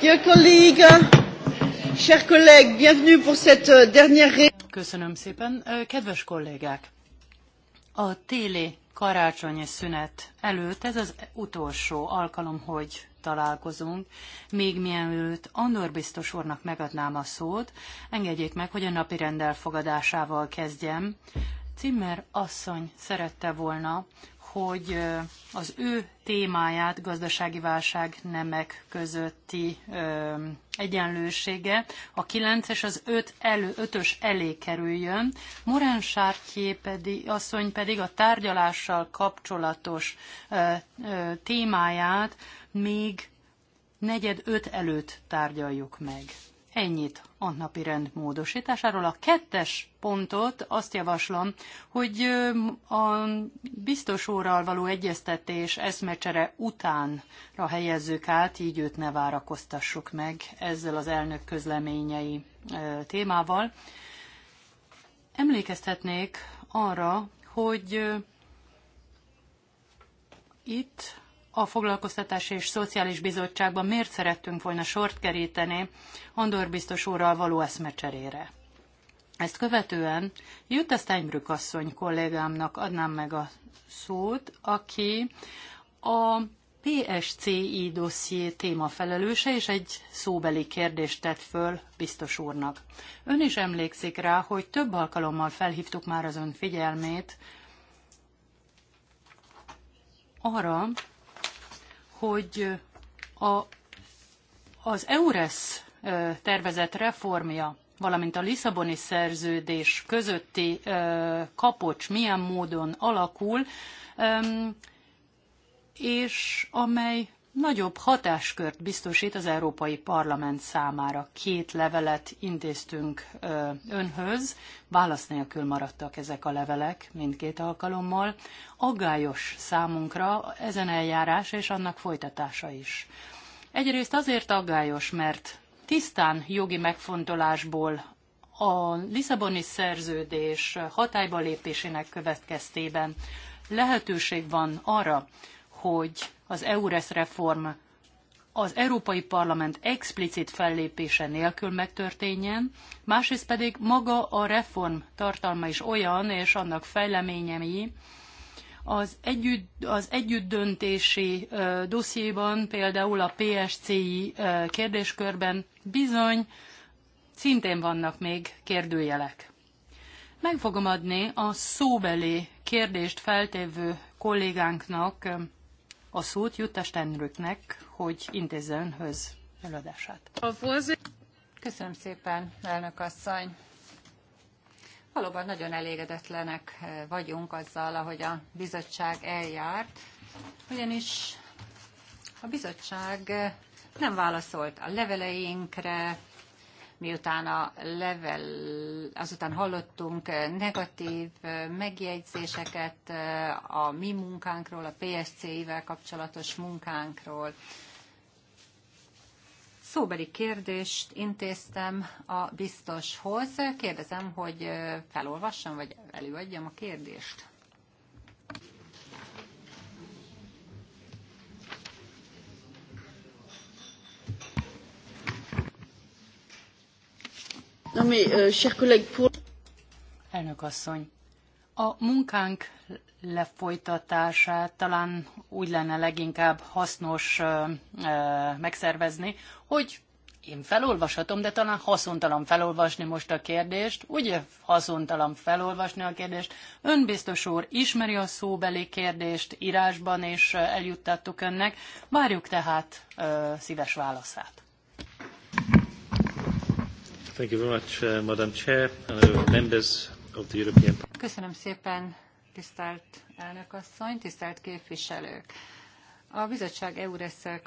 Dear colleague, chers collègues, bienvenue pour cette euh, dernière Köszönöm szépen. Kedves kollégák, a téli karácsonyi szünet előtt ez az utolsó alkalom, hogy találkozunk. Még mielőtt Andor biztos úrnak megadnám a szót, engedjék meg, hogy a napi rendelfogadásával fogadásával kezdjem. Cimmer asszony szerette volna, hogy az ő témáját, gazdasági válság nemek közötti egyenlősége a 9 és az 5 elő, 5-ös elé kerüljön. Morán Sártyé pedig, asszony pedig a tárgyalással kapcsolatos témáját még negyed öt előtt tárgyaljuk meg. Ennyit a napi rend módosításáról. A kettes pontot azt javaslom, hogy a biztos óral való egyeztetés eszmecsere utánra helyezzük át, így őt ne várakoztassuk meg ezzel az elnök közleményei témával. Emlékeztetnék arra, hogy itt a Foglalkoztatási és Szociális Bizottságban miért szerettünk volna sort keríteni Andor biztos úrral való eszmecserére. Ezt követően Jutta Steinbrück asszony kollégámnak adnám meg a szót, aki a PSCI dosszié témafelelőse, és egy szóbeli kérdést tett föl biztos úrnak. Ön is emlékszik rá, hogy több alkalommal felhívtuk már az ön figyelmét arra, hogy a, az EURES tervezett reformja, valamint a Lisszaboni szerződés közötti kapocs milyen módon alakul, és amely nagyobb hatáskört biztosít az Európai Parlament számára. Két levelet intéztünk önhöz, válasz nélkül maradtak ezek a levelek mindkét alkalommal. Aggályos számunkra ezen eljárás és annak folytatása is. Egyrészt azért aggályos, mert tisztán jogi megfontolásból a Lisszaboni szerződés hatályba lépésének következtében lehetőség van arra, hogy az EURES reform az Európai Parlament explicit fellépése nélkül megtörténjen, másrészt pedig maga a reform tartalma is olyan, és annak fejleményei, az, együtt, az együttdöntési ö, dossziéban, például a PSCI ö, kérdéskörben bizony szintén vannak még kérdőjelek. Meg fogom adni a szóbeli kérdést feltevő kollégánknak a szót Jutta Steinrücknek, hogy intézze önhöz előadását. Köszönöm szépen, elnök asszony. Valóban nagyon elégedetlenek eh, vagyunk azzal, ahogy a bizottság eljárt, ugyanis a bizottság eh, nem válaszolt a leveleinkre, miután a level, azután hallottunk eh, negatív eh, megjegyzéseket eh, a mi munkánkról, a PSC-vel kapcsolatos munkánkról. Szóbeli kérdést intéztem a biztoshoz. Kérdezem, hogy felolvassam, vagy előadjam a kérdést. Euh, Elnök asszony, a munkánk lefolytatását talán úgy lenne leginkább hasznos megszervezni, hogy én felolvashatom, de talán haszontalan felolvasni most a kérdést. Ugye haszontalan felolvasni a kérdést? Ön biztos úr ismeri a szóbeli kérdést írásban, és eljuttattuk önnek. Várjuk tehát ö, szíves válaszát. Thank you very much, uh, Madam Chair, and members of the European Köszönöm szépen, tisztelt elnök asszony, tisztelt képviselők. A bizottság EURES-szel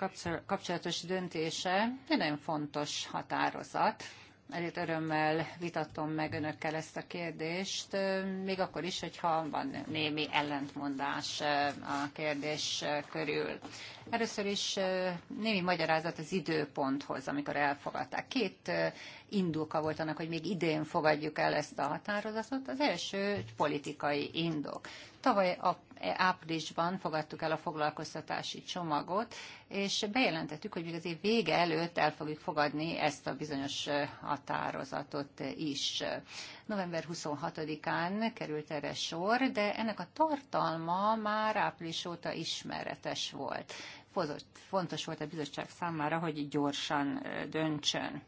kapcsolatos döntése egy nagyon fontos határozat, előtt örömmel vitatom meg önökkel ezt a kérdést, még akkor is, hogyha van némi ellentmondás a kérdés körül. Először is némi magyarázat az időponthoz, amikor elfogadták. Két indulka volt annak, hogy még idén fogadjuk el ezt a határozatot. Az első politikai indok. Tavaly a e, áprilisban fogadtuk el a foglalkoztatási csomagot, és bejelentettük, hogy még az év vége előtt el fogjuk fogadni ezt a bizonyos e, határozatot is. November 26-án került erre sor, de ennek a tartalma már április óta ismeretes volt. Fontos volt a bizottság számára, hogy gyorsan e, döntsön.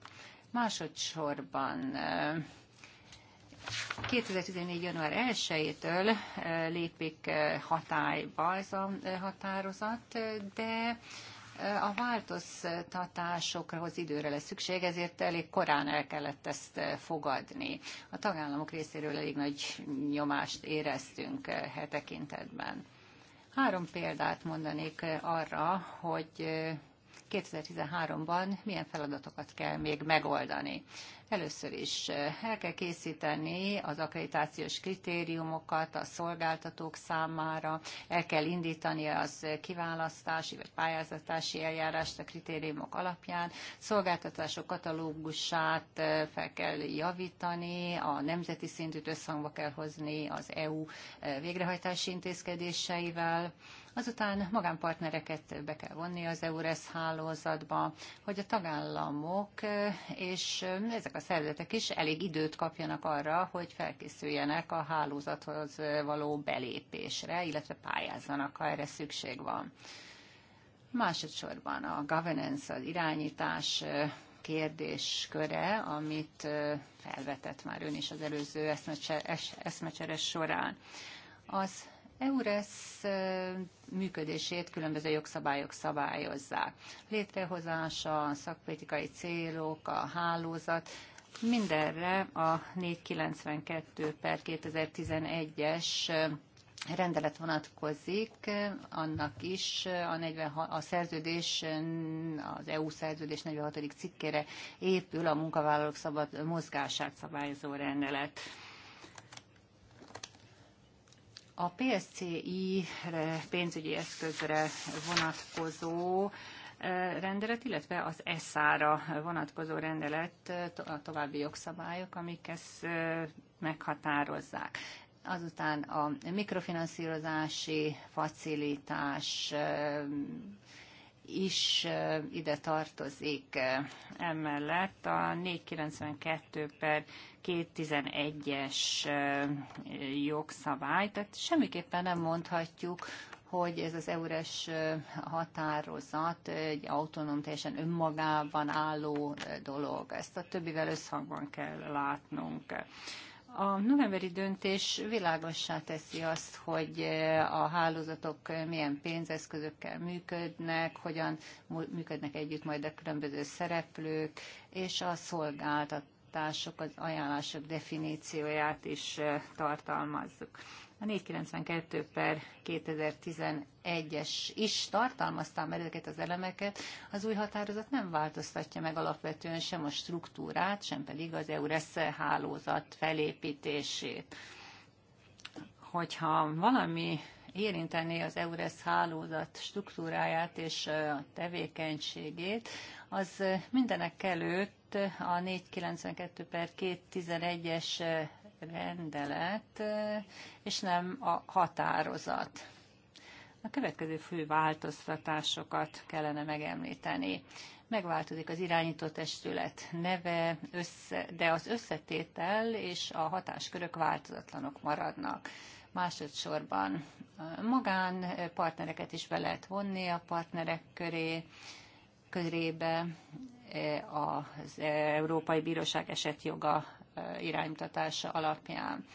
Másodszorban 2014. január 1-től eh, lépik eh, hatályba ez a eh, határozat, de a változtatásokhoz időre lesz szükség, ezért elég korán el kellett ezt fogadni. A tagállamok részéről elég nagy nyomást éreztünk hetekintetben. Három példát mondanék arra, hogy 2013-ban milyen feladatokat kell még megoldani. Először is eh, el kell készíteni az akkreditációs kritériumokat a szolgáltatók számára, el kell indítani az kiválasztási vagy pályázatási eljárást a kritériumok alapján, szolgáltatások katalógusát eh, fel kell javítani, a nemzeti szintűt összhangba kell hozni az EU eh, végrehajtási intézkedéseivel, Azután magánpartnereket be kell vonni az EURES hálózatba, hogy a tagállamok és ezek a szervezetek is elég időt kapjanak arra, hogy felkészüljenek a hálózathoz való belépésre, illetve pályázzanak, ha erre szükség van. Másodszorban a governance, az irányítás kérdésköre, amit felvetett már ön is az előző eszmecseres során. Az EURES működését különböző jogszabályok szabályozzák. Létrehozása, szakpolitikai célok, a hálózat, mindenre a 492 per 2011-es rendelet vonatkozik, annak is a, 46, a szerződés, az EU szerződés 46. cikkére épül a munkavállalók szabad mozgását szabályozó rendelet. A PSCI pénzügyi eszközre vonatkozó rendelet, illetve az ESZÁ-ra vonatkozó rendelet a további jogszabályok, amik ezt meghatározzák. Azután a mikrofinanszírozási facilitás is ide tartozik. Emellett a 492 per 211-es jogszabály, tehát semmiképpen nem mondhatjuk, hogy ez az EURES határozat egy autonóm, teljesen önmagában álló dolog. Ezt a többivel összhangban kell látnunk. A novemberi döntés világossá teszi azt, hogy a hálózatok milyen pénzeszközökkel működnek, hogyan működnek együtt majd a különböző szereplők, és a szolgáltatások, az ajánlások definícióját is tartalmazzuk. A 492 per 2011-es is tartalmazta már ezeket az elemeket. Az új határozat nem változtatja meg alapvetően sem a struktúrát, sem pedig az EU hálózat felépítését. Hogyha valami érinteni az EURESZ hálózat struktúráját és a tevékenységét, az mindenek előtt a 492 per 211-es rendelet, és nem a határozat. A következő fő változtatásokat kellene megemlíteni. Megváltozik az irányító testület neve, össze, de az összetétel és a hatáskörök változatlanok maradnak. Másodszorban magán partnereket is be lehet vonni a partnerek köré, körébe, az Európai Bíróság esetjoga iránymutatása alapján.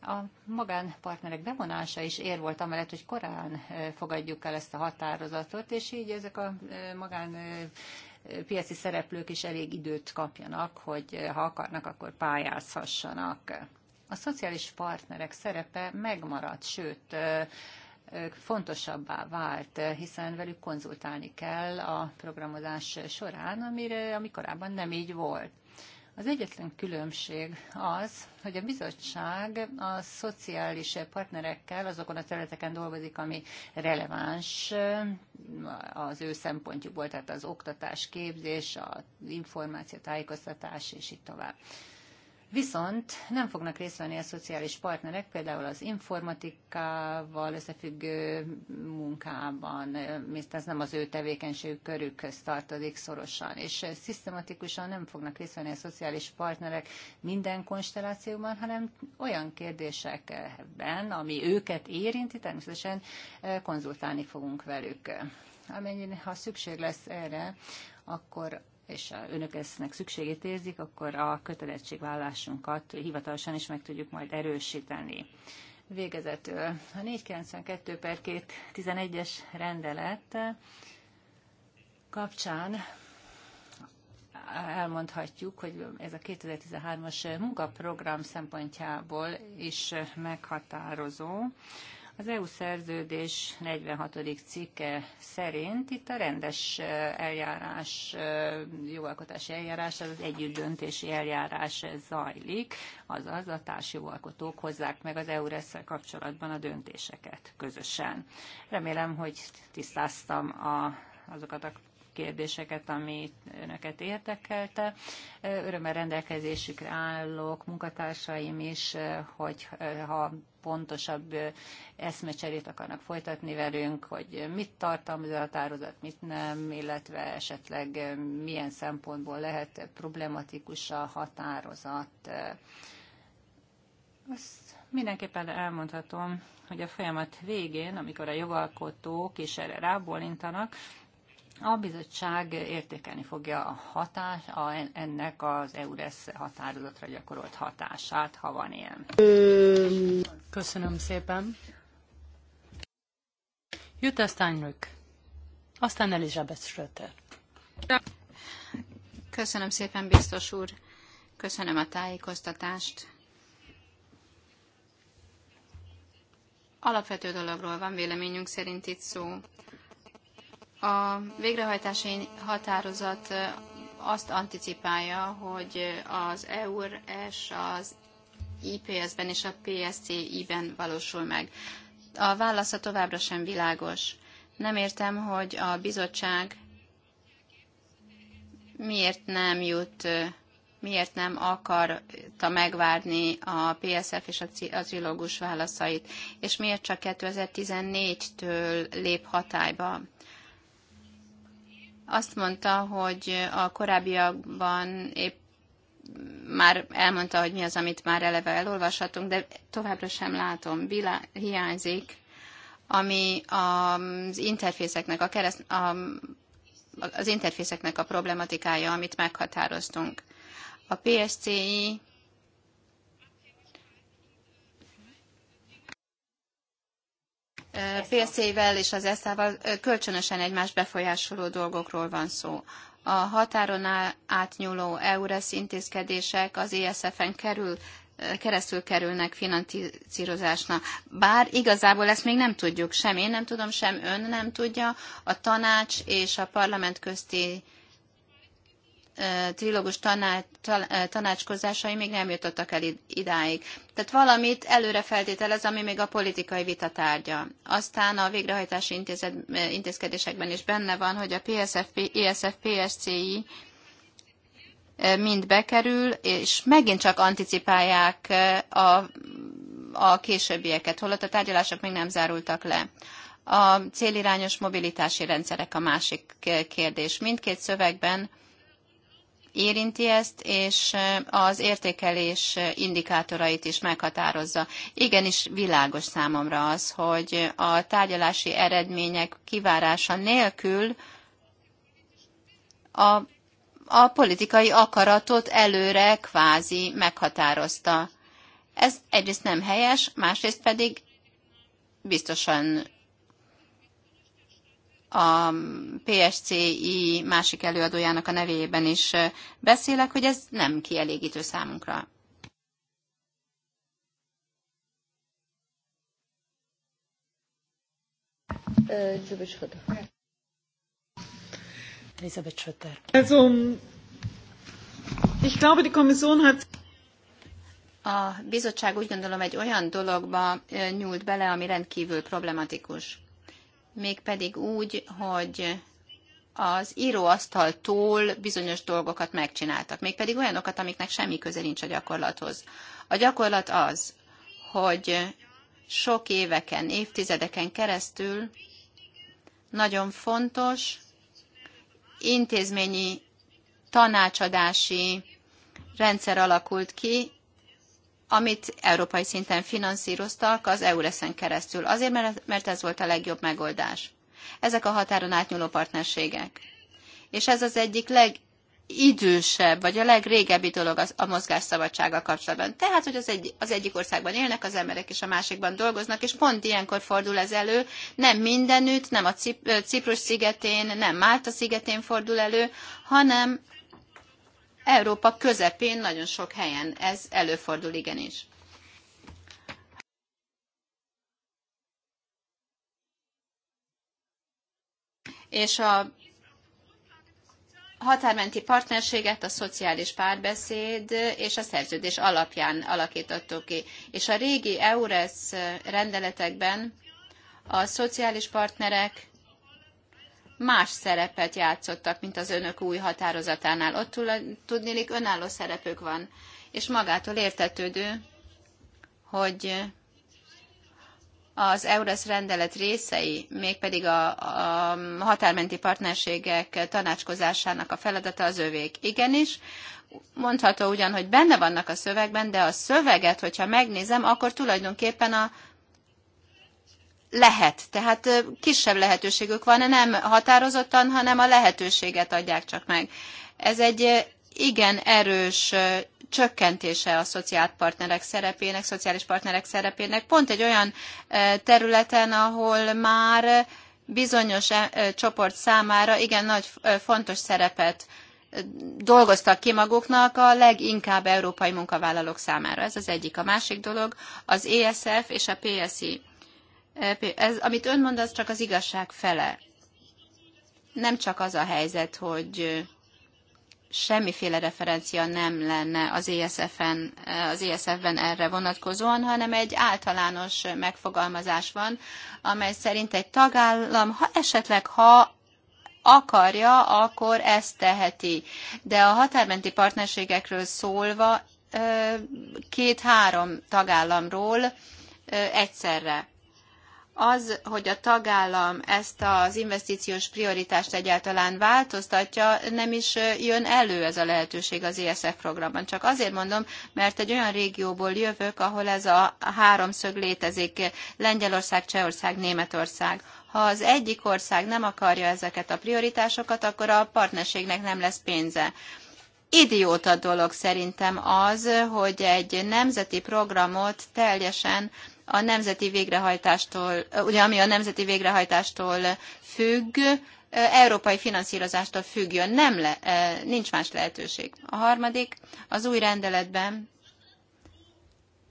A magánpartnerek bevonása is ér volt amellett, hogy korán fogadjuk el ezt a határozatot, és így ezek a magán piaci szereplők is elég időt kapjanak, hogy ha akarnak, akkor pályázhassanak. A szociális partnerek szerepe megmaradt, sőt, fontosabbá vált, hiszen velük konzultálni kell a programozás során, amire, ami korábban nem így volt. Az egyetlen különbség az, hogy a bizottság a szociális partnerekkel azokon a területeken dolgozik, ami releváns eh, az ő szempontjukból, tehát az oktatás, képzés, az információ, tájékoztatás és így tovább viszont nem fognak részt venni a szociális partnerek, például az informatikával összefüggő munkában, mert ez nem az ő tevékenységük körükhöz tartozik szorosan, és szisztematikusan nem fognak részt venni a szociális partnerek minden konstellációban, hanem olyan kérdésekben, ami őket érinti, természetesen eh, konzultálni fogunk velük. Amennyi, ha szükség lesz erre, akkor és önök eznek szükségét érzik, akkor a kötelezettségvállásunkat hivatalosan is meg tudjuk majd erősíteni. Végezetül a 492 per 211-es rendelet kapcsán elmondhatjuk, hogy ez a 2013-as munkaprogram szempontjából is meghatározó. Az EU szerződés 46. cikke szerint itt a rendes eljárás, jogalkotási eljárás, az együtt döntési eljárás zajlik, azaz a társjogalkotók hozzák meg az EURES kapcsolatban a döntéseket közösen. Remélem, hogy tisztáztam a azokat a kérdéseket, amit önöket érdekelte. Örömmel rendelkezésükre állok, munkatársaim is, hogy ha pontosabb eszmecserét akarnak folytatni velünk, hogy mit tartalmaz a határozat, mit nem, illetve esetleg milyen szempontból lehet problematikus a határozat. Azt mindenképpen elmondhatom, hogy a folyamat végén, amikor a jogalkotók is erre rábólintanak, a bizottság értékelni fogja a hatás, a, ennek az EURES határozatra gyakorolt hatását, ha van ilyen. Köszönöm szépen. Jutta Steinrück, aztán Elizabeth Schröter. Köszönöm szépen, biztos úr. Köszönöm a tájékoztatást. Alapvető dologról van véleményünk szerint itt szó. A végrehajtási határozat azt anticipálja, hogy az eur az IPS-ben és a PSCI-ben valósul meg. A válasza továbbra sem világos. Nem értem, hogy a bizottság miért nem jut, miért nem akarta megvárni a PSF és a trilógus válaszait, és miért csak 2014-től lép hatályba azt mondta, hogy a korábbiakban épp már elmondta, hogy mi az, amit már eleve elolvashatunk, de továbbra sem látom, Bila hiányzik, ami az interfészeknek, a kereszt, a, az interfészeknek a problematikája, amit meghatároztunk. A PSCI PSZ-vel és az ESZ-val kölcsönösen egymást befolyásoló dolgokról van szó. A határon átnyúló EURES intézkedések az ESF-en kerül, keresztül kerülnek finanszírozásra. Bár igazából ezt még nem tudjuk, sem én nem tudom, sem ön nem tudja. A tanács és a parlament közti trilógus tanács, tanácskozásai még nem jutottak el idáig. Tehát valamit előre feltételez, ami még a politikai vita tárgya. Aztán a végrehajtási intézet, intézkedésekben is benne van, hogy a PSFP, ISF, PSCI mind bekerül, és megint csak anticipálják a, a későbbieket, holott a tárgyalások még nem zárultak le. A célirányos mobilitási rendszerek a másik kérdés. Mindkét szövegben érinti ezt, és az értékelés indikátorait is meghatározza. Igenis világos számomra az, hogy a tárgyalási eredmények kivárása nélkül a, a politikai akaratot előre kvázi meghatározta. Ez egyrészt nem helyes, másrészt pedig biztosan a PSCI másik előadójának a nevében is beszélek, hogy ez nem kielégítő számunkra. Elisabeth Schröter. Also, ich glaube, die Kommission hat a bizottság úgy gondolom egy olyan dologba nyúlt bele, ami rendkívül problematikus mégpedig úgy, hogy az íróasztaltól bizonyos dolgokat megcsináltak, mégpedig olyanokat, amiknek semmi köze nincs a gyakorlathoz. A gyakorlat az, hogy sok éveken, évtizedeken keresztül nagyon fontos intézményi tanácsadási rendszer alakult ki, amit európai szinten finanszíroztak az EURES-en keresztül, azért, mert ez volt a legjobb megoldás. Ezek a határon átnyúló partnerségek. És ez az egyik legidősebb, vagy a legrégebbi dolog az, a mozgásszabadsággal kapcsolatban. Tehát, hogy az, egy, az egyik országban élnek az emberek, és a másikban dolgoznak, és pont ilyenkor fordul ez elő, nem mindenütt, nem a Cip- Ciprus szigetén, nem Málta szigetén fordul elő, hanem Európa közepén nagyon sok helyen ez előfordul igenis. És a határmenti partnerséget a szociális párbeszéd és a szerződés alapján alakítottuk ki. És a régi EURES rendeletekben a szociális partnerek más szerepet játszottak, mint az önök új határozatánál. Ott tudnélik önálló szerepük van, és magától értetődő, hogy az EURES rendelet részei, mégpedig a, a határmenti partnerségek tanácskozásának a feladata az övék. Igenis, mondható ugyan, hogy benne vannak a szövegben, de a szöveget, hogyha megnézem, akkor tulajdonképpen a lehet. Tehát kisebb lehetőségük van, nem határozottan, hanem a lehetőséget adják csak meg. Ez egy igen erős csökkentése a szociált partnerek szerepének, szociális partnerek szerepének, pont egy olyan területen, ahol már bizonyos e, csoport számára igen nagy fontos szerepet dolgoztak ki maguknak a leginkább európai munkavállalók számára. Ez az egyik. A másik dolog az ESF és a PSI E ez, amit ön mond, az csak az igazság fele. Nem csak az a helyzet, hogy semmiféle referencia nem lenne az ESF-en, e, az ESF-ben erre vonatkozóan, hanem egy általános megfogalmazás van, amely szerint egy tagállam, ha esetleg ha akarja, akkor ezt teheti. De a határmenti partnerségekről szólva két-három tagállamról egyszerre az, hogy a tagállam ezt az investíciós prioritást egyáltalán változtatja, nem is jön elő ez a lehetőség az ESF programban. Csak azért mondom, mert egy olyan régióból jövök, ahol ez a háromszög létezik, Lengyelország, Csehország, Németország. Ha az egyik ország nem akarja ezeket a prioritásokat, akkor a partnerségnek nem lesz pénze idióta dolog szerintem az, hogy egy nemzeti programot teljesen a nemzeti végrehajtástól, ugye ami a nemzeti végrehajtástól függ, európai finanszírozástól függjön. Nem le, e, nincs más lehetőség. A harmadik, az új rendeletben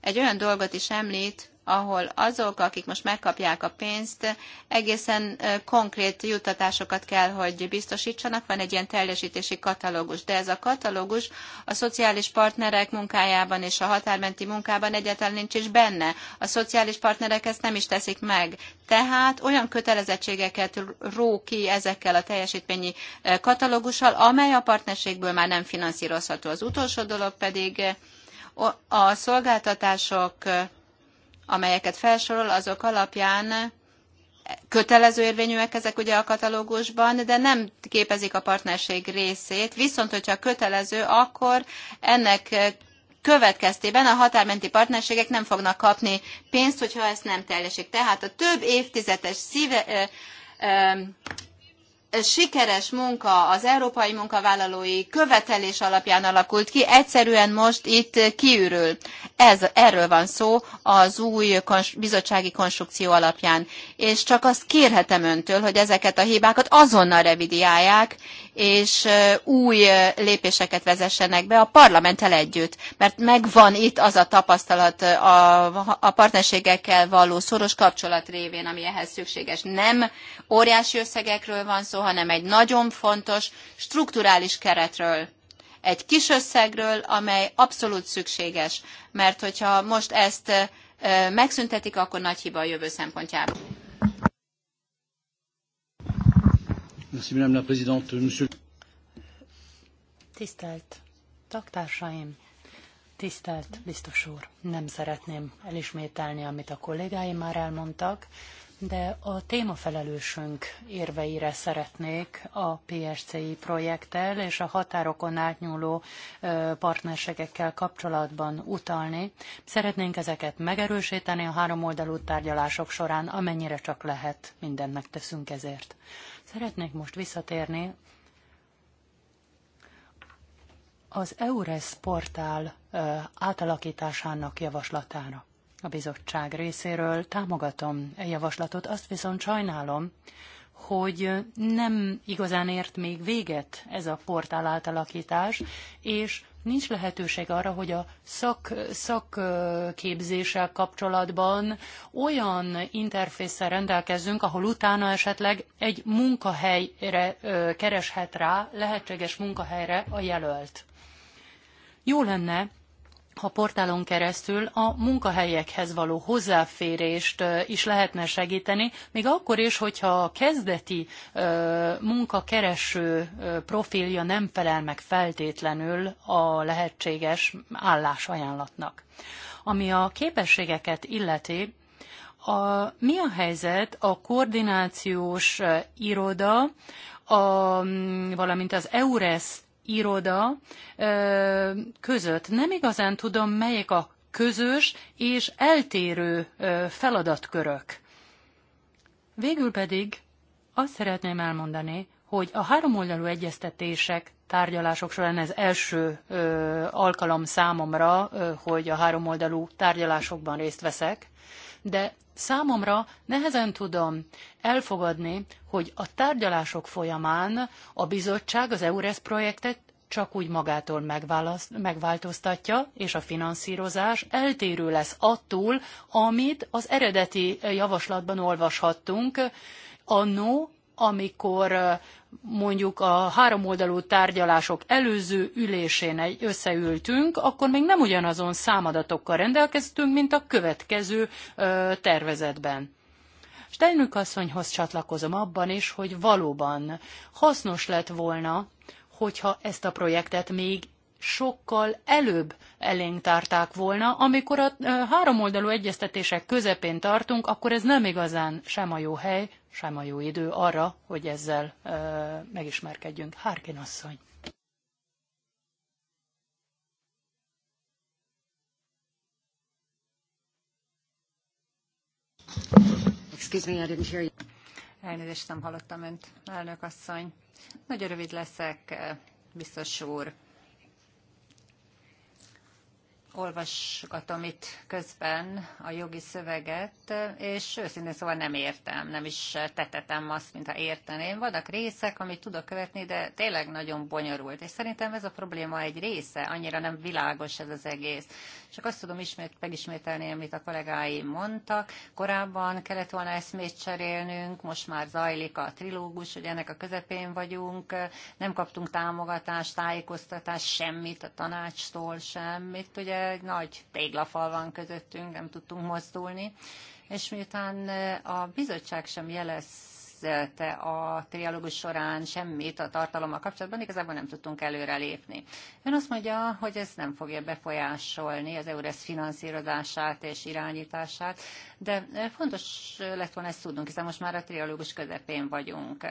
egy olyan dolgot is említ, ahol azok, akik most megkapják a pénzt, egészen konkrét juttatásokat kell, hogy biztosítsanak. Van egy ilyen teljesítési katalógus, de ez a katalógus a szociális partnerek munkájában és a határmenti munkában egyáltalán nincs is benne. A szociális partnerek ezt nem is teszik meg. Tehát olyan kötelezettségeket ró ki ezekkel a teljesítményi katalógussal, amely a partnerségből már nem finanszírozható. Az utolsó dolog pedig a szolgáltatások amelyeket felsorol, azok alapján kötelező érvényűek ezek ugye a katalógusban, de nem képezik a partnerség részét, viszont hogyha kötelező, akkor ennek következtében a határmenti partnerségek nem fognak kapni pénzt, hogyha ezt nem teljesik. Tehát a több évtizedes szíve, ö, ö, sikeres munka az európai munkavállalói követelés alapján alakult ki, egyszerűen most itt kiürül. Ez, erről van szó az új bizottsági konstrukció alapján. És csak azt kérhetem öntől, hogy ezeket a hibákat azonnal revidiálják, és új lépéseket vezessenek be a parlamenttel együtt, mert megvan itt az a tapasztalat a, a partnerségekkel való szoros kapcsolat révén, ami ehhez szükséges. Nem óriási összegekről van szó, hanem egy nagyon fontos strukturális keretről egy kis összegről, amely abszolút szükséges, mert hogyha most ezt megszüntetik, akkor nagy hiba a jövő szempontjából. Tisztelt taktársaim, tisztelt biztos úr, nem szeretném elismételni, amit a kollégáim már elmondtak, de a témafelelősünk érveire szeretnék a PSCI projekttel és a határokon átnyúló partnerségekkel kapcsolatban utalni. Szeretnénk ezeket megerősíteni a háromoldalú tárgyalások során, amennyire csak lehet, mindent megteszünk ezért. Szeretnék most visszatérni az EURES portál átalakításának javaslatára a bizottság részéről támogatom a e javaslatot, azt viszont sajnálom, hogy nem igazán ért még véget ez a portál átalakítás, és nincs lehetőség arra, hogy a szak, szakképzéssel kapcsolatban olyan interfészsel rendelkezzünk, ahol utána esetleg egy munkahelyre kereshet rá, lehetséges munkahelyre a jelölt. Jó lenne, a portálon keresztül a munkahelyekhez való hozzáférést is lehetne segíteni, még akkor is, hogyha a kezdeti munkakereső profilja nem felel meg feltétlenül a lehetséges állásajánlatnak. Ami a képességeket illeti, a, mi a helyzet a koordinációs iroda, a, valamint az EURES iroda között. Nem igazán tudom, melyek a közös és eltérő feladatkörök. Végül pedig azt szeretném elmondani, hogy a háromoldalú egyeztetések, tárgyalások során ez első ö, alkalom számomra, ö, hogy a háromoldalú tárgyalásokban részt veszek, de számomra nehezen tudom elfogadni, hogy a tárgyalások folyamán a bizottság az EURES projektet csak úgy magától megváltoztatja, és a finanszírozás eltérő lesz attól, amit az eredeti javaslatban olvashattunk, annó amikor mondjuk a háromoldalú tárgyalások előző ülésén összeültünk, akkor még nem ugyanazon számadatokkal rendelkeztünk, mint a következő tervezetben. Steinrück asszonyhoz csatlakozom abban is, hogy valóban hasznos lett volna, hogyha ezt a projektet még sokkal előbb elénk tárták volna, amikor a háromoldalú egyeztetések közepén tartunk, akkor ez nem igazán sem a jó hely, sem a jó idő arra, hogy ezzel ö, megismerkedjünk. Hárkin asszony. Excuse me, I didn't hear you. Elnézést, nem hallottam önt, elnök asszony. Nagyon rövid leszek, biztos úr olvasgatom itt közben a jogi szöveget, és őszintén szóval nem értem, nem is tetetem azt, mintha érteném. Vannak részek, amit tudok követni, de tényleg nagyon bonyolult, és szerintem ez a probléma egy része, annyira nem világos ez az egész. Csak azt tudom ismét, megismételni, amit a kollégáim mondtak. Korábban kellett volna eszmét cserélnünk, most már zajlik a trilógus, hogy ennek a közepén vagyunk, nem kaptunk támogatást, tájékoztatást, semmit a tanácstól, semmit, ugye egy nagy téglafal van közöttünk, nem tudtunk mozdulni, és miután a bizottság sem jelezte a trialógus során semmit a tartalommal kapcsolatban, igazából nem tudtunk előrelépni. Ön azt mondja, hogy ez nem fogja befolyásolni az EURESZ finanszírozását és irányítását, de fontos lett volna ezt tudnunk, hiszen most már a trialógus közepén vagyunk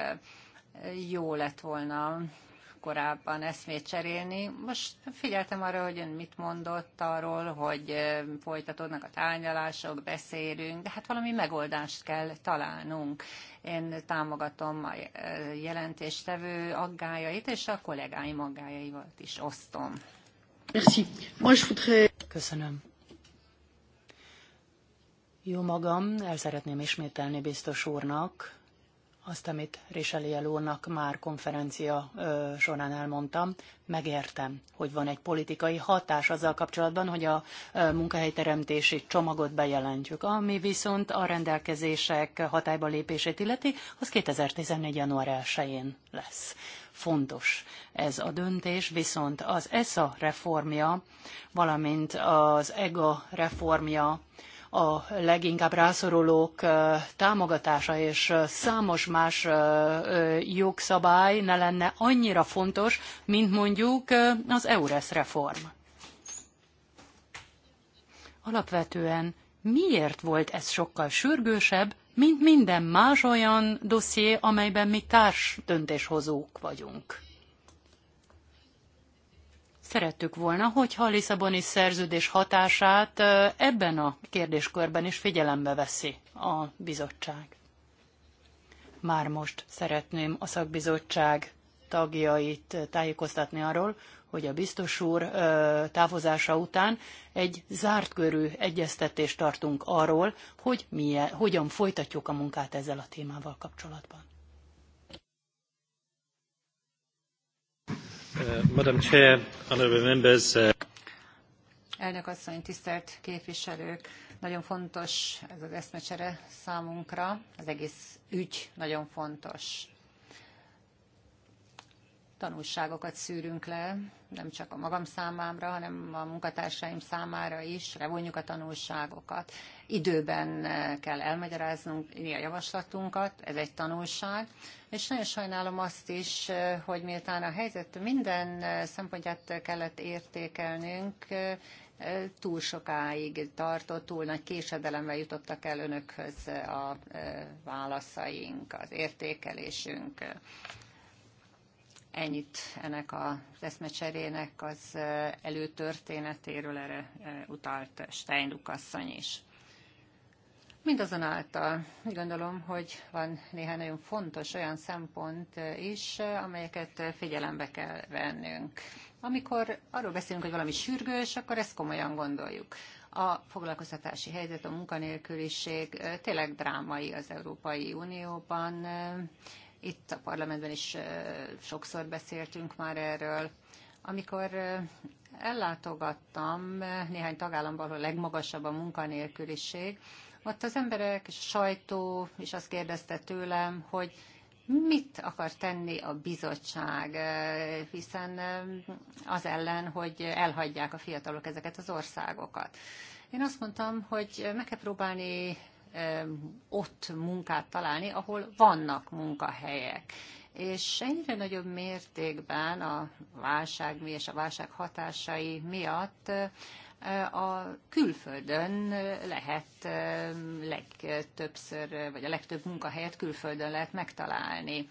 jó lett volna, korábban eszmét cserélni. Most figyeltem arra, hogy ön mit mondott arról, hogy folytatódnak a tárgyalások, beszélünk, de hát valami megoldást kell találnunk. Én támogatom a jelentéstevő aggájait, és a kollégáim aggájaival is osztom. Köszönöm. Jó magam, el szeretném ismételni biztos úrnak, azt, amit Richelieu úrnak már konferencia ö, során elmondtam, megértem, hogy van egy politikai hatás azzal kapcsolatban, hogy a ö, munkahelyteremtési csomagot bejelentjük. Ami viszont a rendelkezések hatályba lépését illeti, az 2014. január 1-én lesz. Fontos ez a döntés, viszont az ESA reformja, valamint az EGA reformja, a leginkább rászorulók támogatása és számos más jogszabály ne lenne annyira fontos, mint mondjuk az EURES reform. Alapvetően miért volt ez sokkal sürgősebb, mint minden más olyan dosszié, amelyben mi társ döntéshozók vagyunk? Szerettük volna, hogyha a Lisszaboni szerződés hatását ebben a kérdéskörben is figyelembe veszi a bizottság. Már most szeretném a szakbizottság tagjait tájékoztatni arról, hogy a biztos úr távozása után egy zárt körű egyeztetést tartunk arról, hogy milyen, hogyan folytatjuk a munkát ezzel a témával kapcsolatban. Uh, Madam Chair, honorable members. Uh, Elnök asszony, tisztelt képviselők! Nagyon fontos ez az eszmecsere számunkra, az egész ügy nagyon fontos. Tanulságokat szűrünk le, nem csak a magam számára, hanem a munkatársaim számára is, levonjuk a tanulságokat időben eh, kell elmagyaráznunk a javaslatunkat, ez egy tanulság, és nagyon sajnálom azt is, eh, hogy miután a helyzet minden eh, szempontját kellett értékelnünk, túl sokáig tartott, túl nagy késedelemmel jutottak el önökhöz a válaszaink, az értékelésünk. Ennyit ennek az eszmecserének az előtörténetéről, erre utalt Steinluk asszony is. Mindazonáltal úgy gondolom, hogy van néhány nagyon fontos olyan szempont is, amelyeket figyelembe kell vennünk. Amikor arról beszélünk, hogy valami sürgős, akkor ezt komolyan gondoljuk. A foglalkoztatási helyzet, a munkanélküliség tényleg drámai az Európai Unióban. Itt a parlamentben is sokszor beszéltünk már erről. Amikor ellátogattam néhány tagállamban, ahol legmagasabb a munkanélküliség, ott az emberek és a sajtó is azt kérdezte tőlem, hogy mit akar tenni a bizottság, eh, hiszen eh, az ellen, hogy elhagyják a fiatalok ezeket az országokat. Én azt mondtam, hogy meg kell próbálni eh, ott munkát találni, ahol vannak munkahelyek. És ennyire nagyobb mértékben a válság mi és a válság hatásai miatt a külföldön lehet legtöbbször, vagy a legtöbb munkahelyet külföldön lehet megtalálni.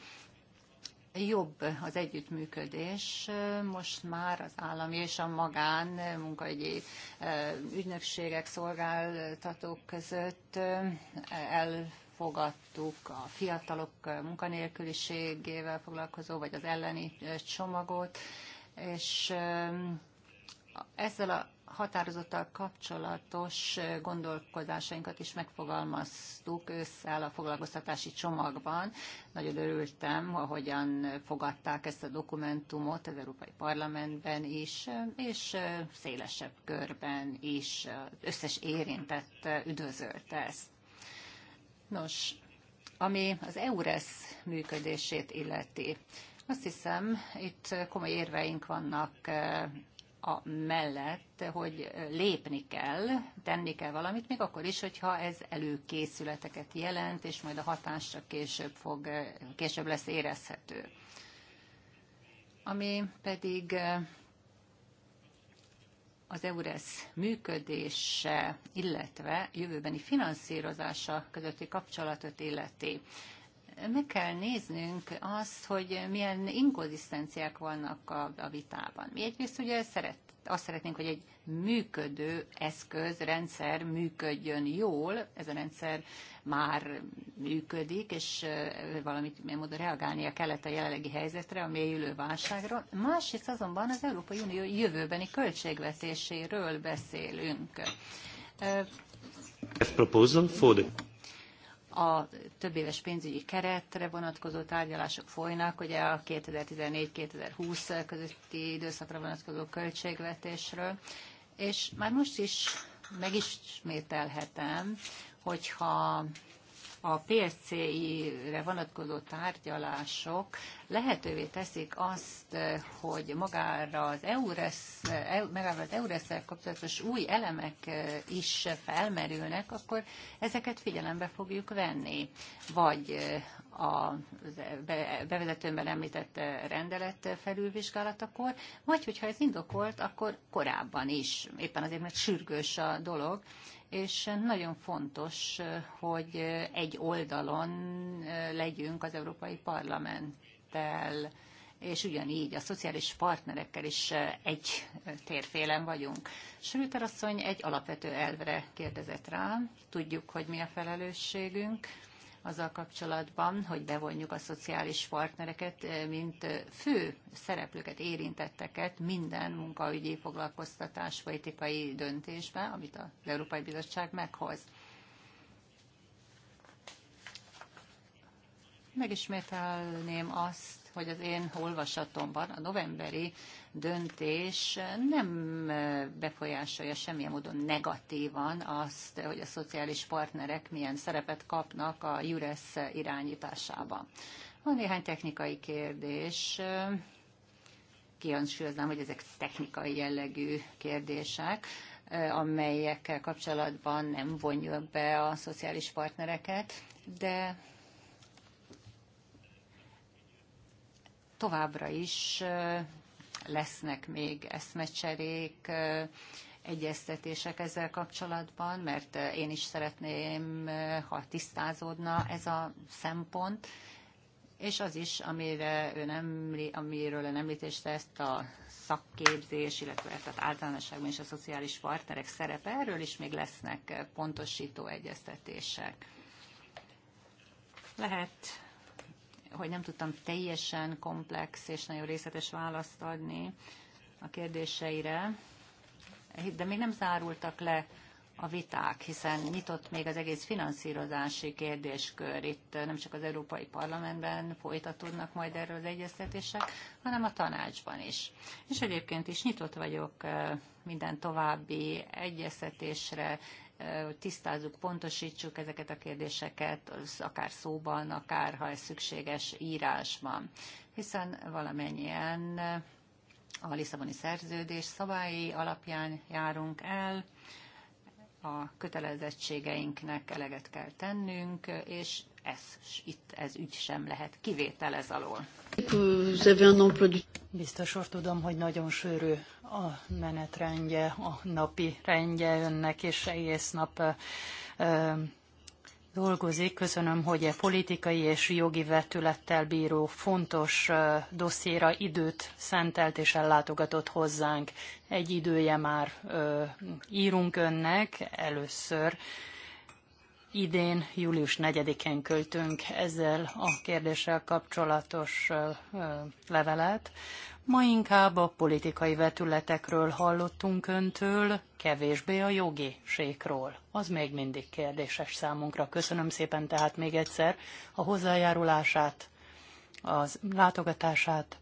Jobb az együttműködés most már az állami és a magán munkaügyi ügynökségek, szolgáltatók között el fogadtuk a fiatalok munkanélküliségével foglalkozó, vagy az elleni csomagot, és ezzel a határozottal kapcsolatos gondolkodásainkat is megfogalmaztuk összeáll a foglalkoztatási csomagban. Nagyon örültem, ahogyan fogadták ezt a dokumentumot az Európai Parlamentben is, és szélesebb körben is összes érintett üdvözölte ezt. Nos, ami az EURES működését illeti, azt hiszem, itt komoly érveink vannak a mellett, hogy lépni kell, tenni kell valamit, még akkor is, hogyha ez előkészületeket jelent, és majd a hatás csak később, fog, később lesz érezhető. Ami pedig eh, az EURES működése, illetve jövőbeni finanszírozása közötti kapcsolatot illeti meg kell néznünk azt, hogy milyen inkonzisztenciák vannak a, a vitában. Mi egyrészt ugye szeret, azt szeretnénk, hogy egy működő eszköz, rendszer működjön jól, ez a rendszer már működik, és valamit módon reagálnia kellett a jelenlegi helyzetre, a mélyülő válságra. Másrészt azonban az Európai Unió jövőbeni költségvetéséről beszélünk. Proposal for the a több éves pénzügyi keretre vonatkozó tárgyalások folynak, ugye a 2014-2020 közötti időszakra vonatkozó költségvetésről, és már most is megismételhetem, hogyha a psc re vonatkozó tárgyalások lehetővé teszik azt, hogy magára az EURES, e magára az eures kapcsolatos új elemek e, is felmerülnek, akkor ezeket figyelembe fogjuk venni. Vagy e, a bevezetőmben említett rendelet felülvizsgálatakor, vagy hogyha ez indokolt, akkor korábban is, éppen azért, mert sürgős a dolog, és nagyon fontos, hogy egy oldalon legyünk az Európai Parlamenttel, és ugyanígy a szociális partnerekkel is egy térfélen vagyunk. Sőt, asszony egy alapvető elvre kérdezett rá, tudjuk, hogy mi a felelősségünk, azzal kapcsolatban, hogy bevonjuk a szociális partnereket, mint fő szereplőket, érintetteket minden munkaügyi foglalkoztatás politikai döntésbe, amit az Európai Bizottság meghoz. Megismételném azt, hogy az én olvasatomban a novemberi döntés nem befolyásolja semmilyen módon negatívan azt, hogy a szociális partnerek milyen szerepet kapnak a Juresz irányításában. Van néhány technikai kérdés. Kihangsúlyoznám, hogy ezek technikai jellegű kérdések amelyekkel kapcsolatban nem vonjuk be a szociális partnereket, de továbbra is lesznek még eszmecserék, egyeztetések ezzel kapcsolatban, mert én is szeretném, ha tisztázódna ez a szempont, és az is, amire ön emli, amiről ön említést ezt a szakképzés, illetve tehát általánosságban is a szociális partnerek szerepe, erről is még lesznek pontosító egyeztetések. Lehet hogy nem tudtam teljesen komplex és nagyon részletes választ adni a kérdéseire, de még nem zárultak le a viták, hiszen nyitott még az egész finanszírozási kérdéskör. Itt nem csak az Európai Parlamentben folytatódnak majd erről az egyeztetések, hanem a tanácsban is. És egyébként is nyitott vagyok eh, minden további egyeztetésre, hogy tisztázzuk, pontosítsuk ezeket a kérdéseket, az akár szóban, akár ha ez szükséges írásban. Hiszen valamennyien a Lisszaboni szerződés szabályi alapján járunk el, a kötelezettségeinknek eleget kell tennünk, és ez, itt ez ügy sem lehet kivétel ez alól. Biztos úr, tudom, hogy nagyon sűrű a menetrendje, a napi rendje önnek, és egész nap dolgozik. Köszönöm, hogy a e politikai és jogi vetülettel bíró fontos dosszéra időt szentelt és ellátogatott hozzánk. Egy idője már írunk önnek először idén, július 4-én költünk ezzel a kérdéssel kapcsolatos levelet. Ma inkább a politikai vetületekről hallottunk öntől, kevésbé a jogi sékról. Az még mindig kérdéses számunkra. Köszönöm szépen tehát még egyszer a hozzájárulását, az látogatását,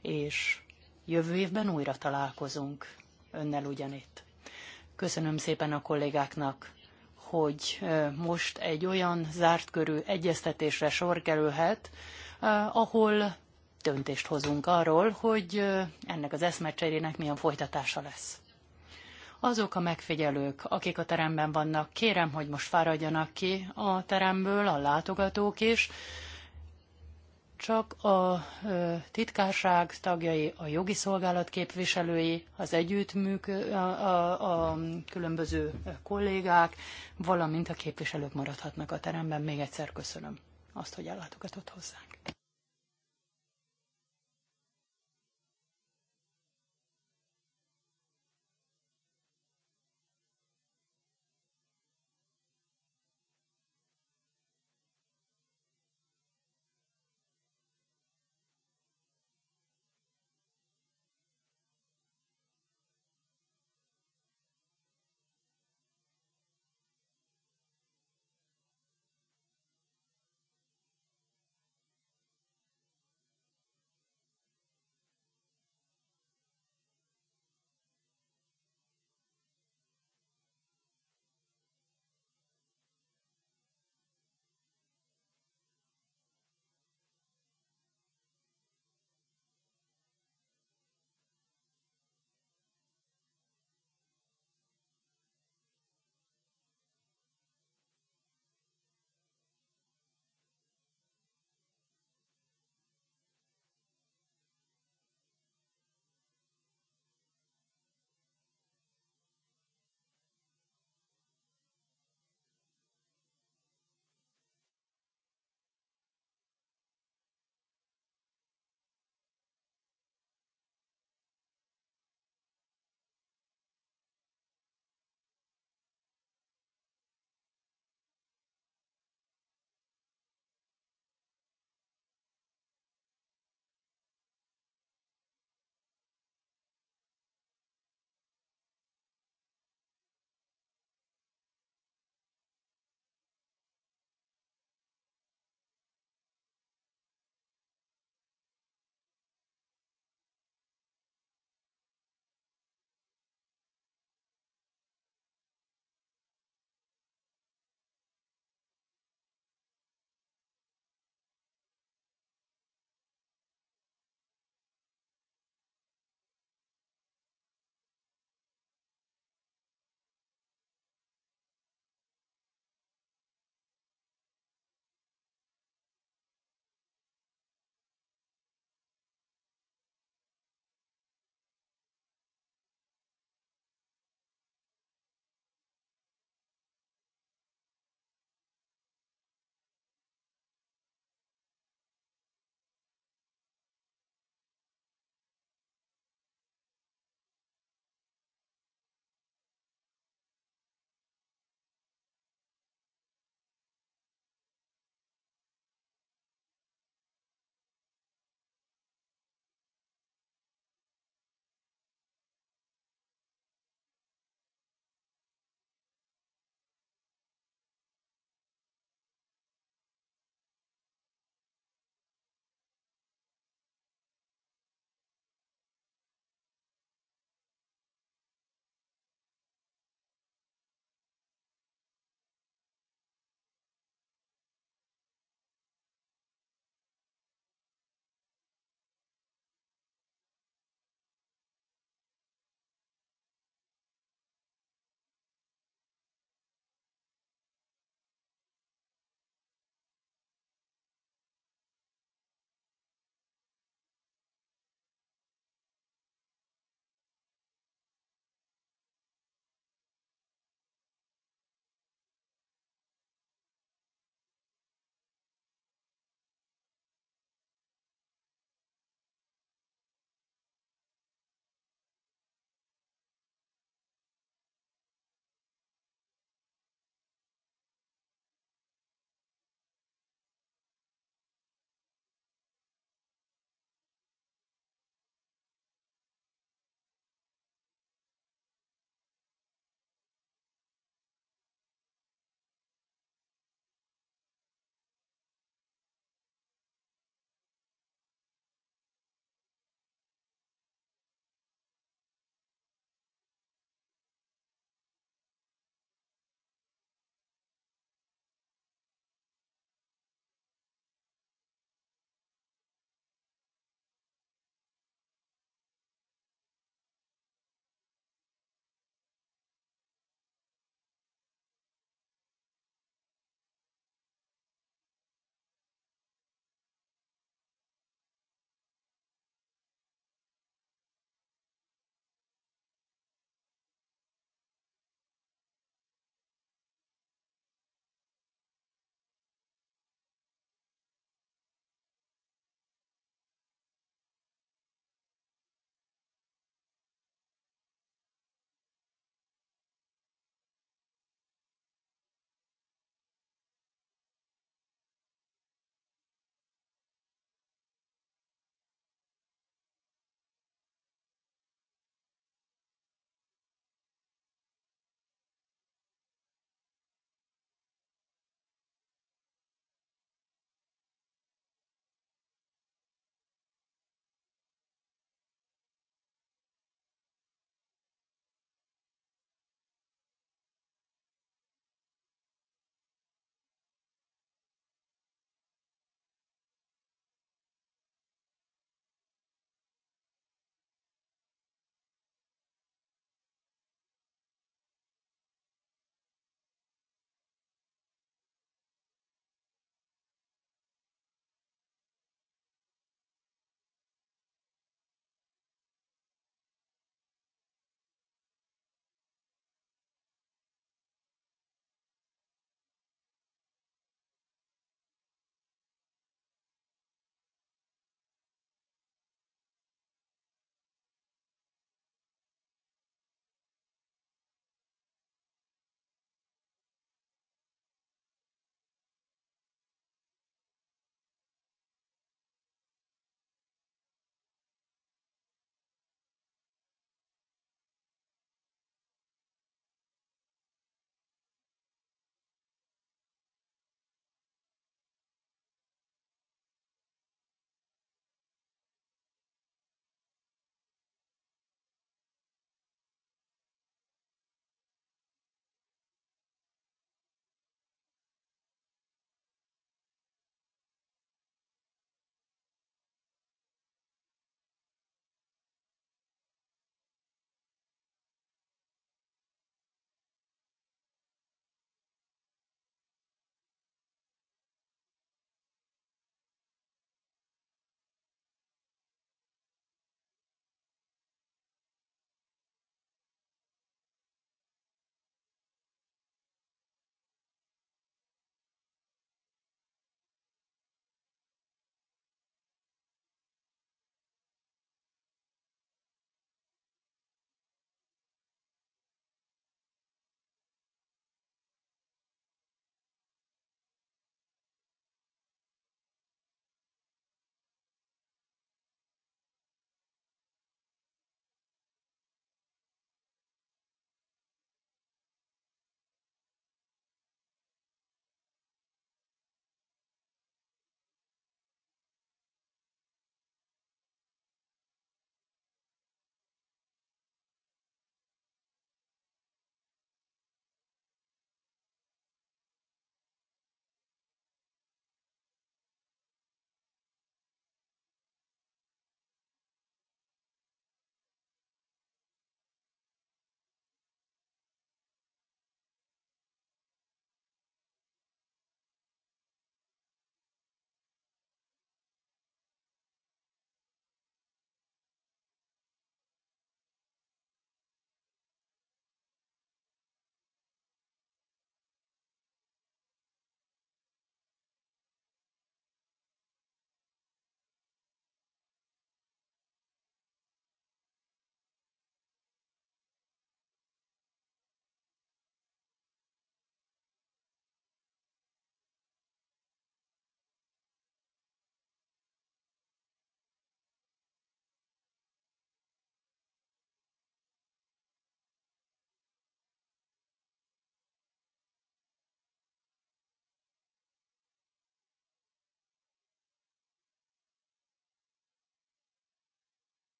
és jövő évben újra találkozunk önnel ugyanitt. Köszönöm szépen a kollégáknak hogy most egy olyan zárt körű egyeztetésre sor kerülhet, ahol döntést hozunk arról, hogy ennek az eszmecserének milyen folytatása lesz. Azok a megfigyelők, akik a teremben vannak, kérem, hogy most fáradjanak ki a teremből, a látogatók is, csak a titkárság tagjai, a jogi szolgálat képviselői, az együttműk, a, a, a különböző kollégák, valamint a képviselők maradhatnak a teremben. Még egyszer köszönöm azt, hogy ellátogatott hozzánk.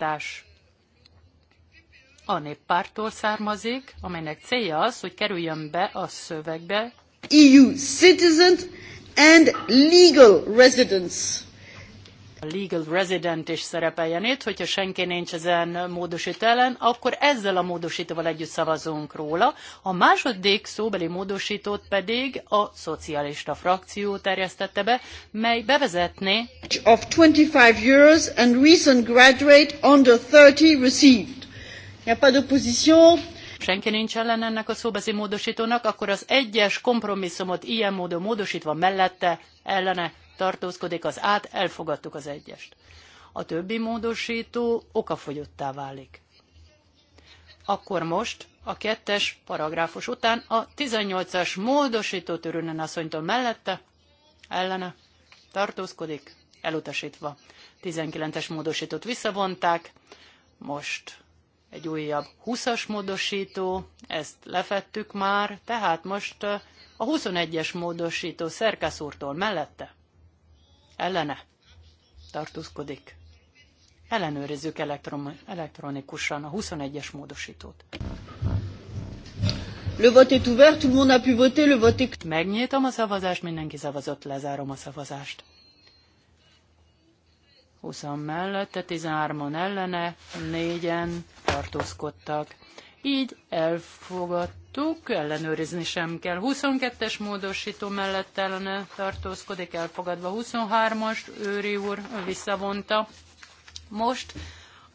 támogatás a néppártól származik, amelynek célja az, hogy kerüljön be a szövegbe EU citizens and legal residents legal resident is szerepeljen itt, hogyha senki nincs ezen módosít ellen, akkor ezzel a módosítóval együtt szavazunk róla. A második szóbeli módosítót pedig a szocialista frakció terjesztette be, mely bevezetné of 25 years and recent graduate under 30 received. Ja, a pas d'opposition senki nincs ellen ennek a szóbeszéd módosítónak, akkor az egyes kompromisszumot ilyen módon módosítva mellette ellene tartózkodik az át, elfogadtuk az egyest. A többi módosító okafogyottá válik. Akkor most a kettes paragráfus után a 18-as módosító törőnen asszonytól mellette, ellene, tartózkodik, elutasítva. 19-es módosítót visszavonták, most egy újabb 20-as módosító, ezt lefettük már, tehát most a 21-es módosító Szerkesz úrtól mellette ellene tartózkodik. Ellenőrizzük elektron, elektronikusan a 21-es módosítót. Le vote est ouvert, tout le monde a pu voter, le vote est... Megnyitom a szavazást, mindenki szavazott, lezárom a szavazást. 20 mellette, 13-an ellene, 4-en tartózkodtak. Így elfogadtuk, ellenőrizni sem kell. 22-es módosító mellett ellene tartózkodik, elfogadva 23-as, őri úr visszavonta. Most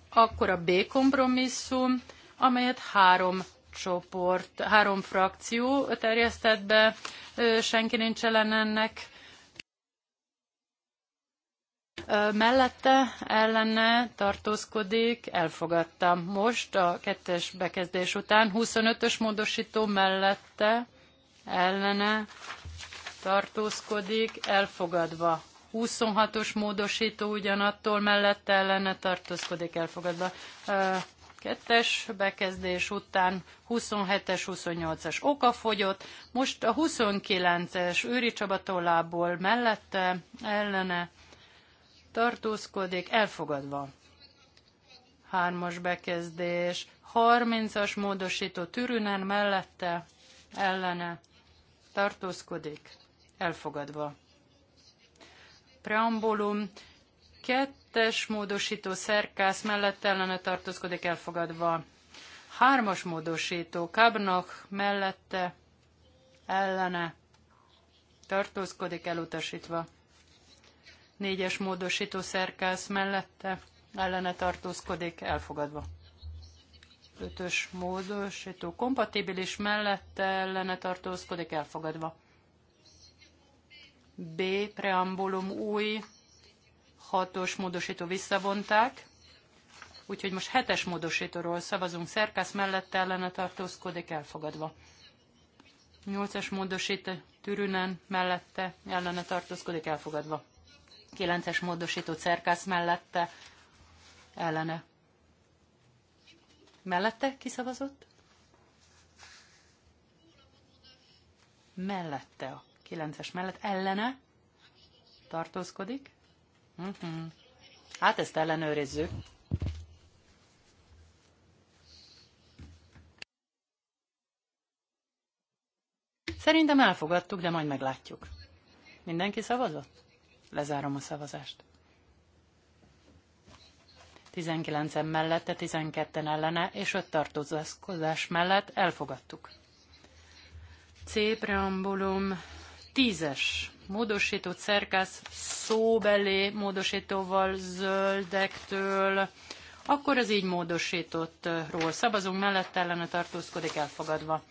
akkor a B kompromisszum, amelyet három csoport, három frakció terjesztett be, senki nincs ellen ennek Mellette ellene tartózkodik, elfogadtam. Most a kettes bekezdés után 25-ös módosító mellette ellene tartózkodik, elfogadva. 26-os módosító ugyanattól mellette ellene tartózkodik, elfogadva. Kettes bekezdés után 27-es, 28-es okafogyott, most a 29-es Őri Csaba tollából mellette ellene tartózkodik, elfogadva. Hármas bekezdés, 30-as módosító Türünen mellette, ellene, tartózkodik, elfogadva. Preambulum, kettes módosító szerkász mellett ellene tartózkodik, elfogadva. Hármas módosító Kabnok mellette, ellene, tartózkodik, elutasítva. Négyes módosító szerkász mellette ellene tartózkodik, elfogadva. Ötös módosító kompatibilis mellette ellene tartózkodik, elfogadva. B. Preambulum új, hatos módosító visszavonták, úgyhogy most hetes módosítóról szavazunk, szerkász mellette ellene tartózkodik, elfogadva. Nyolcas módosító Türünen mellette ellene tartózkodik, elfogadva. 9-es módosító cerkász mellette ellene. Mellette kiszavazott? Mellette a 9-es mellett ellene tartózkodik. Uh-huh. Hát ezt ellenőrizzük. Szerintem elfogadtuk, de majd meglátjuk. Mindenki szavazott? Lezárom a szavazást. 19 mellette, 12 ellene és 5 tartózkodás mellett elfogadtuk. C. Preambulum 10-es módosított szerkász szóbeli módosítóval zöldektől, akkor az így módosítottról szavazunk, mellett ellene tartózkodik elfogadva.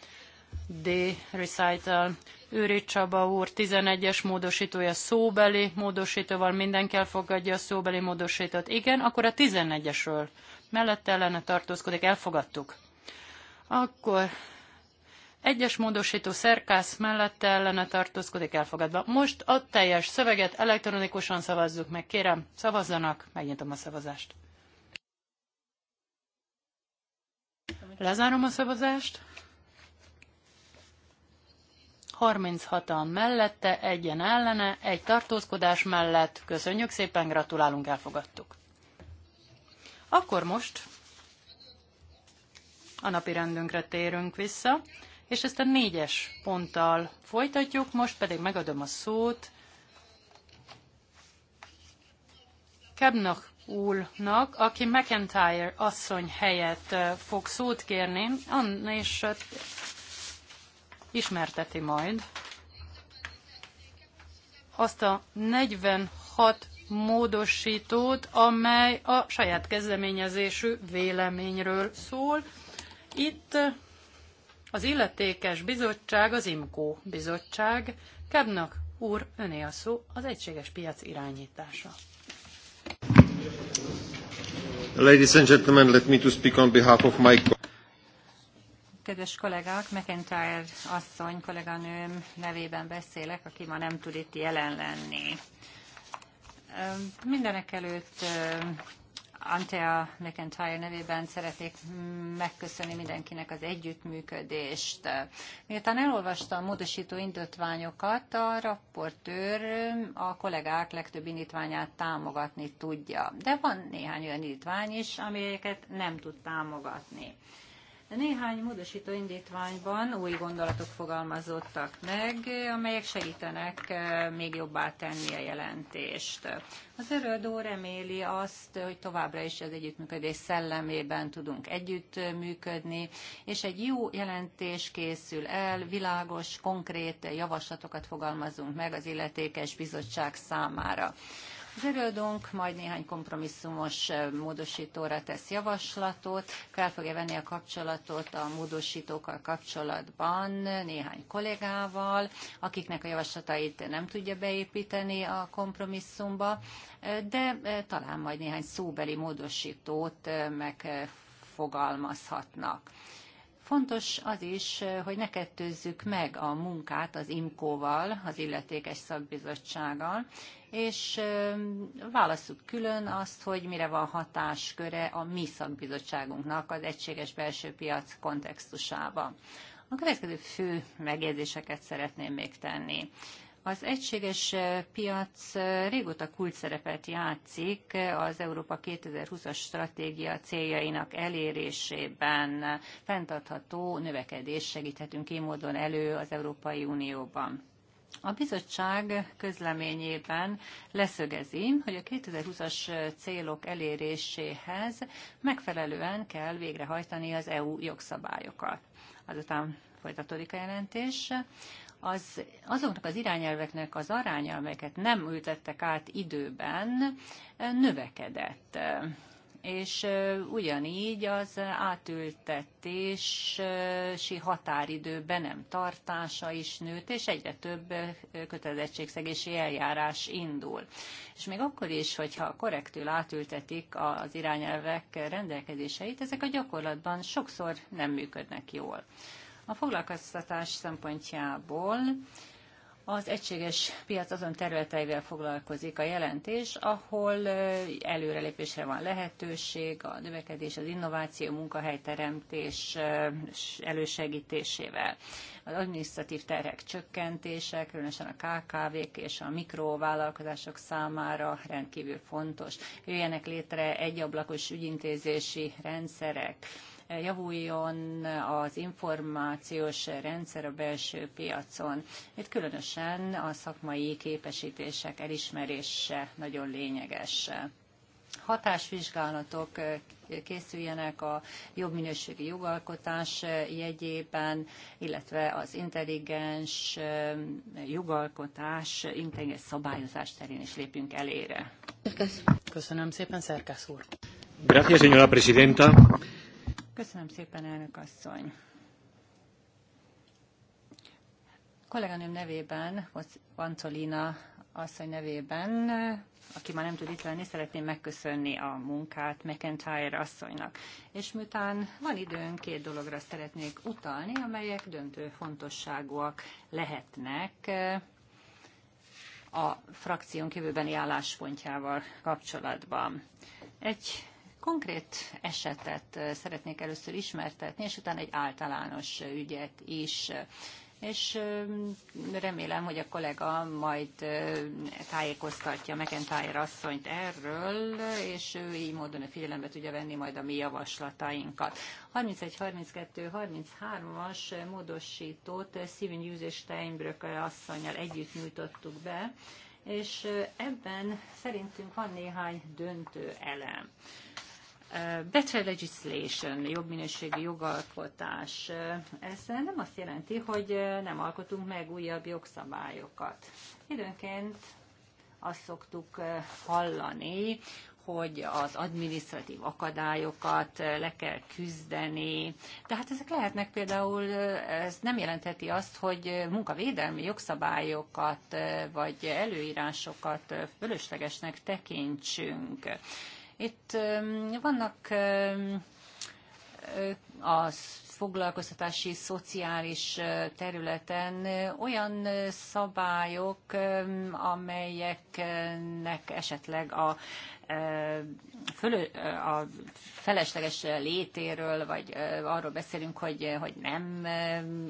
D. Recital Őri Csaba úr 11-es módosítója szóbeli módosítóval mindenki elfogadja a szóbeli módosítót. Igen, akkor a 11-esről mellette ellene tartózkodik, elfogadtuk. Akkor egyes módosító szerkász mellette ellene tartózkodik elfogadva. Most a teljes szöveget elektronikusan szavazzuk meg, kérem, szavazzanak, megnyitom a szavazást. Lezárom a szavazást. 36-an mellette, egyen ellene, egy tartózkodás mellett. Köszönjük szépen, gratulálunk, elfogadtuk. Akkor most a napi rendünkre térünk vissza, és ezt a négyes ponttal folytatjuk, most pedig megadom a szót Kebnach úrnak, aki McIntyre asszony helyett eh, fog szót kérni, és eh, ismerteti majd azt a 46 módosítót, amely a saját kezdeményezésű véleményről szól. Itt az illetékes bizottság, az IMKO bizottság. Kednak úr, öné a szó, az egységes piac irányítása. Ladies and gentlemen, let me to speak on behalf of my kedves kollégák, McIntyre asszony, kolléganőm nevében beszélek, aki ma nem tud itt jelen lenni. Mindenek előtt Antea McIntyre nevében szeretnék megköszönni mindenkinek az együttműködést. Miután elolvasta a módosító indítványokat, a rapportőr a kollégák legtöbb indítványát támogatni tudja. De van néhány olyan indítvány is, amelyeket nem tud támogatni. Néhány módosító indítványban új gondolatok fogalmazottak meg, amelyek segítenek eh, még jobbá tenni a jelentést. Az előadó reméli azt, hogy továbbra is az együttműködés szellemében tudunk együttműködni, és egy jó jelentés készül el, világos, konkrét javaslatokat fogalmazunk meg az illetékes bizottság számára. Az majd néhány kompromisszumos módosítóra tesz javaslatot, fel fogja venni a kapcsolatot a módosítókkal kapcsolatban néhány kollégával, akiknek a javaslatait nem tudja beépíteni a kompromisszumba, de talán majd néhány szóbeli módosítót megfogalmazhatnak. Fontos az is, hogy ne kettőzzük meg a munkát az IMKO-val, az illetékes szakbizottsággal, és válasszuk külön azt, hogy mire van hatásköre a mi szakbizottságunknak az egységes belső piac kontextusában. A következő fő megjegyzéseket szeretném még tenni. Az egységes piac régóta kulcsszerepet játszik az Európa 2020-as stratégia céljainak elérésében. Fentartható növekedés segíthetünk így módon elő az Európai Unióban. A bizottság közleményében leszögezi, hogy a 2020-as célok eléréséhez megfelelően kell végrehajtani az EU jogszabályokat. Azután folytatódik a jelentés az, azoknak az irányelveknek az aránya, amelyeket nem ültettek át időben, növekedett és ugyanígy az átültetési határidő be nem tartása is nőtt, és egyre több kötelezettségszegési eljárás indul. És még akkor is, hogyha korrektül átültetik az irányelvek rendelkezéseit, ezek a gyakorlatban sokszor nem működnek jól. A foglalkoztatás szempontjából az egységes piac azon területeivel foglalkozik a jelentés, ahol előrelépésre van lehetőség, a növekedés, az innováció, munkahelyteremtés elősegítésével. Az adminisztratív terhek csökkentése, különösen a KKV-k és a mikrovállalkozások számára rendkívül fontos. Jöjjenek létre egyablakos ügyintézési rendszerek, javuljon az információs rendszer a belső piacon. Itt különösen a szakmai képesítések elismerése nagyon lényeges hatásvizsgálatok készüljenek a jobb minőségi jogalkotás jegyében, illetve az intelligens jogalkotás, intelligens szabályozás terén is lépjünk elére. Köszönöm szépen, Szerkesz úr! Gracias, señora presidenta. Köszönöm szépen, elnök asszony. A kolléganőm nevében, Vantolina asszony nevében, aki már nem tud itt lenni, szeretném megköszönni a munkát McIntyre asszonynak. És miután van időnk, két dologra szeretnék utalni, amelyek döntő fontosságúak lehetnek eh, a frakción kívülbeni álláspontjával kapcsolatban. Egy Konkrét esetet szeretnék először ismertetni, és utána egy általános ügyet is és remélem, hogy a kollega majd tájékoztatja McIntyre asszonyt erről, és ő így módon a figyelembe tudja venni majd a mi javaslatainkat. 31, 32, 33-as módosítót Steven Hughes és Steinbrück asszonynal együtt nyújtottuk be, és ebben szerintünk van néhány döntő elem. Eh, better legislation, jobb minőségű jogalkotás, eh, ez nem azt jelenti, hogy eh, nem alkotunk meg újabb jogszabályokat. Időnként azt szoktuk hallani, hogy az administratív akadályokat le kell küzdeni. De hát ezek lehetnek például, ez nem jelentheti azt, hogy munkavédelmi jogszabályokat vagy előírásokat fölöslegesnek tekintsünk. Itt vannak a foglalkoztatási, szociális területen olyan szabályok, amelyeknek esetleg a, a felesleges létéről, vagy arról beszélünk, hogy, hogy nem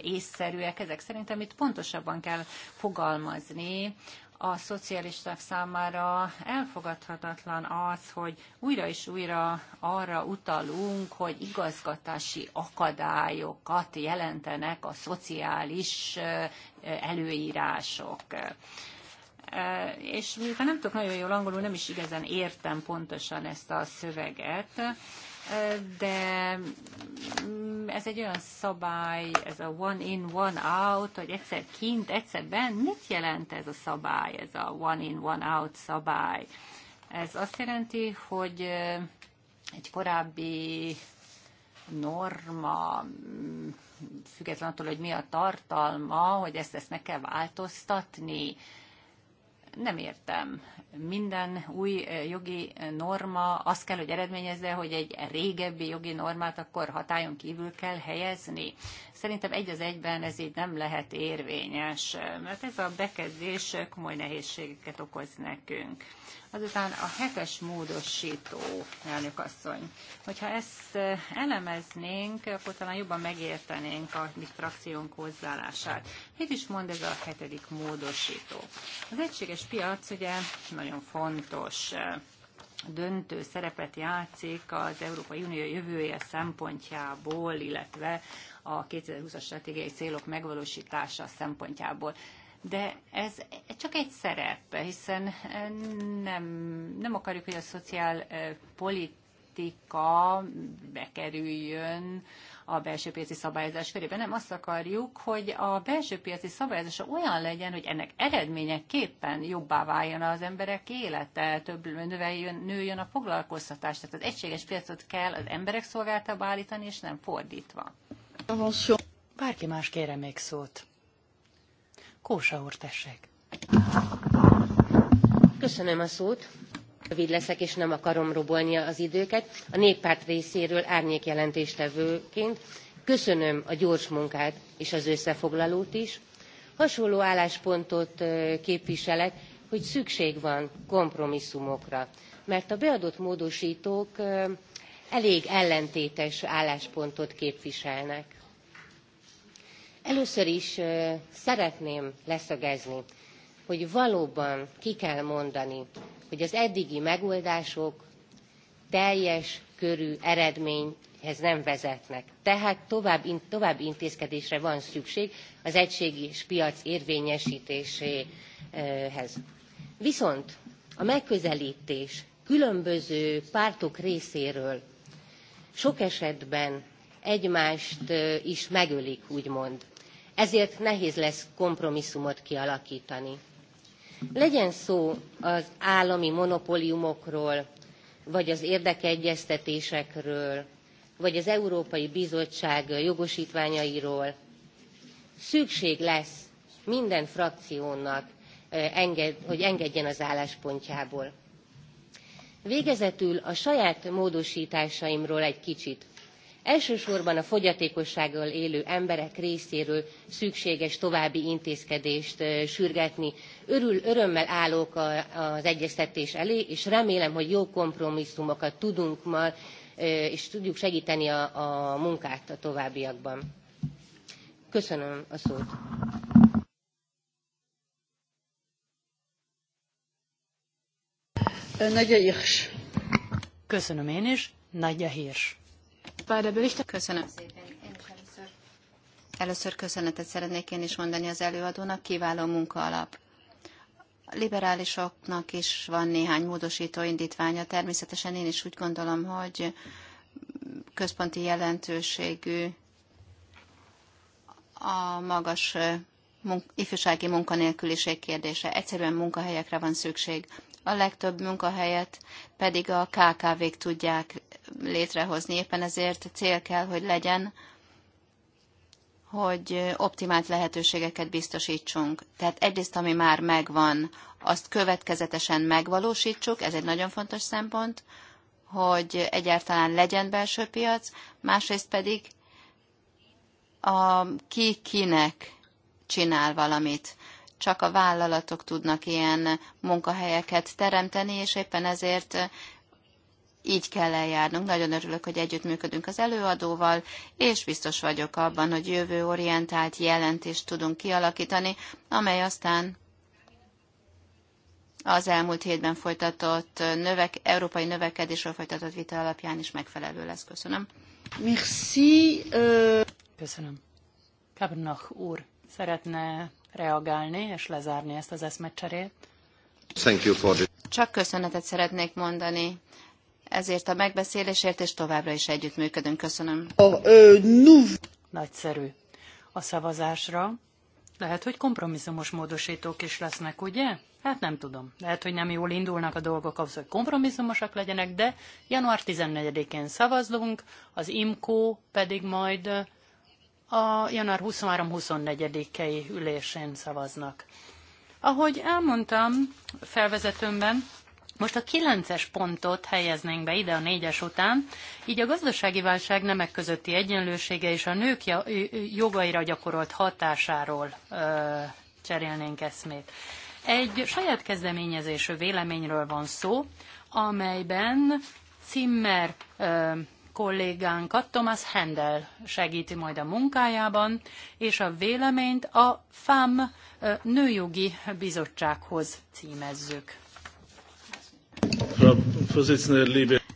észszerűek. Ezek szerintem itt pontosabban kell fogalmazni a szocialisták számára elfogadhatatlan az, hogy újra és újra arra utalunk, hogy igazgatási akadályokat jelentenek a szociális előírások és mivel nem tudok nagyon jól angolul, nem is igazán értem pontosan ezt a szöveget, de ez egy olyan szabály, ez a one in, one out, hogy egyszer kint, egyszer bent, mit jelent ez a szabály, ez a one in, one out szabály? Ez azt jelenti, hogy egy korábbi norma, mm, független attól, hogy mi a tartalma, hogy ezt, ezt meg kell változtatni, nem értem. Minden új jogi norma azt kell, hogy eredményezze, hogy egy régebbi jogi normát akkor hatályon kívül kell helyezni. Szerintem egy az egyben ez így nem lehet érvényes, mert ez a bekezdés komoly nehézségeket okoz nekünk. Azután a hetes módosító, elnök asszony. Hogyha ezt eh, elemeznénk, akkor talán jobban megértenénk a mi frakciónk hozzáállását. Mit is mond ez a hetedik módosító? Az egységes piac ugye nagyon fontos eh, döntő szerepet játszik az Európai Unió jövője szempontjából, illetve a 2020-as stratégiai célok megvalósítása szempontjából de ez csak egy szerep, hiszen nem, nem akarjuk, hogy a szociálpolitika bekerüljön a belső piaci szabályozás körében, nem azt akarjuk, hogy a belső piaci szabályozása olyan legyen, hogy ennek eredményeképpen jobbá váljon az emberek élete, több növeljön, nőjön a foglalkoztatás. Tehát az egységes piacot kell az emberek szolgáltába állítani, és nem fordítva. Bárki más kérem még szót. Kósa úr, tessék. Köszönöm a szót. Rövid leszek, és nem akarom robolni az időket. A néppárt részéről árnyékjelentéstevőként köszönöm a gyors munkát és az összefoglalót is. Hasonló álláspontot képviselek, hogy szükség van kompromisszumokra, mert a beadott módosítók elég ellentétes álláspontot képviselnek Először is szeretném leszögezni, hogy valóban ki kell mondani, hogy az eddigi megoldások teljes körű eredményhez nem vezetnek. Tehát tovább, további intézkedésre van szükség az egységes piac érvényesítéséhez. Viszont a megközelítés különböző pártok részéről sok esetben egymást is megölik, úgymond ezért nehéz lesz kompromisszumot kialakítani. Legyen szó az állami monopóliumokról, vagy az érdekegyeztetésekről, vagy az Európai Bizottság jogosítványairól. Szükség lesz minden frakciónak, hogy engedjen az álláspontjából. Végezetül a saját módosításaimról egy kicsit elsősorban a fogyatékossággal élő emberek részéről szükséges további intézkedést sürgetni. Örül, örömmel állok az egyeztetés elé, és remélem, hogy jó kompromisszumokat tudunk ma, és tudjuk segíteni a, a munkát a továbbiakban. Köszönöm a szót. Nagyja Hirsch. Köszönöm én is, Nagyja Hirsch. Köszönöm Először, köszönetet szeretnék én is mondani az előadónak, kiváló munka alap. A liberálisoknak is van néhány módosító indítványa. Természetesen én is úgy gondolom, hogy központi jelentőségű a magas munk- ifjúsági munkanélküliség kérdése. Egyszerűen munkahelyekre van szükség a legtöbb munkahelyet pedig a KKV-k tudják létrehozni. Éppen ezért cél kell, hogy legyen, hogy optimált lehetőségeket biztosítsunk. Tehát egyrészt, ami már megvan, azt következetesen megvalósítsuk, ez egy nagyon fontos szempont, hogy egyáltalán legyen belső piac, másrészt pedig a ki kinek csinál valamit csak a vállalatok tudnak ilyen munkahelyeket teremteni, és éppen ezért így kell eljárnunk. Nagyon örülök, hogy együttműködünk az előadóval, és biztos vagyok abban, hogy jövőorientált jelentést tudunk kialakítani, amely aztán az elmúlt hétben folytatott növek, európai növekedésről folytatott vita alapján is megfelelő lesz. Köszönöm. Merci. Euh. Köszönöm. Kabnach úr szeretne reagálni és lezárni ezt az eszmecserét. Csak köszönetet szeretnék mondani ezért a megbeszélésért, és továbbra is együttműködünk. Köszönöm. A, oh, ö, nuv... Nagyszerű. A szavazásra lehet, hogy kompromisszumos módosítók is lesznek, ugye? Hát nem tudom. Lehet, hogy nem jól indulnak a dolgok ahhoz, hogy kompromisszumosak legyenek, de január 14-én szavazunk, az IMCO pedig majd a január 23-24-i ülésén szavaznak. Ahogy elmondtam felvezetőmben, most a kilences pontot helyeznénk be ide a négyes után, így a gazdasági válság nemek közötti egyenlősége és a nők jogaira gyakorolt hatásáról ö, cserélnénk eszmét. Egy saját kezdeményezésű véleményről van szó, amelyben Zimmer ö, kollégánkat, Thomas Hendel segíti majd a munkájában, és a véleményt a FAM Nőjogi Bizottsághoz címezzük.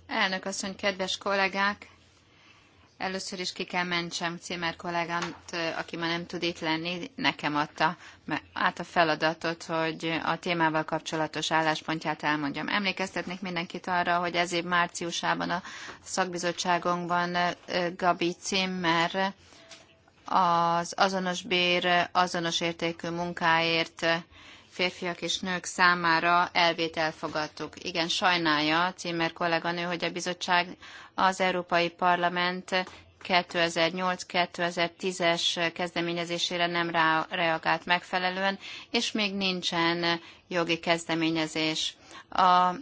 Elnök asszony, kedves kollégák! Először is ki kell mentsem Cémer kollégámt, aki ma nem tud itt lenni, nekem adta át a feladatot, hogy a témával kapcsolatos álláspontját elmondjam. Emlékeztetnék mindenkit arra, hogy ez év márciusában a szakbizottságunkban Gabi Cimmer az azonos bér, azonos értékű munkáért férfiak és nők számára elvét elfogadtuk. Igen, sajnálja Címer kolléganő, hogy a bizottság az Európai Parlament 2008-2010-es kezdeményezésére nem reagált megfelelően, és még nincsen jogi kezdeményezés a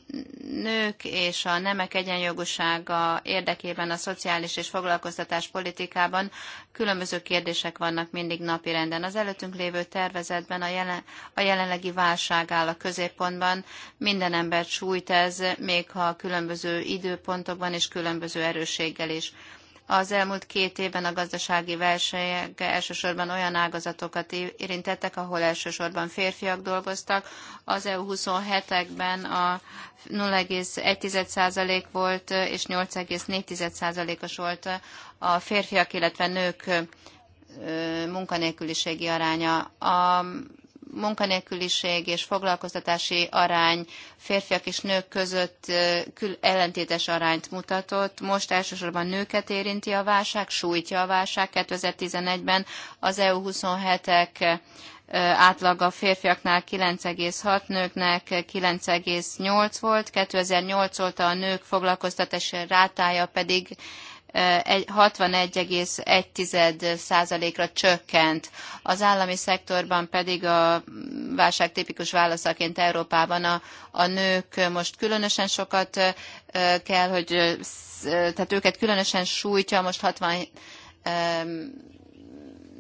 nők és a nemek egyenjogúsága érdekében a szociális és foglalkoztatás politikában különböző kérdések vannak mindig napirenden. Az előttünk lévő tervezetben a, jelen, a jelenlegi válság áll a középpontban, minden embert sújt ez, még ha különböző időpontokban és különböző erősséggel is. Az elmúlt két évben a gazdasági versenyek elsősorban olyan ágazatokat érintettek, ahol elsősorban férfiak dolgoztak. Az EU27-ekben a 0,1% volt, és 8,4%-os volt a férfiak, illetve nők munkanélküliségi aránya. A munkanélküliség és foglalkoztatási arány férfiak és nők között ellentétes arányt mutatott. Most elsősorban nőket érinti a válság, sújtja a válság. 2011-ben az EU 27-ek átlaga férfiaknál 9,6, nőknek 9,8 volt, 2008 óta a nők foglalkoztatási rátája pedig 61,1%-ra eh, csökkent. Az állami szektorban pedig a válság tipikus válaszaként Európában a, a nők most különösen sokat eh, kell, hogy eh, tehát őket különösen sújtja, most 60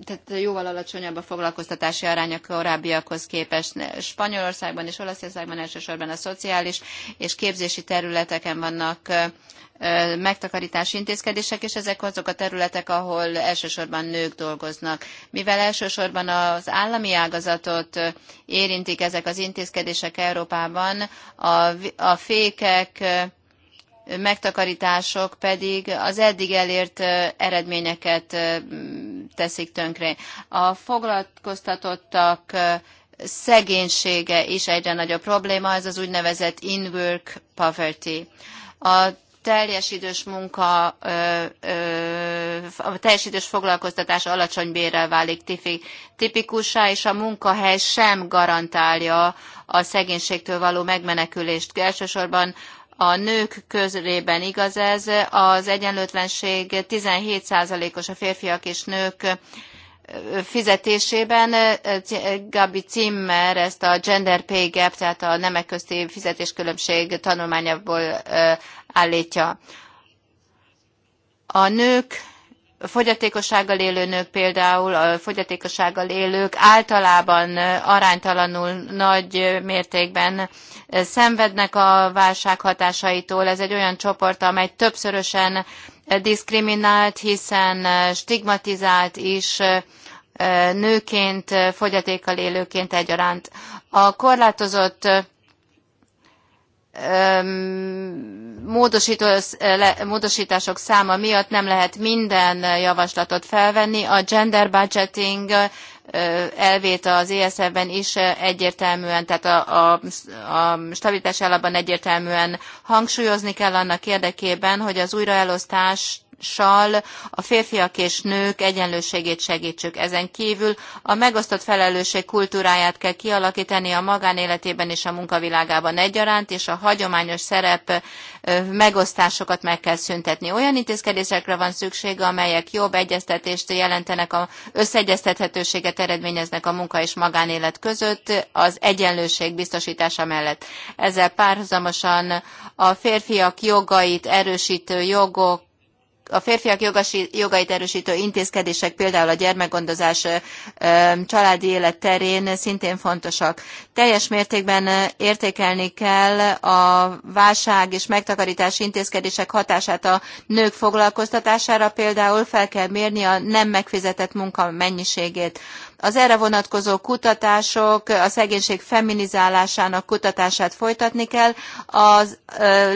tehát jóval alacsonyabb a foglalkoztatási arány a korábbiakhoz képest. Spanyolországban és Olaszországban elsősorban a szociális és képzési területeken vannak megtakarítási intézkedések, és ezek azok a területek, ahol elsősorban nők dolgoznak. Mivel elsősorban az állami ágazatot érintik ezek az intézkedések Európában, a, a fékek, megtakarítások pedig az eddig elért eredményeket teszik tönkre. A foglalkoztatottak szegénysége is egyre nagyobb probléma, ez az úgynevezett in-work poverty. A teljes idős munka, a teljes idős foglalkoztatás alacsony bérrel válik tipikussá, és a munkahely sem garantálja a szegénységtől való megmenekülést. Elsősorban a nők közrében igaz ez, az egyenlőtlenség 17%-os a férfiak és nők fizetésében. Gabi Zimmer ezt a gender pay gap, tehát a nemek közti fizetéskülönbség tanulmányából állítja. A nők fogyatékossággal élő nők például, a fogyatékossággal élők általában aránytalanul nagy mértékben szenvednek a válság hatásaitól. Ez egy olyan csoport, amely többszörösen diszkriminált, hiszen stigmatizált is nőként, fogyatékkal élőként egyaránt. A korlátozott módosítások száma miatt nem lehet minden javaslatot felvenni. A gender budgeting elvét az ESF-ben is egyértelműen, tehát a, a, a stabilitás alapban egyértelműen hangsúlyozni kell annak érdekében, hogy az újraelosztást sal a férfiak és nők egyenlőségét segítsük. Ezen kívül a megosztott felelősség kultúráját kell kialakítani a magánéletében és a munkavilágában egyaránt, és a hagyományos szerep megosztásokat meg kell szüntetni. Olyan intézkedésekre van szükség, amelyek jobb egyeztetést jelentenek, a összeegyeztethetőséget eredményeznek a munka és magánélet között, az egyenlőség biztosítása mellett. Ezzel párhuzamosan a férfiak jogait erősítő jogok, a férfiak jogasi, jogait erősítő intézkedések, például a gyermekgondozás családi élet terén szintén fontosak. Teljes mértékben értékelni kell a válság és megtakarítási intézkedések hatását a nők foglalkoztatására, például fel kell mérni a nem megfizetett munka mennyiségét. Az erre vonatkozó kutatások, a szegénység feminizálásának kutatását folytatni kell, az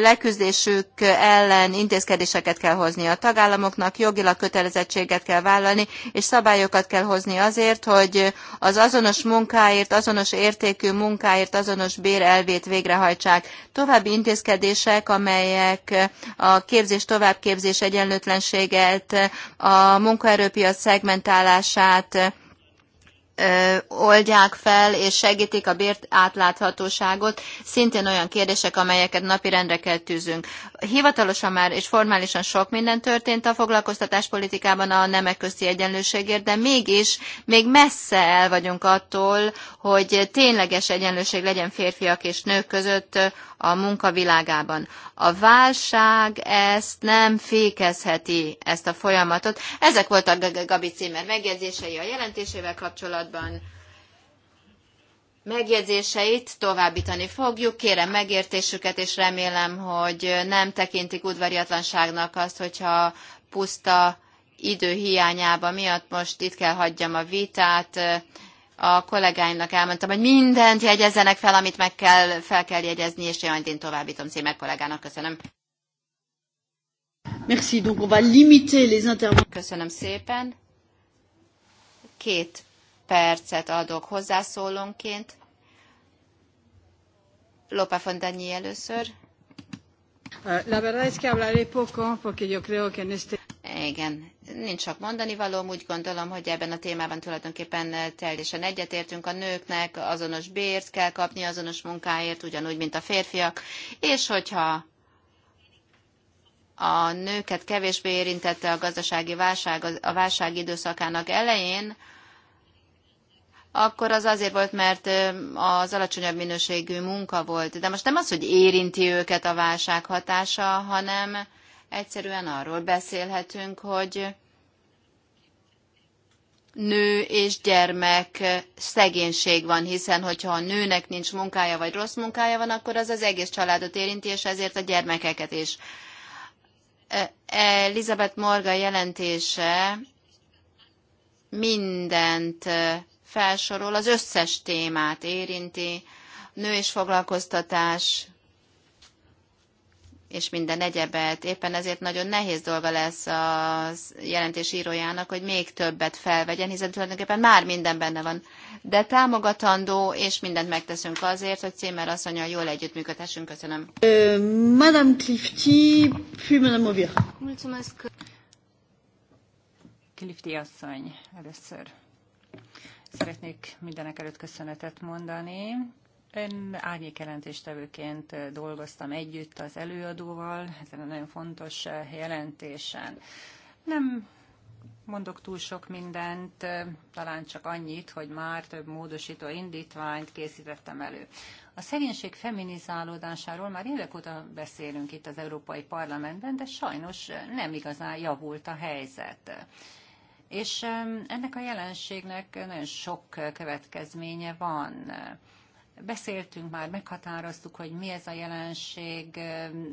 leküzdésük ellen intézkedéseket kell hozni a tagállamoknak, jogilag kötelezettséget kell vállalni, és szabályokat kell hozni azért, hogy az azonos munkáért, azonos értékű munkáért azonos bér elvét végrehajtsák. További intézkedések, amelyek a képzés, továbbképzés egyenlőtlenséget, a munkaerőpiac szegmentálását, oldják fel és segítik a bért átláthatóságot, szintén olyan kérdések, amelyeket napirendre kell tűzünk. Hivatalosan már és formálisan sok minden történt a foglalkoztatás politikában a nemek közti egyenlőségért, de mégis még messze el vagyunk attól, hogy tényleges egyenlőség legyen férfiak és nők között a munkavilágában. A válság ezt nem fékezheti, ezt a folyamatot. Ezek voltak Gabi Címer megjegyzései a jelentésével kapcsolatban kapcsolatban megjegyzéseit továbbítani fogjuk. Kérem megértésüket, és remélem, hogy nem tekintik udvariatlanságnak azt, hogyha puszta idő hiányába miatt most itt kell hagyjam a vitát. A kollégáimnak elmondtam, hogy mindent jegyezzenek fel, amit meg kell, fel kell jegyezni, és jaj, én továbbítom Címek kollégának. Köszönöm. Merci, donc on va limiter les Köszönöm szépen. Két percet adok hozzászólónként. Lopa Fontanyi először. Ah, la verdad es que hablaré poco, porque yo creo que en este... Igen, nincs sok mondani való. úgy gondolom, hogy ebben a témában tulajdonképpen eh, teljesen egyetértünk a nőknek, azonos bért kell kapni, azonos munkáért, ugyanúgy, mint a férfiak, és hogyha a nőket kevésbé érintette a gazdasági válság a válság időszakának elején, akkor az azért volt, mert az alacsonyabb minőségű munka volt. De most nem az, hogy érinti őket a válság hatása, hanem egyszerűen arról beszélhetünk, hogy nő és gyermek szegénység van, hiszen hogyha a nőnek nincs munkája vagy rossz munkája van, akkor az az egész családot érinti, és ezért a gyermekeket is. Elizabeth Morga jelentése mindent felsorol, az összes témát érinti, nő és foglalkoztatás, és minden egyebet. Éppen ezért nagyon nehéz dolga lesz a jelentés írójának, hogy még többet felvegyen, hiszen tulajdonképpen már minden benne van. De támogatandó, és mindent megteszünk azért, hogy Cémer asszonyal jól együttműködhessünk. Köszönöm. Madame Clifty, puis Madame Ovia. Mulțumesc. Clifty asszony, először. Szeretnék mindenek előtt köszönetet mondani. Én jelentéstevőként dolgoztam együtt az előadóval ezen a nagyon fontos jelentésen. Nem mondok túl sok mindent, talán csak annyit, hogy már több módosító indítványt készítettem elő. A szegénység feminizálódásáról már évek óta beszélünk itt az Európai Parlamentben, de sajnos nem igazán javult a helyzet. És ennek a jelenségnek nagyon sok következménye van. Beszéltünk már, meghatároztuk, hogy mi ez a jelenség,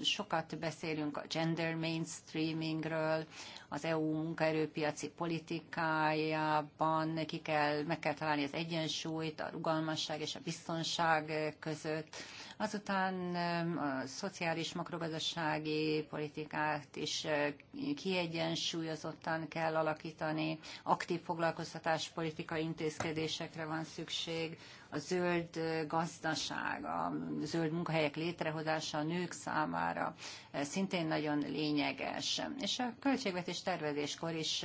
sokat beszélünk a gender mainstreamingről, az EU munkaerőpiaci politikájában ki kell, meg kell találni az egyensúlyt a rugalmasság és a biztonság között. Azután um, a szociális makrogazdasági politikát is uh, kiegyensúlyozottan kell alakítani, aktív foglalkoztatás politikai intézkedésekre van szükség, a zöld uh, gazdaság, a zöld munkahelyek létrehozása a nők számára uh, szintén nagyon lényeges. És a költségvetés és tervezéskor is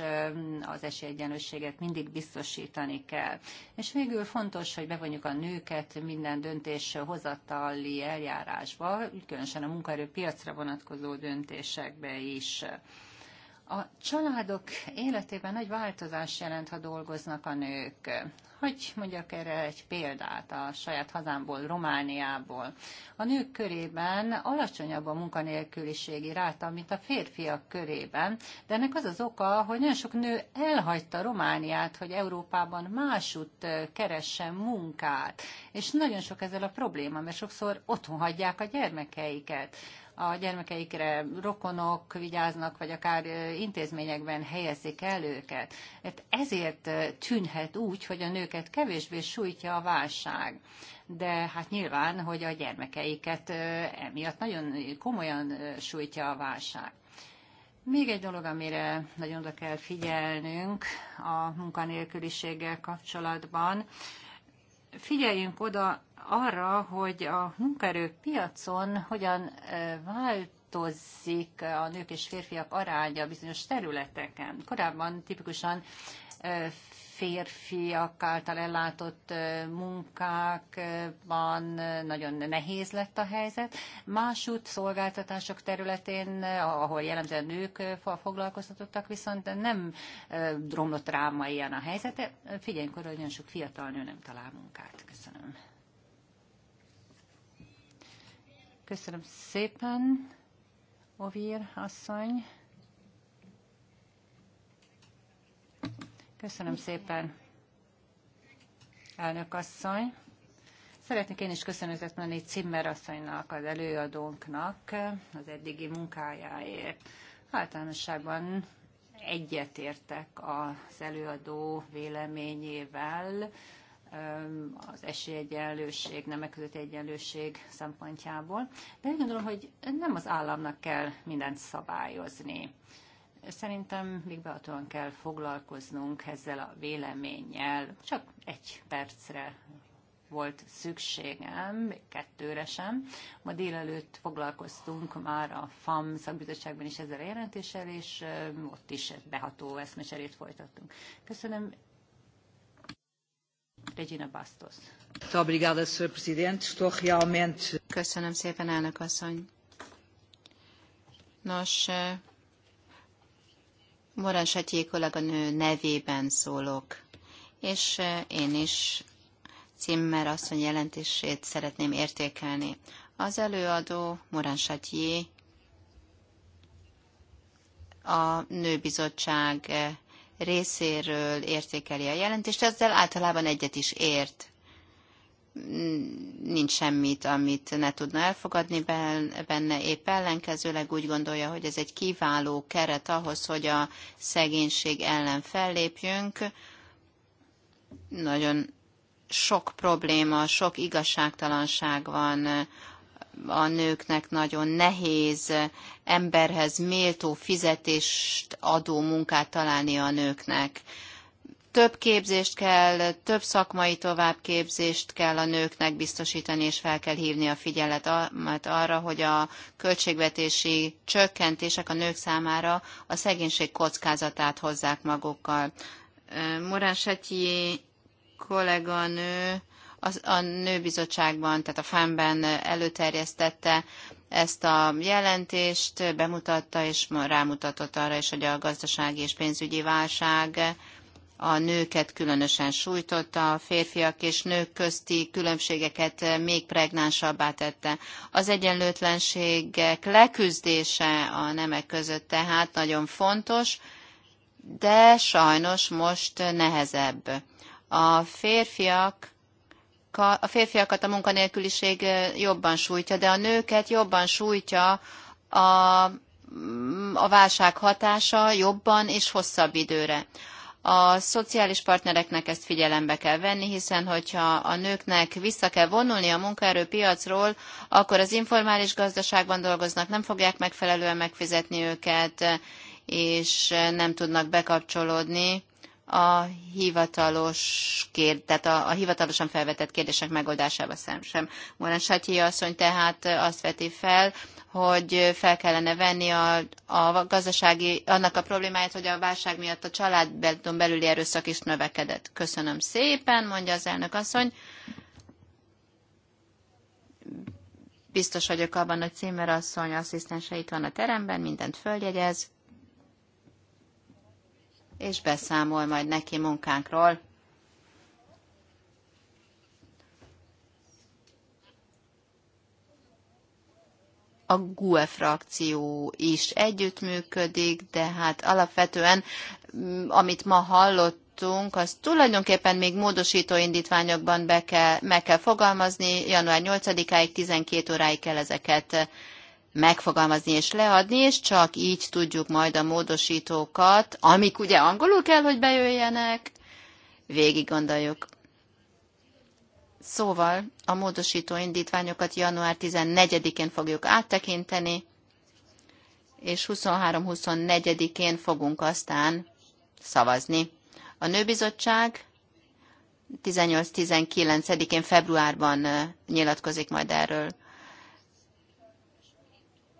az esélyegyenlőséget mindig biztosítani kell. És végül fontos, hogy bevonjuk a nőket minden döntés hozatali eljárásba, különösen a munkaerőpiacra vonatkozó döntésekbe is. A családok életében nagy változás jelent, ha dolgoznak a nők. Hogy mondjak erre egy példát a saját hazámból, Romániából. A nők körében alacsonyabb a munkanélküliségi ráta, mint a férfiak körében, de ennek az az oka, hogy nagyon sok nő elhagyta Romániát, hogy Európában másút keressen munkát, és nagyon sok ezzel a probléma, mert sokszor otthon hagyják a gyermekeiket a gyermekeikre rokonok vigyáznak, vagy akár intézményekben helyezik el őket. Ezért tűnhet úgy, hogy a nőket kevésbé sújtja a válság de hát nyilván, hogy a gyermekeiket emiatt nagyon komolyan sújtja a válság. Még egy dolog, amire nagyon oda kell figyelnünk a munkanélküliséggel kapcsolatban, figyeljünk oda arra, hogy a munkaerőpiacon hogyan változik a nők és férfiak aránya bizonyos területeken. Korábban tipikusan férfiak által ellátott munkákban nagyon nehéz lett a helyzet. Másút szolgáltatások területén, ahol jelentően nők foglalkoztatottak, viszont nem romlott ráma ilyen a helyzet. Figyeljünk arra, hogy nagyon sok fiatal nő nem talál munkát. Köszönöm. Köszönöm szépen, Ovir asszony. Köszönöm szépen, elnök asszony. Szeretnék én is köszönetet mondani Cimmer asszonynak, az előadónknak az eddigi munkájáért. Általánosságban egyetértek az előadó véleményével, az esélyegyenlőség, nemek közötti egyenlőség szempontjából. De én gondolom, hogy nem az államnak kell mindent szabályozni. Szerintem még behatóan kell foglalkoznunk ezzel a véleménnyel. Csak egy percre volt szükségem, kettőre sem. Ma délelőtt foglalkoztunk már a FAM szakbizottságban is ezzel a jelentéssel, és ott is beható eszmecserét folytattunk. Köszönöm. Regina Bastos. Köszönöm szépen, elnök asszony. Nos, Morán Satyé kolléganő nevében szólok, és eh, én is Cimmer asszony jelentését szeretném értékelni. Az előadó Morán Satyé a nőbizottság eh, részéről értékeli a jelentést, ezzel általában egyet is ért nincs semmit, amit ne tudna elfogadni benne, épp ellenkezőleg úgy gondolja, hogy ez egy kiváló keret ahhoz, hogy a szegénység ellen fellépjünk. Nagyon sok probléma, sok igazságtalanság van, a nőknek nagyon nehéz emberhez méltó fizetést adó munkát találni a nőknek több képzést kell, több szakmai továbbképzést kell a nőknek biztosítani, és fel kell hívni a figyeletet arra, hogy a költségvetési csökkentések a nők számára a szegénység kockázatát hozzák magukkal. Morán Setyi kolléganő a, a nőbizottságban, tehát a FEM-ben előterjesztette ezt a jelentést, bemutatta és rámutatott arra is, hogy a gazdasági és pénzügyi válság a nőket különösen sújtotta, a férfiak és nők közti különbségeket még pregnánsabbá tette. Az egyenlőtlenségek leküzdése a nemek között tehát nagyon fontos, de sajnos most nehezebb. A férfiak a férfiakat a munkanélküliség jobban sújtja, de a nőket jobban sújtja a, a válság hatása jobban és hosszabb időre. A szociális partnereknek ezt figyelembe kell venni, hiszen hogyha a nőknek vissza kell vonulni a munkaerőpiacról, akkor az informális gazdaságban dolgoznak, nem fogják megfelelően megfizetni őket, és nem tudnak bekapcsolódni a hivatalos kér, tehát a, a hivatalosan felvetett kérdések megoldásába sem. sem. Morán Satyi asszony tehát azt veti fel, hogy fel kellene venni a, a gazdasági, annak a problémáját, hogy a válság miatt a családon belüli erőszak is növekedett. Köszönöm szépen, mondja az elnök asszony. Biztos vagyok abban, hogy Címer asszony asszisztense itt van a teremben, mindent följegyez, és beszámol majd neki munkánkról. a GUE frakció is együttműködik, de hát alapvetően, mm, amit ma hallott, hallottunk, az tulajdonképpen még módosító indítványokban be kell, meg kell fogalmazni, január 8-áig, 12 óráig kell ezeket megfogalmazni és leadni, és csak így tudjuk majd a módosítókat, amik ugye angolul kell, hogy bejöjjenek, végig gondoljuk. Szóval a módosító indítványokat január 14-én fogjuk áttekinteni, és 23-24-én fogunk aztán szavazni. A nőbizottság 18-19-én februárban nyilatkozik majd erről.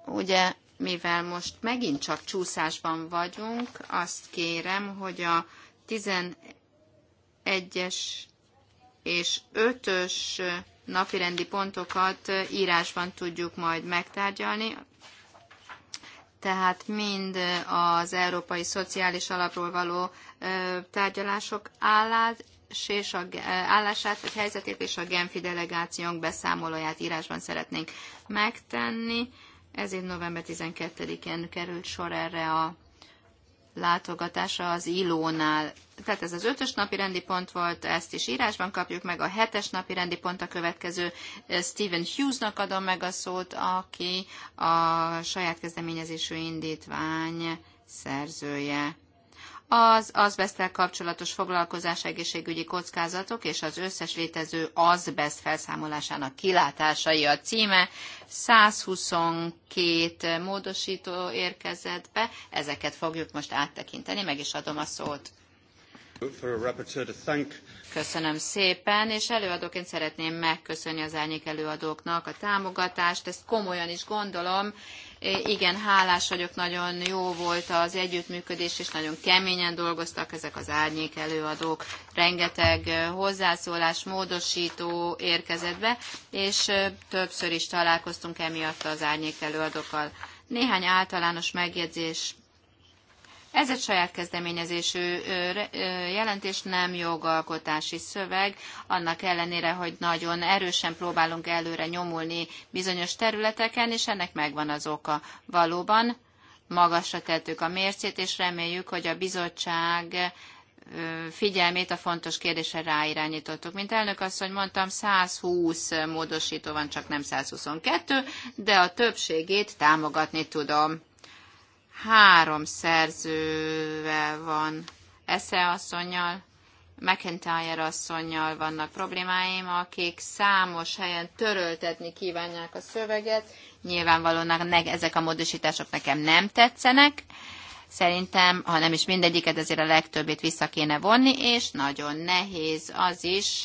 Ugye, mivel most megint csak csúszásban vagyunk, azt kérem, hogy a 11-es és ötös napirendi pontokat írásban tudjuk majd megtárgyalni. Tehát mind az Európai Szociális Alapról való tárgyalások állás, és a, állását vagy helyzetét és a Genfi delegációnk beszámolóját írásban szeretnénk megtenni. Ezért november 12-én került sor erre a látogatása az Ilónál. Tehát ez az ötös napi rendi pont volt, ezt is írásban kapjuk meg, a hetes napi rendi pont a következő. Eh, Stephen Hughesnak adom meg a szót, aki a saját kezdeményezésű indítvány szerzője az azbesztel kapcsolatos foglalkozás egészségügyi kockázatok és az összes létező azbeszt felszámolásának kilátásai a címe. 122 módosító érkezett be, ezeket fogjuk most áttekinteni, meg is adom a szót. Köszönöm szépen, és előadóként szeretném megköszönni az elnyék előadóknak a támogatást, ezt komolyan is gondolom, igen, hálás vagyok, nagyon jó volt az együttműködés, és nagyon keményen dolgoztak ezek az árnyék előadók. Rengeteg hozzászólás, módosító érkezett be, és többször is találkoztunk emiatt az árnyék előadókkal. Néhány általános megjegyzés ez egy saját kezdeményezésű jelentés, nem jogalkotási szöveg, annak ellenére, hogy nagyon erősen próbálunk előre nyomulni bizonyos területeken, és ennek megvan az oka. Valóban magasra tettük a mércét, és reméljük, hogy a bizottság figyelmét a fontos kérdésre ráirányítottuk. Mint elnök asszony mondtam, 120 módosító van, csak nem 122, de a többségét támogatni tudom három szerzővel van, Esze asszonynal, McIntyre asszonynal vannak problémáim, akik számos helyen töröltetni kívánják a szöveget. Nyilvánvalóan ne, ezek a módosítások nekem nem tetszenek. Szerintem, ha nem is mindegyiket, azért a legtöbbét vissza kéne vonni, és nagyon nehéz az is,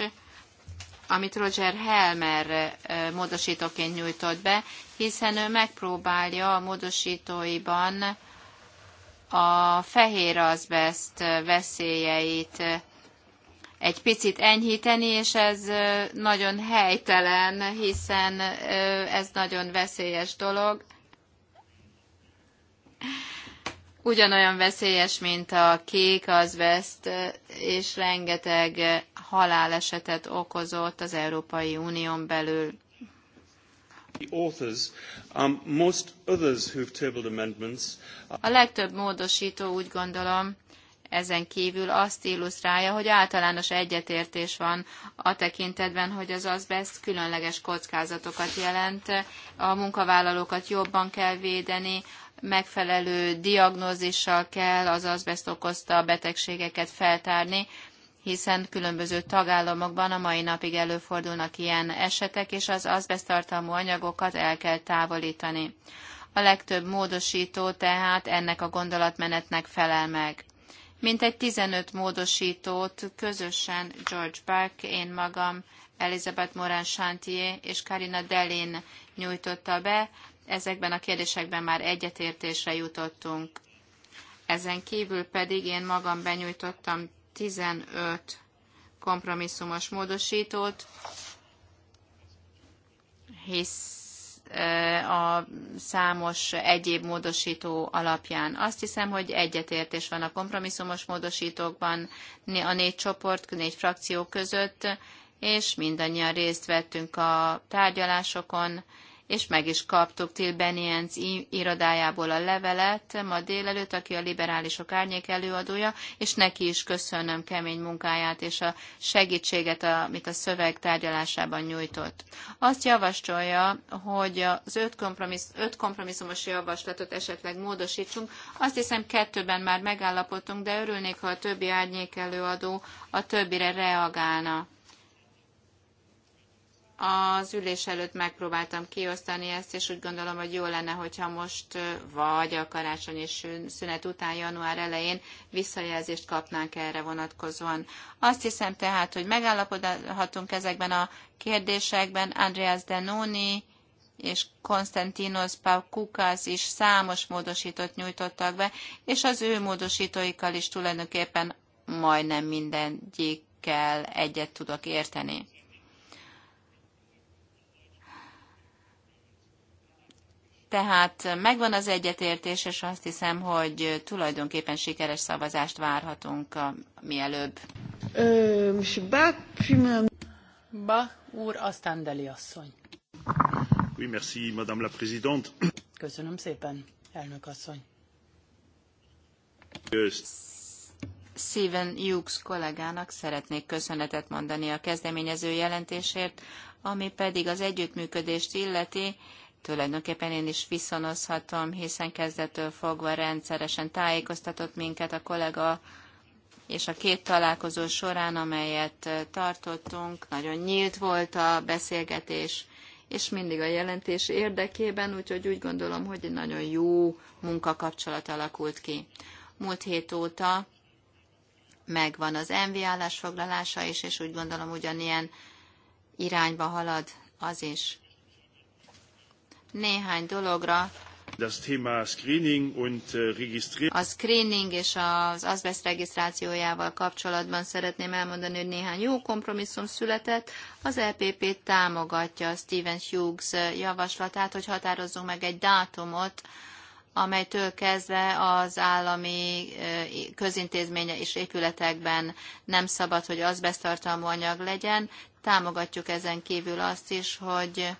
amit Roger Helmer módosítóként nyújtott be, hiszen ő megpróbálja a módosítóiban a fehér azbest veszélyeit egy picit enyhíteni, és ez nagyon helytelen, hiszen ez nagyon veszélyes dolog. Ugyanolyan veszélyes, mint a kék azbest, és rengeteg halálesetet okozott az Európai Unión belül. Um, uh, a legtöbb módosító úgy gondolom, ezen kívül azt illusztrálja, hogy általános egyetértés van a tekintetben, hogy az azbest különleges kockázatokat jelent, a munkavállalókat jobban kell védeni, megfelelő diagnózissal kell az azbest okozta betegségeket feltárni, hiszen különböző tagállamokban a mai napig előfordulnak ilyen esetek, és az azbesztartalmú anyagokat el kell távolítani. A legtöbb módosító tehát ennek a gondolatmenetnek felel meg. Mintegy 15 módosítót közösen George Park, én magam, Elizabeth Morán Chantier és Karina Delin nyújtotta be, ezekben a kérdésekben már egyetértésre jutottunk. Ezen kívül pedig én magam benyújtottam 15 kompromisszumos módosítót, hisz a számos egyéb módosító alapján. Azt hiszem, hogy egyetértés van a kompromisszumos módosítókban, a négy csoport, négy frakció között, és mindannyian részt vettünk a tárgyalásokon, és meg is kaptuk Till Beniens irodájából a levelet ma délelőtt, aki a liberálisok árnyék előadója, és neki is köszönöm kemény munkáját és a segítséget, amit a szöveg tárgyalásában nyújtott. Azt javasolja, hogy az öt, kompromissz, öt kompromisszumos javaslatot esetleg módosítsunk. Azt hiszem kettőben már megállapodtunk, de örülnék, ha a többi árnyék előadó a többire reagálna az ülés előtt megpróbáltam kiosztani ezt, és úgy gondolom, hogy jó lenne, hogyha most vagy a karácsonyi szünet után január elején visszajelzést kapnánk erre vonatkozóan. Azt hiszem tehát, hogy megállapodhatunk ezekben a kérdésekben. Andreas Denoni és Konstantinos Paukukas is számos módosítót nyújtottak be, és az ő módosítóikkal is tulajdonképpen majdnem mindegyikkel egyet tudok érteni. Tehát megvan az egyetértés, és azt hiszem, hogy tulajdonképpen sikeres szavazást várhatunk a, mielőbb. Ba úr, aztán Deli asszony. Oui, merci, madame la présidente. Köszönöm szépen, elnök asszony. Steven Hughes kollégának szeretnék köszönetet mondani a kezdeményező jelentésért, ami pedig az együttműködést illeti, tulajdonképpen én is viszonozhatom, hiszen kezdettől fogva rendszeresen tájékoztatott minket a kollega, és a két találkozó során, amelyet tartottunk, nagyon nyílt volt a beszélgetés, és mindig a jelentés érdekében, úgyhogy úgy gondolom, hogy egy nagyon jó munkakapcsolat alakult ki. Múlt hét óta megvan az MV állásfoglalása is, és úgy gondolom ugyanilyen irányba halad az is néhány dologra. Das Thema Screening und äh, Registrierung. A screening és az azbest regisztrációjával kapcsolatban szeretném elmondani, hogy néhány jó kompromisszum született. Az LPP e támogatja Stephen Hughes javaslatát, hogy határozzunk meg egy dátumot, amelytől kezdve az állami eh, közintézménye és épületekben nem szabad, hogy azbesztartalmú anyag legyen. Támogatjuk ezen kívül azt is, hogy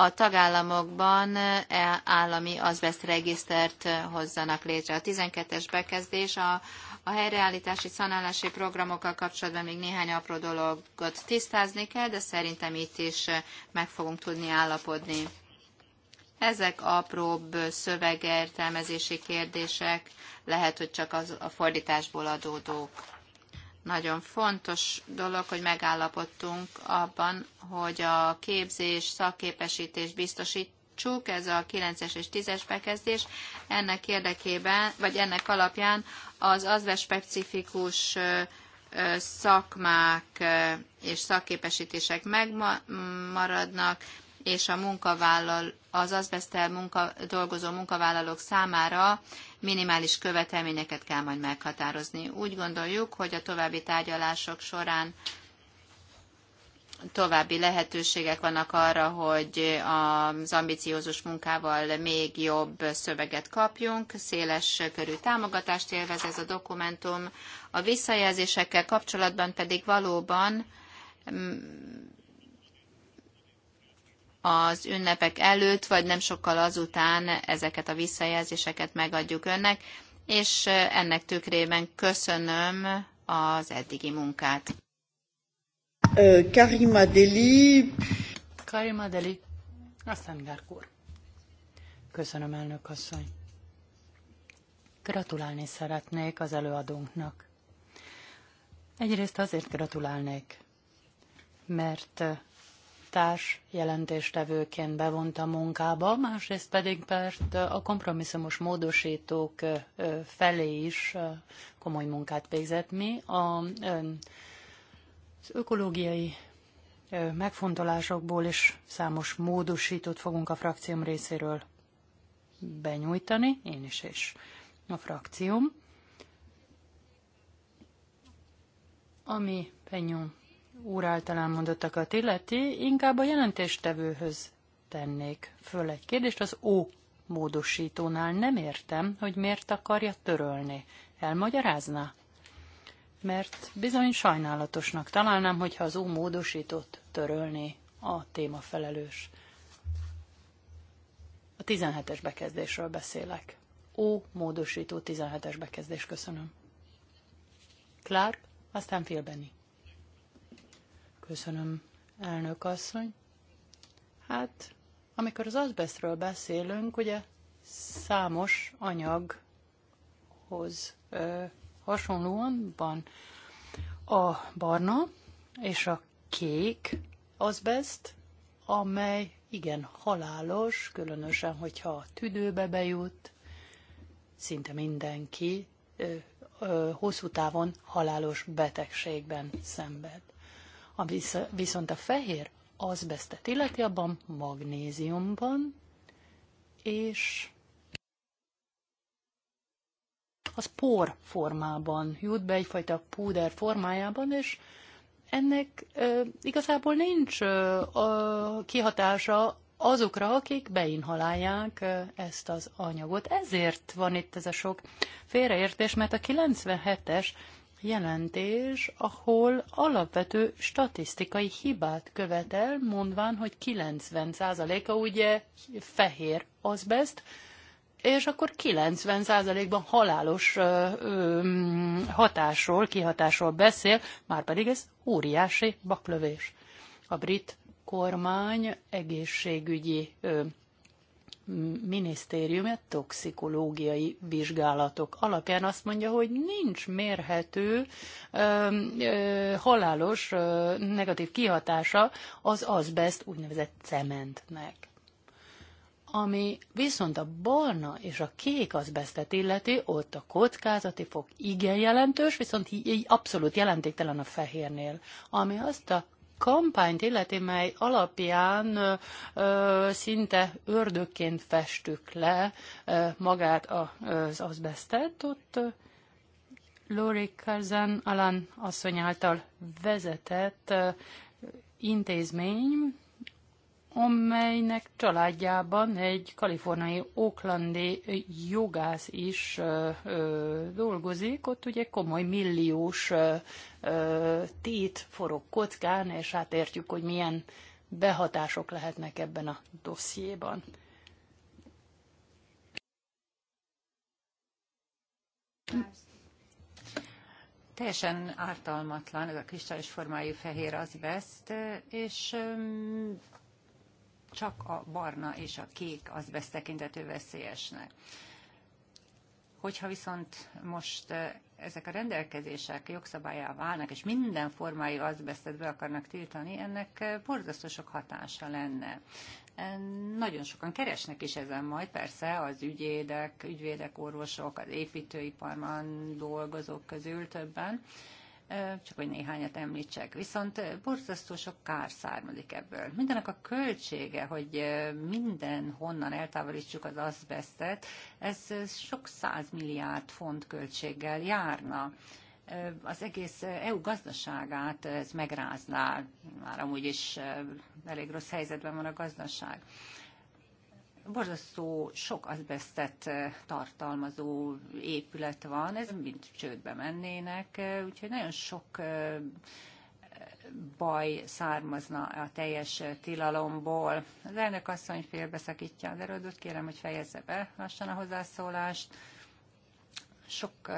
a tagállamokban e, állami azbesztregisztert e, hozzanak létre. A 12-es bekezdés a, a helyreállítási szanálási programokkal kapcsolatban még néhány apró dologot tisztázni kell, de szerintem itt is e, meg fogunk tudni állapodni. Ezek apróbb szövegértelmezési kérdések, lehet, hogy csak az, a fordításból adódók. Nagyon fontos dolog, hogy megállapodtunk abban, hogy a képzés, szakképesítés biztosítsuk, ez a 9-es és 10-es bekezdés, ennek érdekében, vagy ennek alapján az azves specifikus szakmák és szakképesítések megmaradnak, és a munkavállal, az azbesztel munka, dolgozó munkavállalók számára minimális követelményeket kell majd meghatározni. Úgy gondoljuk, hogy a további tárgyalások során további lehetőségek vannak arra, hogy az ambiciózus munkával még jobb szöveget kapjunk, széles körű támogatást élvez ez a dokumentum. A visszajelzésekkel kapcsolatban pedig valóban mm, az ünnepek előtt, vagy nem sokkal azután ezeket a visszajelzéseket megadjuk önnek, és ennek tükrében köszönöm az eddigi munkát. Karima Deli. Karima Deli. Aztán Gárkúr. Köszönöm, elnök asszony. Gratulálni szeretnék az előadónknak. Egyrészt azért gratulálnék, mert társ jelentéstevőként bevonta munkába, másrészt pedig mert a kompromisszumos módosítók felé is komoly munkát végzett mi. A, az ökológiai megfontolásokból is számos módosítót fogunk a frakcióm részéről benyújtani, én is és a frakcióm. Ami Penyom úr által elmondottakat illeti, inkább a jelentéstevőhöz tennék föl egy kérdést. Az O módosítónál nem értem, hogy miért akarja törölni. Elmagyarázná? Mert bizony sajnálatosnak találnám, hogyha az O módosítót törölni a felelős. A 17-es bekezdésről beszélek. Ó, módosító 17-es bekezdés, köszönöm. Clark, aztán Phil Benny. Köszönöm, elnök asszony. Hát, amikor az azbestről beszélünk, ugye számos anyaghoz ö, hasonlóan van a barna és a kék azbest, amely igen halálos, különösen, hogyha a tüdőbe bejut, szinte mindenki ö, ö, hosszú távon halálos betegségben szenved. A visz, viszont a fehér azbesztet illeti abban magnéziumban, és az por formában jut be, egyfajta púder formájában, és ennek e, igazából nincs e, a kihatása azokra, akik beinhalálják ezt az anyagot. Ezért van itt ez a sok félreértés, mert a 97-es jelentés, ahol alapvető statisztikai hibát követel, mondván, hogy 90%-a ugye fehér azbest, és akkor 90%-ban halálos ö, ö, hatásról, kihatásról beszél, már pedig ez óriási baklövés. A brit kormány egészségügyi ö, minisztériumja toxikológiai vizsgálatok alapján azt mondja, hogy nincs mérhető ö, ö, halálos ö, negatív kihatása az azbest úgynevezett cementnek. Ami viszont a barna és a kék azbestet illeti, ott a kockázati fok igen jelentős, viszont így abszolút jelentéktelen a fehérnél, ami azt a kampányt illeti, mely alapján ö, szinte ördökként festük le ö, magát a, az azbesztet, ott ö, Lori Karzan Alan asszony által vezetett ö, intézmény amelynek családjában egy kaliforniai oaklandi jogász is ö, ö, dolgozik, ott ugye komoly milliós ö, ö, tét forog kockán, és hát értjük, hogy milyen behatások lehetnek ebben a dossziéban. Teljesen ártalmatlan, ez a kristályos formájú fehér azbest, és csak a barna és a kék az vesz tekintető veszélyesnek. Hogyha viszont most eh, ezek a rendelkezések jogszabályá válnak, és minden formájú azbesztet be akarnak tiltani, ennek eh, borzasztó sok hatása lenne. E, nagyon sokan keresnek is ezen majd, persze az ügyédek, ügyvédek, orvosok, az építőiparban dolgozók közül többen, csak hogy néhányat említsek. Viszont borzasztó sok kár származik ebből. Mindenek a költsége, hogy minden honnan eltávolítsuk az azbestet, ez sok száz milliárd font költséggel járna az egész EU gazdaságát ez megrázná, már amúgy is elég rossz helyzetben van a gazdaság borzasztó sok azbesztet eh, tartalmazó épület van, ez mind csődbe mennének, eh, úgyhogy nagyon sok eh, baj származna a teljes tilalomból. Az elnök asszony félbeszakítja az erődöt, kérem, hogy fejezze be lassan a hozzászólást. Sok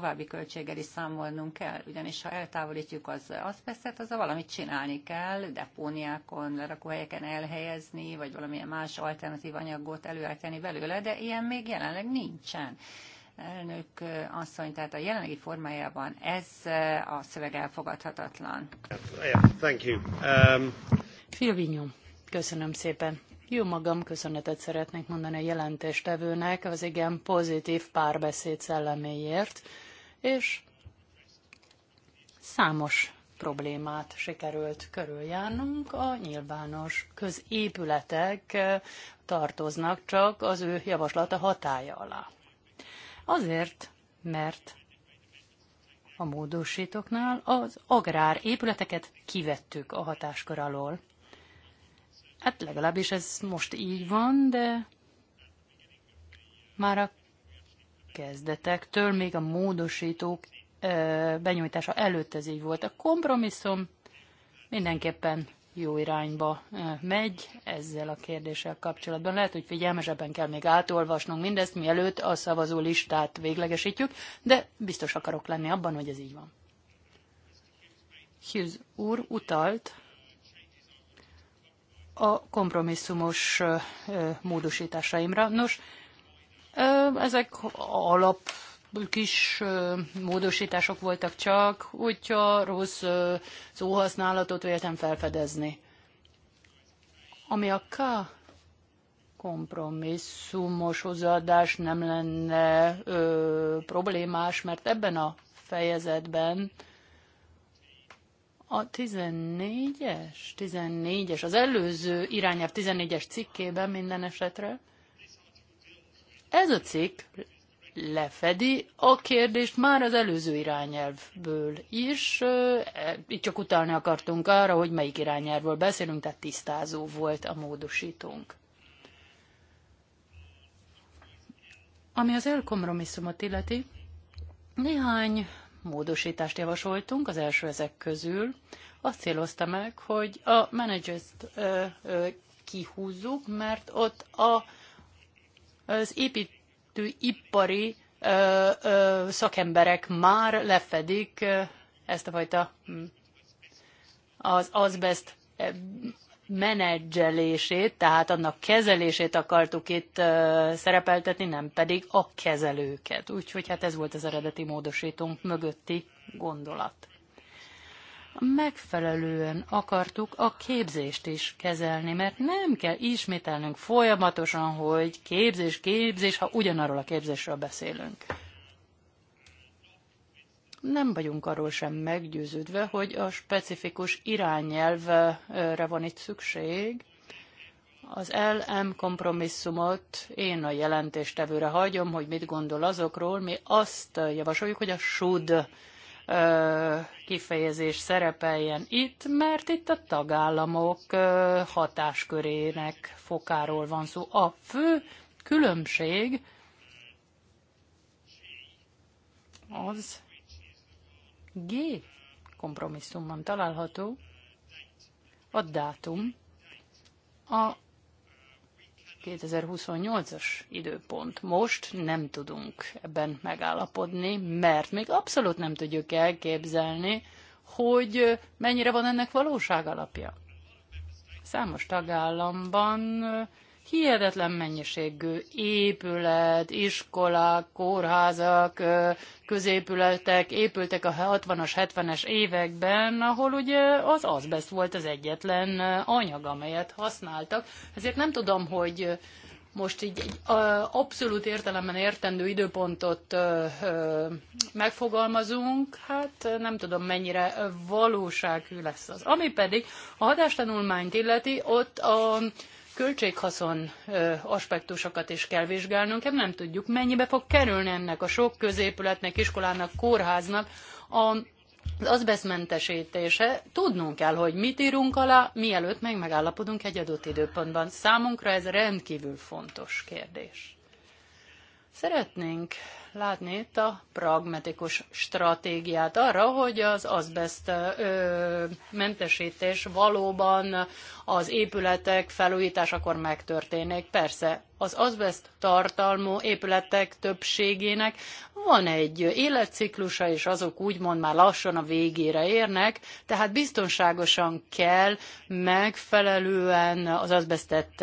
további költséggel is számolnunk kell, ugyanis ha eltávolítjuk az az a valamit csinálni kell, depóniákon, lerakóhelyeken elhelyezni, vagy valamilyen más alternatív anyagot előállítani belőle, de ilyen még jelenleg nincsen elnök asszony, tehát a jelenlegi formájában ez a szöveg elfogadhatatlan. Yeah, thank you. Um... köszönöm szépen. Jó magam, köszönetet szeretnék mondani a jelentéstevőnek az igen pozitív párbeszéd szelleméért és számos problémát sikerült körüljárnunk. A nyilvános középületek tartoznak csak az ő javaslata hatája alá. Azért, mert a módosítóknál az agrár épületeket kivettük a hatáskör alól. Hát legalábbis ez most így van, de már a kezdetektől, még a módosítók benyújtása előtt ez így volt. A kompromisszum mindenképpen jó irányba megy ezzel a kérdéssel kapcsolatban. Lehet, hogy figyelmesebben kell még átolvasnunk mindezt, mielőtt a szavazó listát véglegesítjük, de biztos akarok lenni abban, hogy ez így van. Hughes úr utalt a kompromisszumos módosításaimra. Nos, ezek alap kis módosítások voltak csak, hogyha rossz szóhasználatot véltem felfedezni. Ami a K kompromisszumos hozzáadás nem lenne ö, problémás, mert ebben a fejezetben a 14-es, 14-es, az előző irányelv 14-es cikkében minden esetre ez a cikk lefedi a kérdést már az előző irányelvből is. E, itt csak utalni akartunk arra, hogy melyik irányelvről beszélünk, tehát tisztázó volt a módosítónk. Ami az elkompromisszumot illeti, néhány módosítást javasoltunk, az első ezek közül azt célozta meg, hogy a managers kihúzzuk, mert ott a az építőipari szakemberek már lefedik ezt a fajta hm, az azbest menedzselését, tehát annak kezelését akartuk itt szerepeltetni, nem pedig a kezelőket. Úgyhogy hát ez volt az eredeti módosítónk mögötti gondolat megfelelően akartuk a képzést is kezelni, mert nem kell ismételnünk folyamatosan, hogy képzés, képzés, ha ugyanarról a képzésről beszélünk. Nem vagyunk arról sem meggyőződve, hogy a specifikus irányelvre van itt szükség, az LM kompromisszumot én a jelentéstevőre hagyom, hogy mit gondol azokról. Mi azt javasoljuk, hogy a should kifejezés szerepeljen itt, mert itt a tagállamok hatáskörének fokáról van szó. A fő különbség az G kompromisszumban található, a dátum, a 2028-as időpont. Most nem tudunk ebben megállapodni, mert még abszolút nem tudjuk elképzelni, hogy mennyire van ennek valóság alapja. Számos tagállamban hihetetlen mennyiségű épület, iskolák, kórházak, középületek épültek a 60-as, 70-es években, ahol ugye az azbest volt az egyetlen anyag, amelyet használtak. Ezért nem tudom, hogy most így egy abszolút értelemben értendő időpontot megfogalmazunk, hát nem tudom mennyire valósághű lesz az. Ami pedig a hatástanulmányt illeti, ott a költséghaszon aspektusokat is kell vizsgálnunk, hát nem tudjuk, mennyibe fog kerülni ennek a sok középületnek, iskolának, kórháznak a az azbeszmentesítése, tudnunk kell, hogy mit írunk alá, mielőtt meg megállapodunk egy adott időpontban. Számunkra ez rendkívül fontos kérdés. Szeretnénk látni itt a pragmatikus stratégiát arra, hogy az azbest mentesítés valóban az épületek felújításakor megtörténik. Persze, az azbest tartalmú épületek többségének van egy életciklusa, és azok úgymond már lassan a végére érnek, tehát biztonságosan kell megfelelően az azbestet,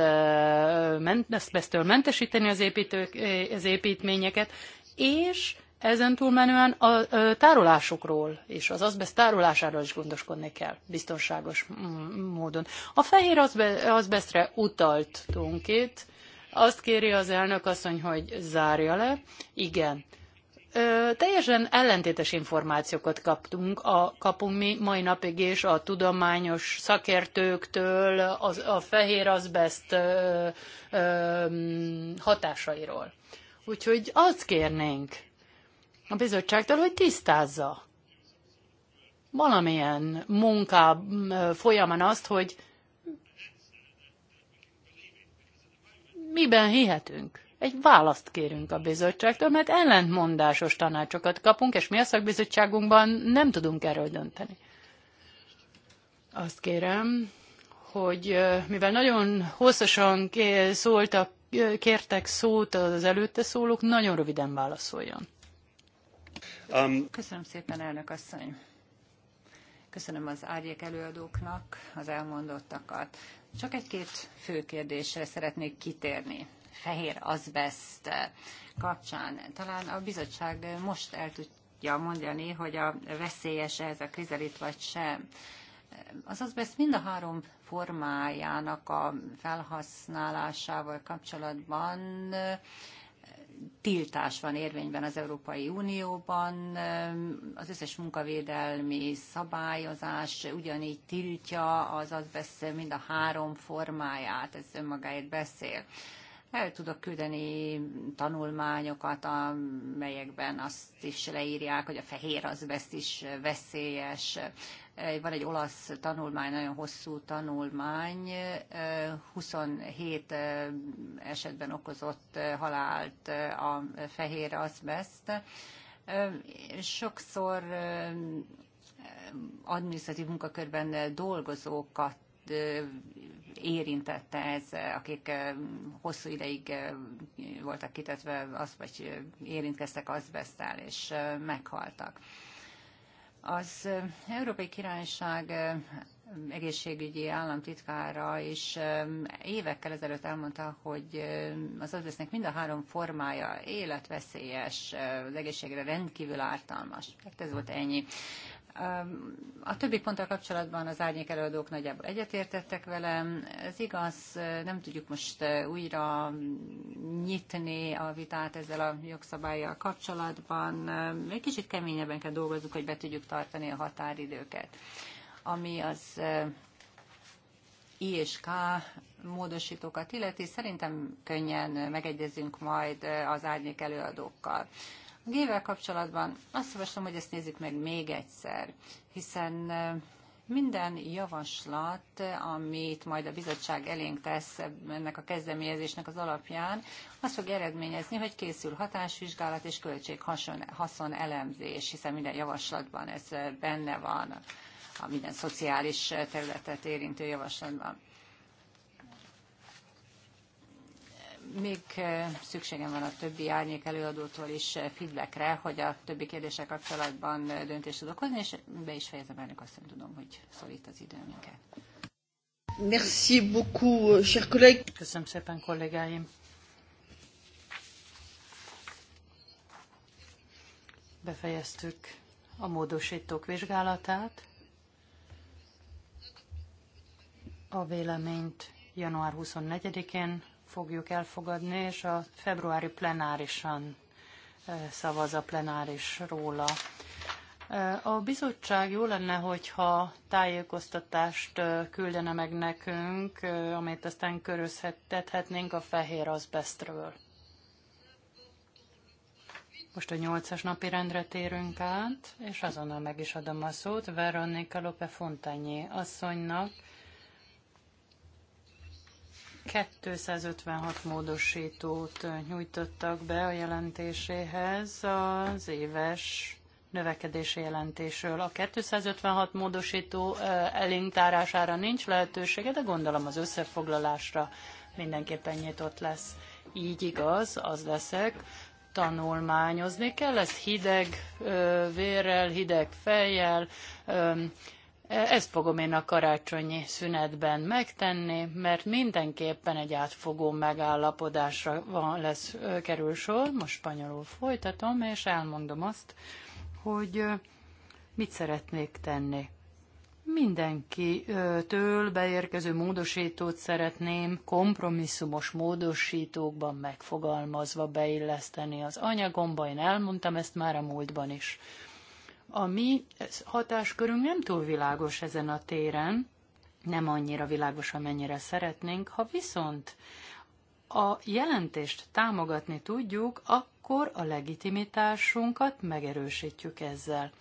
azbesztől mentesíteni az, építő, az építményeket, és ezen túlmenően a tárolásokról és az azbest tárolásáról is gondoskodni kell biztonságos módon. A fehér azbestre utaltunk itt, azt kéri az elnök asszony, hogy zárja le. Igen. Ö, teljesen ellentétes információkat kaptunk, a, kapunk mi mai napig és a tudományos szakértőktől az, a fehér azbest ö, ö, hatásairól. Úgyhogy azt kérnénk a bizottságtól, hogy tisztázza valamilyen munká folyamán azt, hogy miben hihetünk. Egy választ kérünk a bizottságtól, mert ellentmondásos tanácsokat kapunk, és mi a szakbizottságunkban nem tudunk erről dönteni. Azt kérem, hogy mivel nagyon hosszasan szóltak kértek szót az előtte szólók, nagyon röviden válaszoljon. Um. Köszönöm szépen, elnök asszony. Köszönöm az árjék előadóknak az elmondottakat. Csak egy-két fő kérdésre szeretnék kitérni. Fehér azbest kapcsán. Talán a bizottság most el tudja mondani, hogy a veszélyes ez a krizelit vagy sem. Az azbest mind a három formájának a felhasználásával kapcsolatban eh, tiltás van érvényben az Európai Unióban, eh, az összes munkavédelmi szabályozás ugyanígy tiltja az azbest mind a három formáját, ez önmagáért beszél. El tudok küldeni tanulmányokat, amelyekben azt is leírják, hogy a fehér azbest is veszélyes. Van egy olasz tanulmány, nagyon hosszú tanulmány, 27 esetben okozott halált a fehér azbest. Sokszor adminisztratív munkakörben dolgozókat érintette ez, akik hosszú ideig voltak kitetve, az, vagy érintkeztek azbesztel, és meghaltak. Az Európai Királyság egészségügyi államtitkára is évekkel ezelőtt elmondta, hogy az azbesznek mind a három formája életveszélyes, az egészségre rendkívül ártalmas. Tehát ez volt ennyi. A többi ponttal kapcsolatban az árnyék előadók nagyjából egyetértettek velem. Ez igaz, nem tudjuk most újra nyitni a vitát ezzel a jogszabályjal kapcsolatban. Egy kicsit keményebben kell dolgozunk, hogy be tudjuk tartani a határidőket. Ami az I és K módosítókat illeti, szerintem könnyen megegyezünk majd az árnyék előadókkal. Gével kapcsolatban azt javaslom, hogy ezt nézzük meg még egyszer, hiszen minden javaslat, amit majd a bizottság elénk tesz ennek a kezdeményezésnek az alapján, az fog eredményezni, hogy készül hatásvizsgálat és költséghaszon elemzés, hiszen minden javaslatban ez benne van, a minden szociális területet érintő javaslatban. még eh, szükségem van a többi árnyék előadótól is eh, feedbackre, hogy a többi kérdések kapcsolatban eh, döntést tudok hozni, és be is fejezem elnök, azt nem tudom, hogy szorít az idő minket. Merci beaucoup, euh, cher collègue. Köszönöm szépen, kollégáim. Befejeztük a módosítók vizsgálatát. A véleményt január 24-én fogjuk elfogadni, és a februári plenárisan szavaz a plenáris róla. A bizottság jó lenne, hogyha tájékoztatást küldene meg nekünk, amit aztán körözhetethetnénk a fehér azbestről. Most a nyolcas napi rendre térünk át, és azonnal meg is adom a szót Veronika Lope Fontányi asszonynak, 256 módosítót nyújtottak be a jelentéséhez az éves növekedési jelentésről. A 256 módosító elintárására nincs lehetősége, de gondolom az összefoglalásra mindenképpen nyitott lesz. Így igaz, az leszek. Tanulmányozni kell, ez hideg vérrel, hideg fejjel, ezt fogom én a karácsonyi szünetben megtenni, mert mindenképpen egy átfogó megállapodásra van, lesz, kerül sor. Most spanyolul folytatom, és elmondom azt, hogy mit szeretnék tenni. Mindenkitől beérkező módosítót szeretném kompromisszumos módosítókban megfogalmazva beilleszteni az anyagomba. Én elmondtam ezt már a múltban is. A mi hatáskörünk nem túl világos ezen a téren, nem annyira világos, amennyire szeretnénk. Ha viszont a jelentést támogatni tudjuk, akkor a legitimitásunkat megerősítjük ezzel.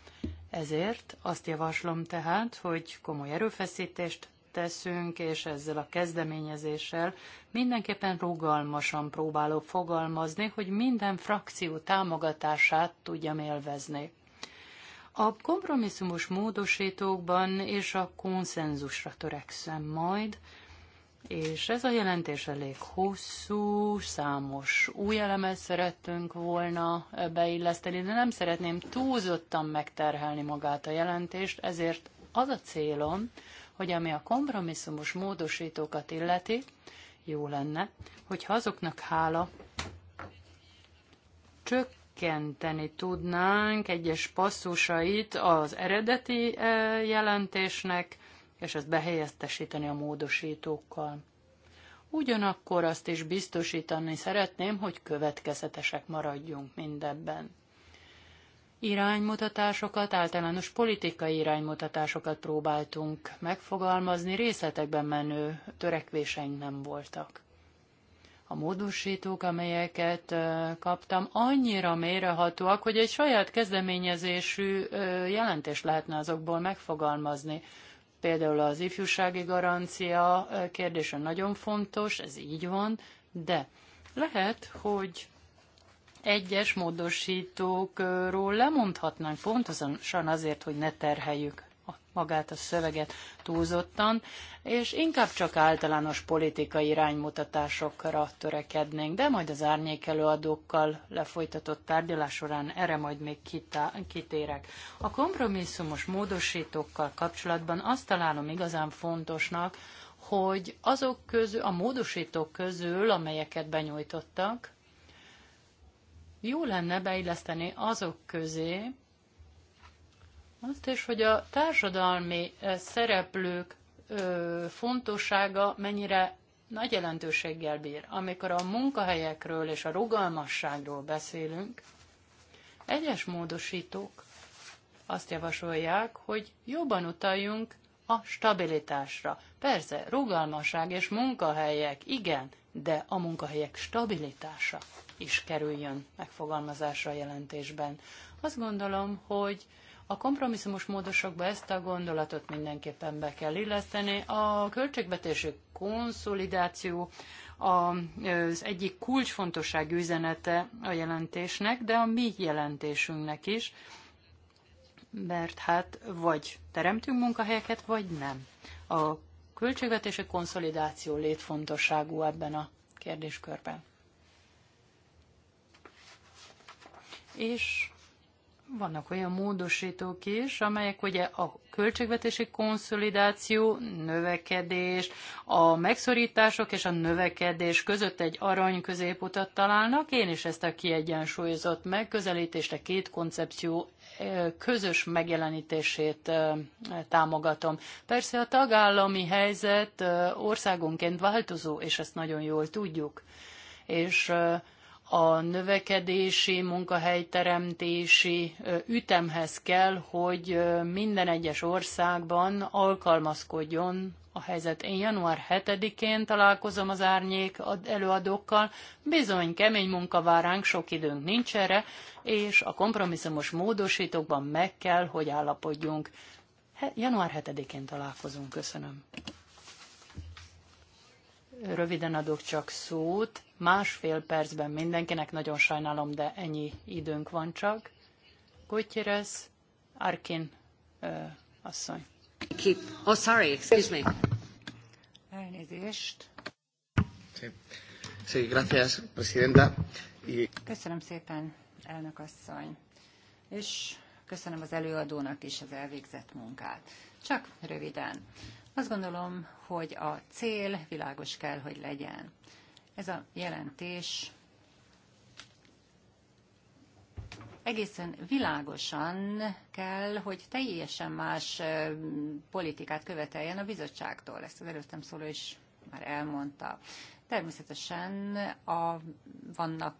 Ezért azt javaslom tehát, hogy komoly erőfeszítést teszünk, és ezzel a kezdeményezéssel mindenképpen rugalmasan próbálok fogalmazni, hogy minden frakció támogatását tudjam élvezni. A kompromisszumos módosítókban és a konszenzusra törekszem majd, és ez a jelentés elég hosszú, számos új elemet szerettünk volna beilleszteni, de nem szeretném túlzottan megterhelni magát a jelentést, ezért az a célom, hogy ami a kompromisszumos módosítókat illeti, jó lenne, hogyha azoknak hála csökkent, csökkenteni tudnánk egyes passzusait az eredeti e, jelentésnek, és ezt behelyettesíteni a módosítókkal. Ugyanakkor azt is biztosítani szeretném, hogy következetesek maradjunk mindebben. Iránymutatásokat, általános politikai iránymutatásokat próbáltunk megfogalmazni, részletekben menő törekvéseink nem voltak a módosítók, amelyeket kaptam, annyira mérehatóak, hogy egy saját kezdeményezésű jelentést lehetne azokból megfogalmazni. Például az ifjúsági garancia kérdése nagyon fontos, ez így van, de lehet, hogy egyes módosítókról lemondhatnánk pontosan azért, hogy ne terheljük magát a szöveget túlzottan, és inkább csak általános politikai iránymutatásokra törekednénk, de majd az árnyék előadókkal lefolytatott tárgyalás során erre majd még kitérek. A kompromisszumos módosítókkal kapcsolatban azt találom igazán fontosnak, hogy azok közül, a módosítók közül, amelyeket benyújtottak, jó lenne beilleszteni azok közé, azt is, hogy a társadalmi szereplők fontossága mennyire nagy jelentőséggel bír. Amikor a munkahelyekről és a rugalmasságról beszélünk, egyes módosítók azt javasolják, hogy jobban utaljunk a stabilitásra. Persze, rugalmasság és munkahelyek, igen, de a munkahelyek stabilitása is kerüljön megfogalmazásra a jelentésben. Azt gondolom, hogy a kompromisszumos módosokba ezt a gondolatot mindenképpen be kell illeszteni. A költségvetési konszolidáció az egyik kulcsfontosságú üzenete a jelentésnek, de a mi jelentésünknek is, mert hát vagy teremtünk munkahelyeket, vagy nem. A költségvetési konszolidáció létfontosságú ebben a kérdéskörben. És vannak olyan módosítók is, amelyek ugye a költségvetési konszolidáció, növekedés, a megszorítások és a növekedés között egy arany középutat találnak. Én is ezt a kiegyensúlyozott megközelítést, a két koncepció közös megjelenítését támogatom. Persze a tagállami helyzet országonként változó, és ezt nagyon jól tudjuk. És a növekedési, munkahelyteremtési ütemhez kell, hogy minden egyes országban alkalmazkodjon a helyzet. Én január 7-én találkozom az árnyék előadókkal, bizony kemény munka vár ránk, sok időnk nincs erre, és a kompromisszumos módosítókban meg kell, hogy állapodjunk. Január 7-én találkozunk. Köszönöm röviden adok csak szót. Másfél percben mindenkinek, nagyon sajnálom, de ennyi időnk van csak. Gutierrez, Arkin uh, asszony. Keep. Oh, sorry, excuse me. Elnézést. Sí. Sí, gracias, presidenta. Y... Köszönöm szépen, elnök asszony. És köszönöm az előadónak is az elvégzett munkát. Csak röviden. Azt gondolom, hogy a cél világos kell, hogy legyen. Ez a jelentés egészen világosan kell, hogy teljesen más politikát követeljen a bizottságtól. Ezt az előttem szóló is már elmondta. Természetesen a, vannak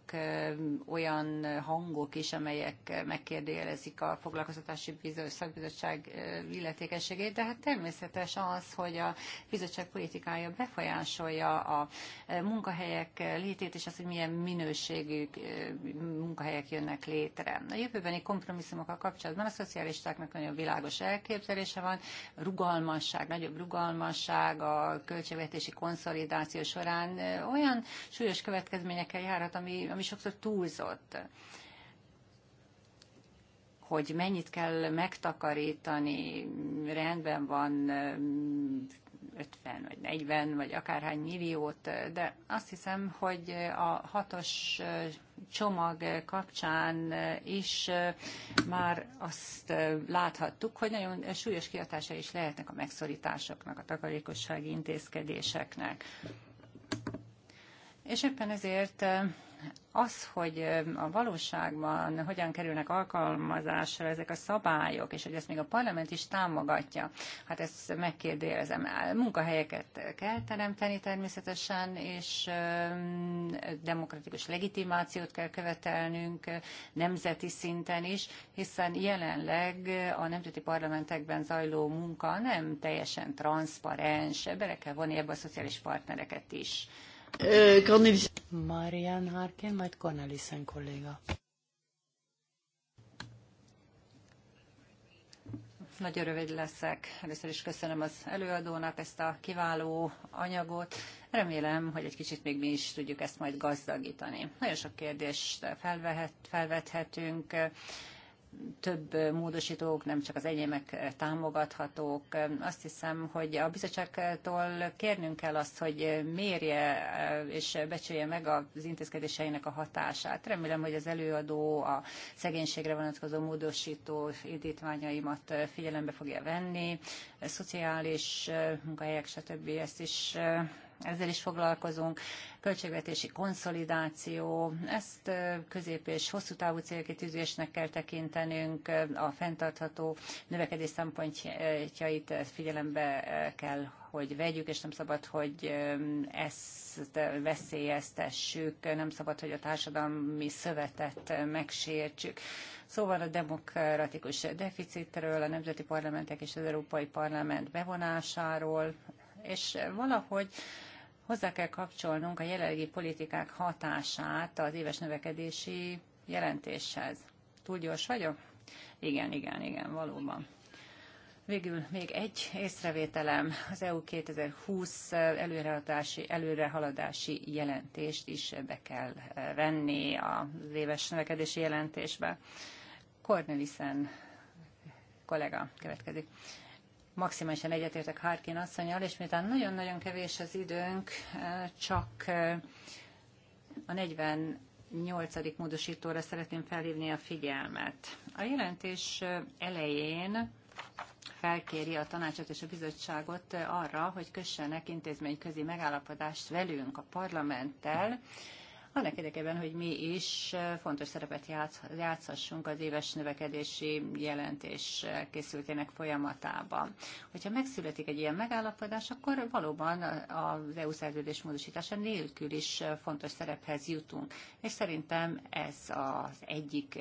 olyan hangok is, amelyek megkérdőjelezik a foglalkoztatási bizony, szakbizottság illetékességét, de hát természetes az, hogy a bizottság politikája befolyásolja a munkahelyek létét, és az, hogy milyen minőségű munkahelyek jönnek létre. A jövőbeni kompromisszumokkal kapcsolatban a szocialistáknak nagyon világos elképzelése van, rugalmasság, nagyobb rugalmasság a költségvetési konszolidáció során olyan súlyos következményekkel járhat, ami, ami sokszor túlzott hogy mennyit kell megtakarítani, rendben van 50 vagy 40 vagy akárhány milliót, de azt hiszem, hogy a hatos csomag kapcsán is már azt láthattuk, hogy nagyon súlyos kiadása is lehetnek a megszorításoknak, a takarékossági intézkedéseknek. És éppen ezért az, hogy a valóságban hogyan kerülnek alkalmazásra ezek a szabályok, és hogy ezt még a parlament is támogatja, hát ezt megkérdőjelezem Munkahelyeket kell teremteni természetesen, és demokratikus legitimációt kell követelnünk nemzeti szinten is, hiszen jelenleg a nemzeti parlamentekben zajló munka nem teljesen transzparens, bele kell vonni ebbe a szociális partnereket is. Eh, Cornelis. Marian Harkin, majd Cornelissen kolléga. Nagyon rövid leszek. Először is köszönöm az előadónak ezt a kiváló anyagot. Remélem, hogy egy kicsit még mi is tudjuk ezt majd gazdagítani. Nagyon sok kérdést felvehet, felvethetünk több módosítók, nem csak az enyémek támogathatók. Azt hiszem, hogy a bizottságtól kérnünk kell azt, hogy mérje és becsülje meg az intézkedéseinek a hatását. Remélem, hogy az előadó a szegénységre vonatkozó módosító indítványaimat figyelembe fogja venni, szociális munkahelyek, stb. ezt is ezzel is foglalkozunk, költségvetési konszolidáció, ezt közép- és hosszú távú célkitűzésnek kell tekintenünk, a fenntartható növekedés szempontjait figyelembe kell, hogy vegyük, és nem szabad, hogy ezt veszélyeztessük, nem szabad, hogy a társadalmi szövetet megsértsük. Szóval a demokratikus deficitről, a nemzeti parlamentek és az Európai Parlament bevonásáról, és valahogy hozzá kell kapcsolnunk a jelenlegi politikák hatását az éves növekedési jelentéshez. Túl gyors vagyok? Igen, igen, igen, valóban. Végül még egy észrevételem, az EU 2020 előrehaladási, előrehaladási jelentést is be kell eh, venni az éves növekedési jelentésbe. Cornelissen kollega következik maximálisan egyetértek Harkin asszonyal, és miután nagyon-nagyon kevés az időnk, eh, csak eh, a 48. módosítóra szeretném felhívni a figyelmet. A jelentés eh, elején felkéri a tanácsot és a bizottságot arra, hogy kössenek intézményközi megállapodást velünk, a parlamenttel, annak érdekében, hogy mi is fontos szerepet játszhassunk az éves növekedési jelentés készültének folyamatában. Hogyha megszületik egy ilyen megállapodás, akkor valóban az EU szerződés módosítása nélkül is fontos szerephez jutunk. És szerintem ez az egyik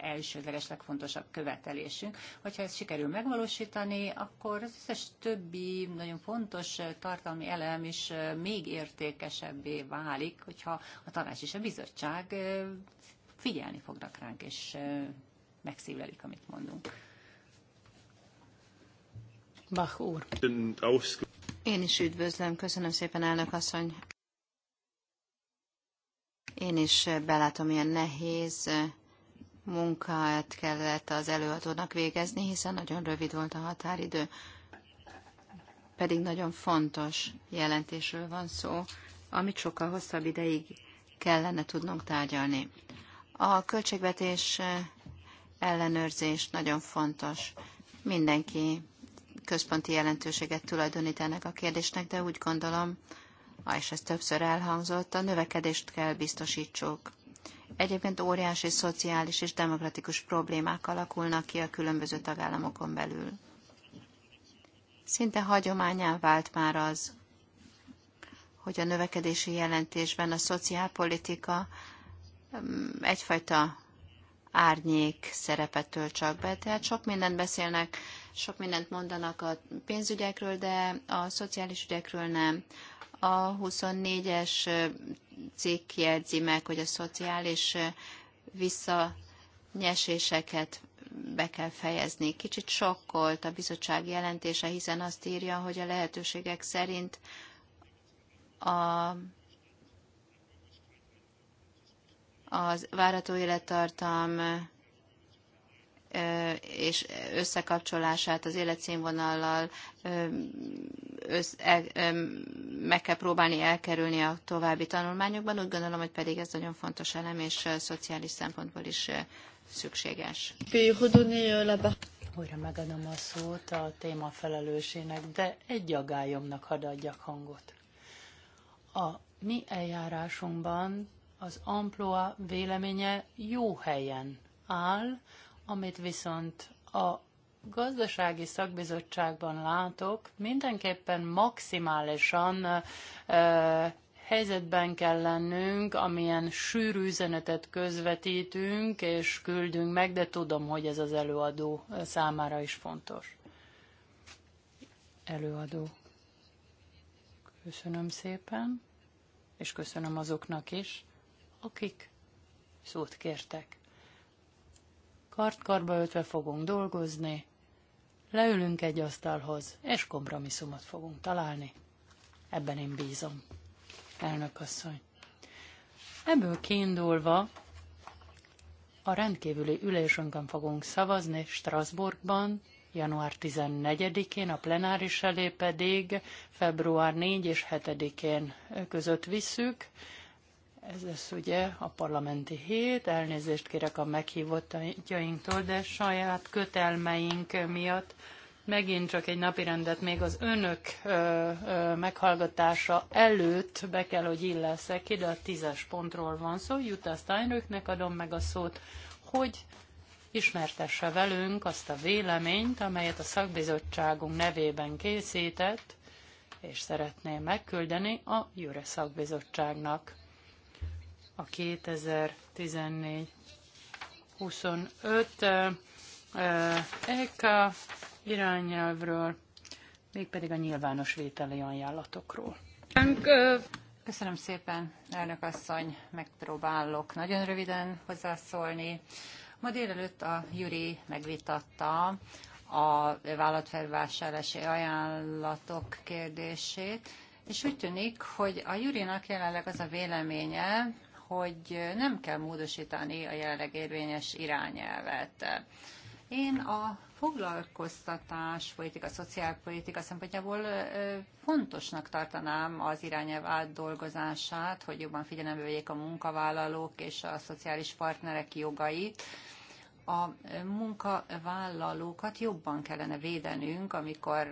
elsődleges legfontosabb követelésünk. Hogyha ezt sikerül megvalósítani, akkor az összes többi nagyon fontos tartalmi elem is még értékesebbé válik, hogyha a tanács és a bizottság figyelni fognak ránk, és megszívlelik, amit mondunk. Bach úr. Én is üdvözlöm, köszönöm szépen, elnök asszony. Én is belátom, ilyen nehéz munkát kellett az előadónak végezni, hiszen nagyon rövid volt a határidő. Pedig nagyon fontos jelentésről van szó, amit sokkal hosszabb ideig kellene tudnunk tárgyalni. A költségvetés ellenőrzés nagyon fontos. Mindenki központi jelentőséget tulajdonít ennek a kérdésnek, de úgy gondolom, és ez többször elhangzott, a növekedést kell biztosítsuk. Egyébként óriási szociális és demokratikus problémák alakulnak ki a különböző tagállamokon belül. Szinte hagyományán vált már az, hogy a növekedési jelentésben a szociálpolitika mm, egyfajta árnyék szerepet tölt csak be. Tehát sok mindent beszélnek, sok mindent mondanak a pénzügyekről, de a szociális ügyekről nem. A 24-es cikk jelzi meg, hogy a szociális visszanyeséseket be kell fejezni. Kicsit sokkolt a bizottság jelentése, hiszen azt írja, hogy a lehetőségek szerint a, az várató élettartam és összekapcsolását az életszínvonallal össz, e, meg kell próbálni elkerülni a további tanulmányokban. Úgy gondolom, hogy pedig ez nagyon fontos elem, és szociális szempontból is szükséges. Euh, Újra megadom a szót a téma felelősének, de egy agályomnak hadd adjak hangot. A mi eljárásunkban az amploa véleménye jó helyen áll, amit viszont a gazdasági szakbizottságban látok, mindenképpen maximálisan e, helyzetben kell lennünk, amilyen sűrű üzenetet közvetítünk és küldünk meg, de tudom, hogy ez az előadó számára is fontos. Előadó. Köszönöm szépen és köszönöm azoknak is, akik szót kértek. Kartkarba ötve fogunk dolgozni, leülünk egy asztalhoz, és kompromisszumot fogunk találni. Ebben én bízom, elnök asszony. Ebből kiindulva a rendkívüli ülésünkön fogunk szavazni Strasbourgban január 14-én, a plenáris elé pedig február 4 és 7-én között visszük. Ez lesz ugye a parlamenti hét, elnézést kérek a meghívottjainktól, de saját kötelmeink miatt megint csak egy napirendet még az önök ö, ö, meghallgatása előtt be kell, hogy illeszek ide, a tízes pontról van szó. Jutta Steinröknek adom meg a szót, hogy ismertesse velünk azt a véleményt, amelyet a szakbizottságunk nevében készített, és szeretném megküldeni a Jure szakbizottságnak a 2014 25 EK irányelvről, mégpedig a nyilvános vételi ajánlatokról. Köszönöm szépen, elnök asszony, megpróbálok nagyon röviden hozzászólni. Ma délelőtt a Juri megvitatta a vállalatfelvásárlási ajánlatok kérdését, és úgy tűnik, hogy a Jurinak jelenleg az a véleménye, hogy nem kell módosítani a jelenleg érvényes irányelvet. Én a foglalkoztatás politika, szociálpolitika szempontjából fontosnak tartanám az irányelv átdolgozását, hogy jobban figyelembe vegyék a munkavállalók és a szociális partnerek jogait. A munkavállalókat jobban kellene védenünk, amikor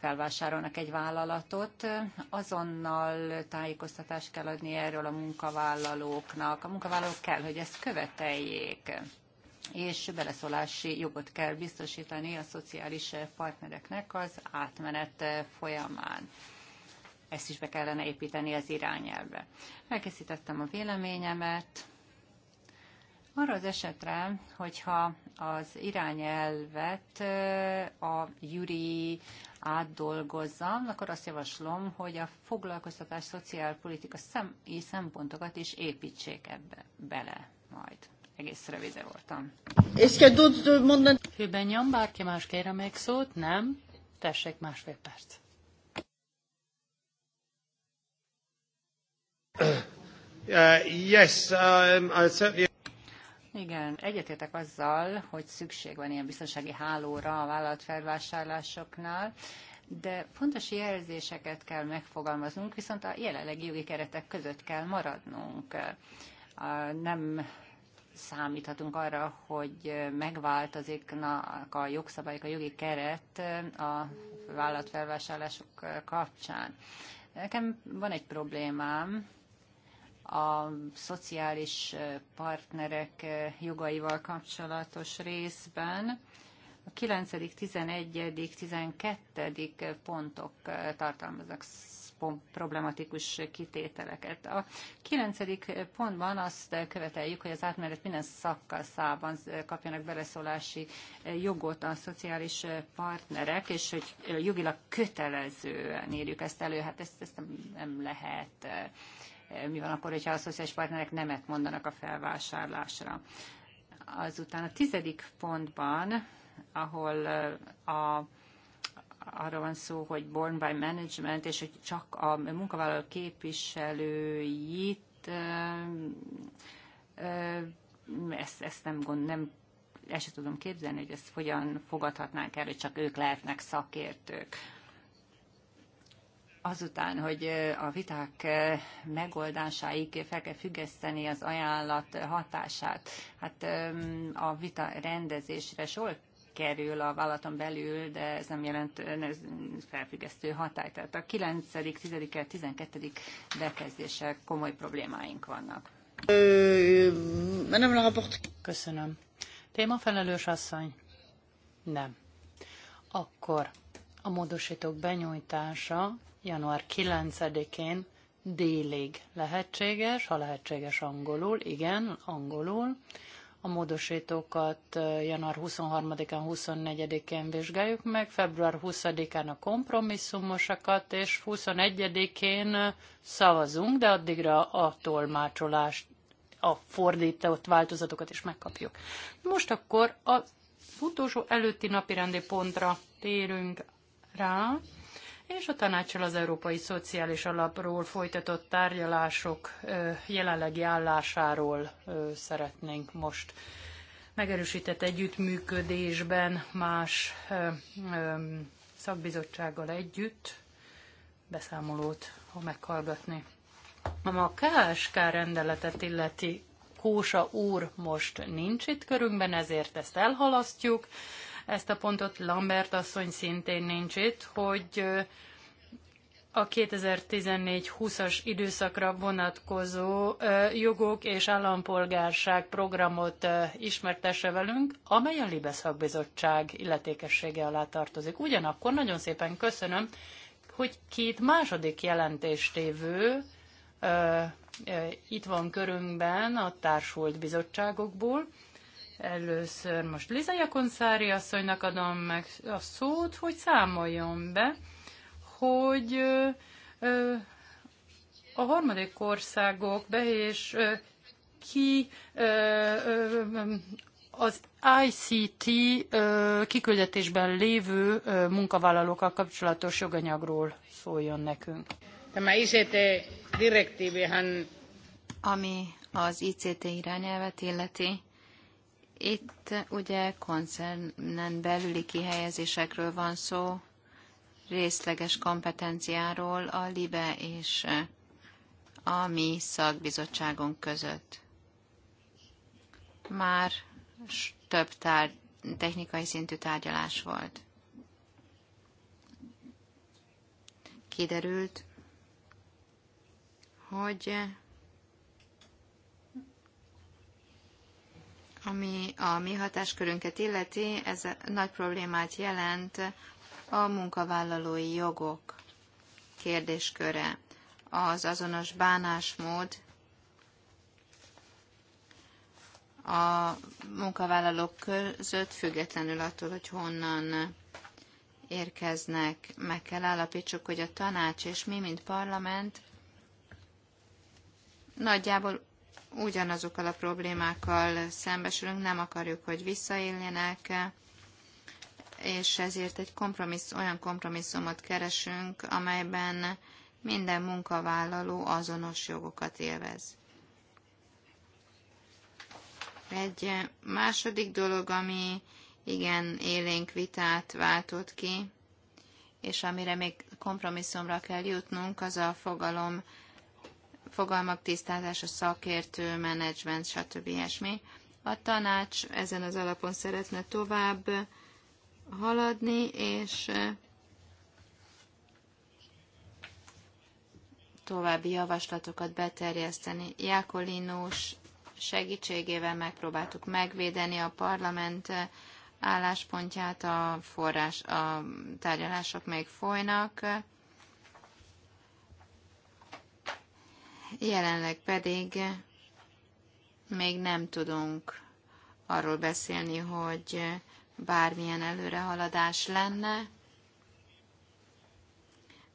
felvásárolnak egy vállalatot, azonnal tájékoztatást kell adni erről a munkavállalóknak. A munkavállalók kell, hogy ezt követeljék és beleszólási jogot kell biztosítani a szociális partnereknek az átmenet folyamán. Ezt is be kellene építeni az irányelve. Elkészítettem a véleményemet. Arra az esetre, hogyha az irányelvet a Juri átdolgozzam, akkor azt javaslom, hogy a foglalkoztatás szociálpolitika szem- szempontokat is építsék ebbe bele majd egész rövid voltam. Hőben nyom, bárki más kérem még szót? Nem? Tessék, másfél perc. Uh, yes, um, I certainly... Igen, egyetértek azzal, hogy szükség van ilyen biztonsági hálóra a vállalatfelvásárlásoknál, de fontos jelzéseket kell megfogalmaznunk, viszont a jelenlegi jogi keretek között kell maradnunk. Uh, nem számíthatunk arra, hogy megváltozik a jogszabályok, a jogi keret a vállalatfelvásárlások kapcsán. Nekem van egy problémám, a szociális partnerek jogaival kapcsolatos részben. A 9., 11., 12. pontok tartalmaznak problematikus kitételeket. A kilencedik pontban azt követeljük, hogy az átmenet minden szakaszában kapjanak beleszólási jogot a szociális partnerek, és hogy jogilag kötelezően írjuk ezt elő. Hát ezt, ezt nem, lehet eh, mi van akkor, hogyha a szociális partnerek nemet mondanak a felvásárlásra. Azután a tizedik pontban, ahol eh, a arról van szó, hogy born by management, és hogy csak a munkavállaló képviselőit ezt, ezt nem gond, nem el sem tudom képzelni, hogy ezt hogyan fogadhatnánk el, hogy csak ők lehetnek szakértők. Azután, hogy a viták megoldásáig fel kell függeszteni az ajánlat hatását, hát a vita rendezésre sor kerül a vállalaton belül, de ez nem jelent ez felfüggesztő hatály. Tehát a 9., 10., 12. bekezdéssel komoly problémáink vannak. Köszönöm. felelős asszony? Nem. Akkor a módosítók benyújtása január 9-én délig lehetséges, ha lehetséges angolul, igen, angolul, a módosítókat január 23-án, 24-én vizsgáljuk meg, február 20-án a kompromisszumosakat, és 21-én szavazunk, de addigra a tolmácsolást, a fordított változatokat is megkapjuk. Most akkor az utolsó előtti napirendi pontra térünk rá, és a tanácsal az Európai Szociális Alapról folytatott tárgyalások jelenlegi állásáról szeretnénk most megerősített együttműködésben más szakbizottsággal együtt beszámolót ha meghallgatni. a KSK rendeletet illeti, Kósa úr most nincs itt körünkben, ezért ezt elhalasztjuk ezt a pontot. Lambert asszony szintén nincs itt, hogy a 2014-20-as időszakra vonatkozó jogok és állampolgárság programot ismertesse velünk, amely a Libesz szakbizottság illetékessége alá tartozik. Ugyanakkor nagyon szépen köszönöm, hogy két második jelentéstévő itt van körünkben a társult bizottságokból, Először most Liza Jakonszári asszonynak adom meg a szót, hogy számoljon be, hogy ö, ö, a harmadik országok be és ö, ki ö, ö, az ICT ö, kiküldetésben lévő ö, munkavállalókkal kapcsolatos joganyagról szóljon nekünk. Tämä ICT-direktiivihan... Ami az ICT irányelvet illeti, itt ugye koncernen belüli kihelyezésekről van szó, részleges kompetenciáról a LIBE és a mi szakbizottságunk között. Már több tár- technikai szintű tárgyalás volt. Kiderült, hogy Ami a mi hatáskörünket illeti, ez nagy problémát jelent a munkavállalói jogok kérdésköre, az azonos bánásmód, a munkavállalók között, függetlenül attól, hogy honnan érkeznek. Meg kell állapítsuk, hogy a tanács és mi, mint parlament, nagyjából ugyanazokkal a problémákkal szembesülünk, nem akarjuk, hogy visszaéljenek, és ezért egy kompromissz, olyan kompromisszumot keresünk, amelyben minden munkavállaló azonos jogokat élvez. Egy második dolog, ami igen élénk vitát váltott ki, és amire még kompromisszumra kell jutnunk, az a fogalom fogalmak tisztázása, szakértő, menedzsment, stb. ilyesmi. A tanács ezen az alapon szeretne tovább haladni, és további javaslatokat beterjeszteni. Jákolinus segítségével megpróbáltuk megvédeni a parlament álláspontját, a forrás, a tárgyalások még folynak. Jelenleg pedig még nem tudunk arról beszélni, hogy bármilyen előrehaladás lenne,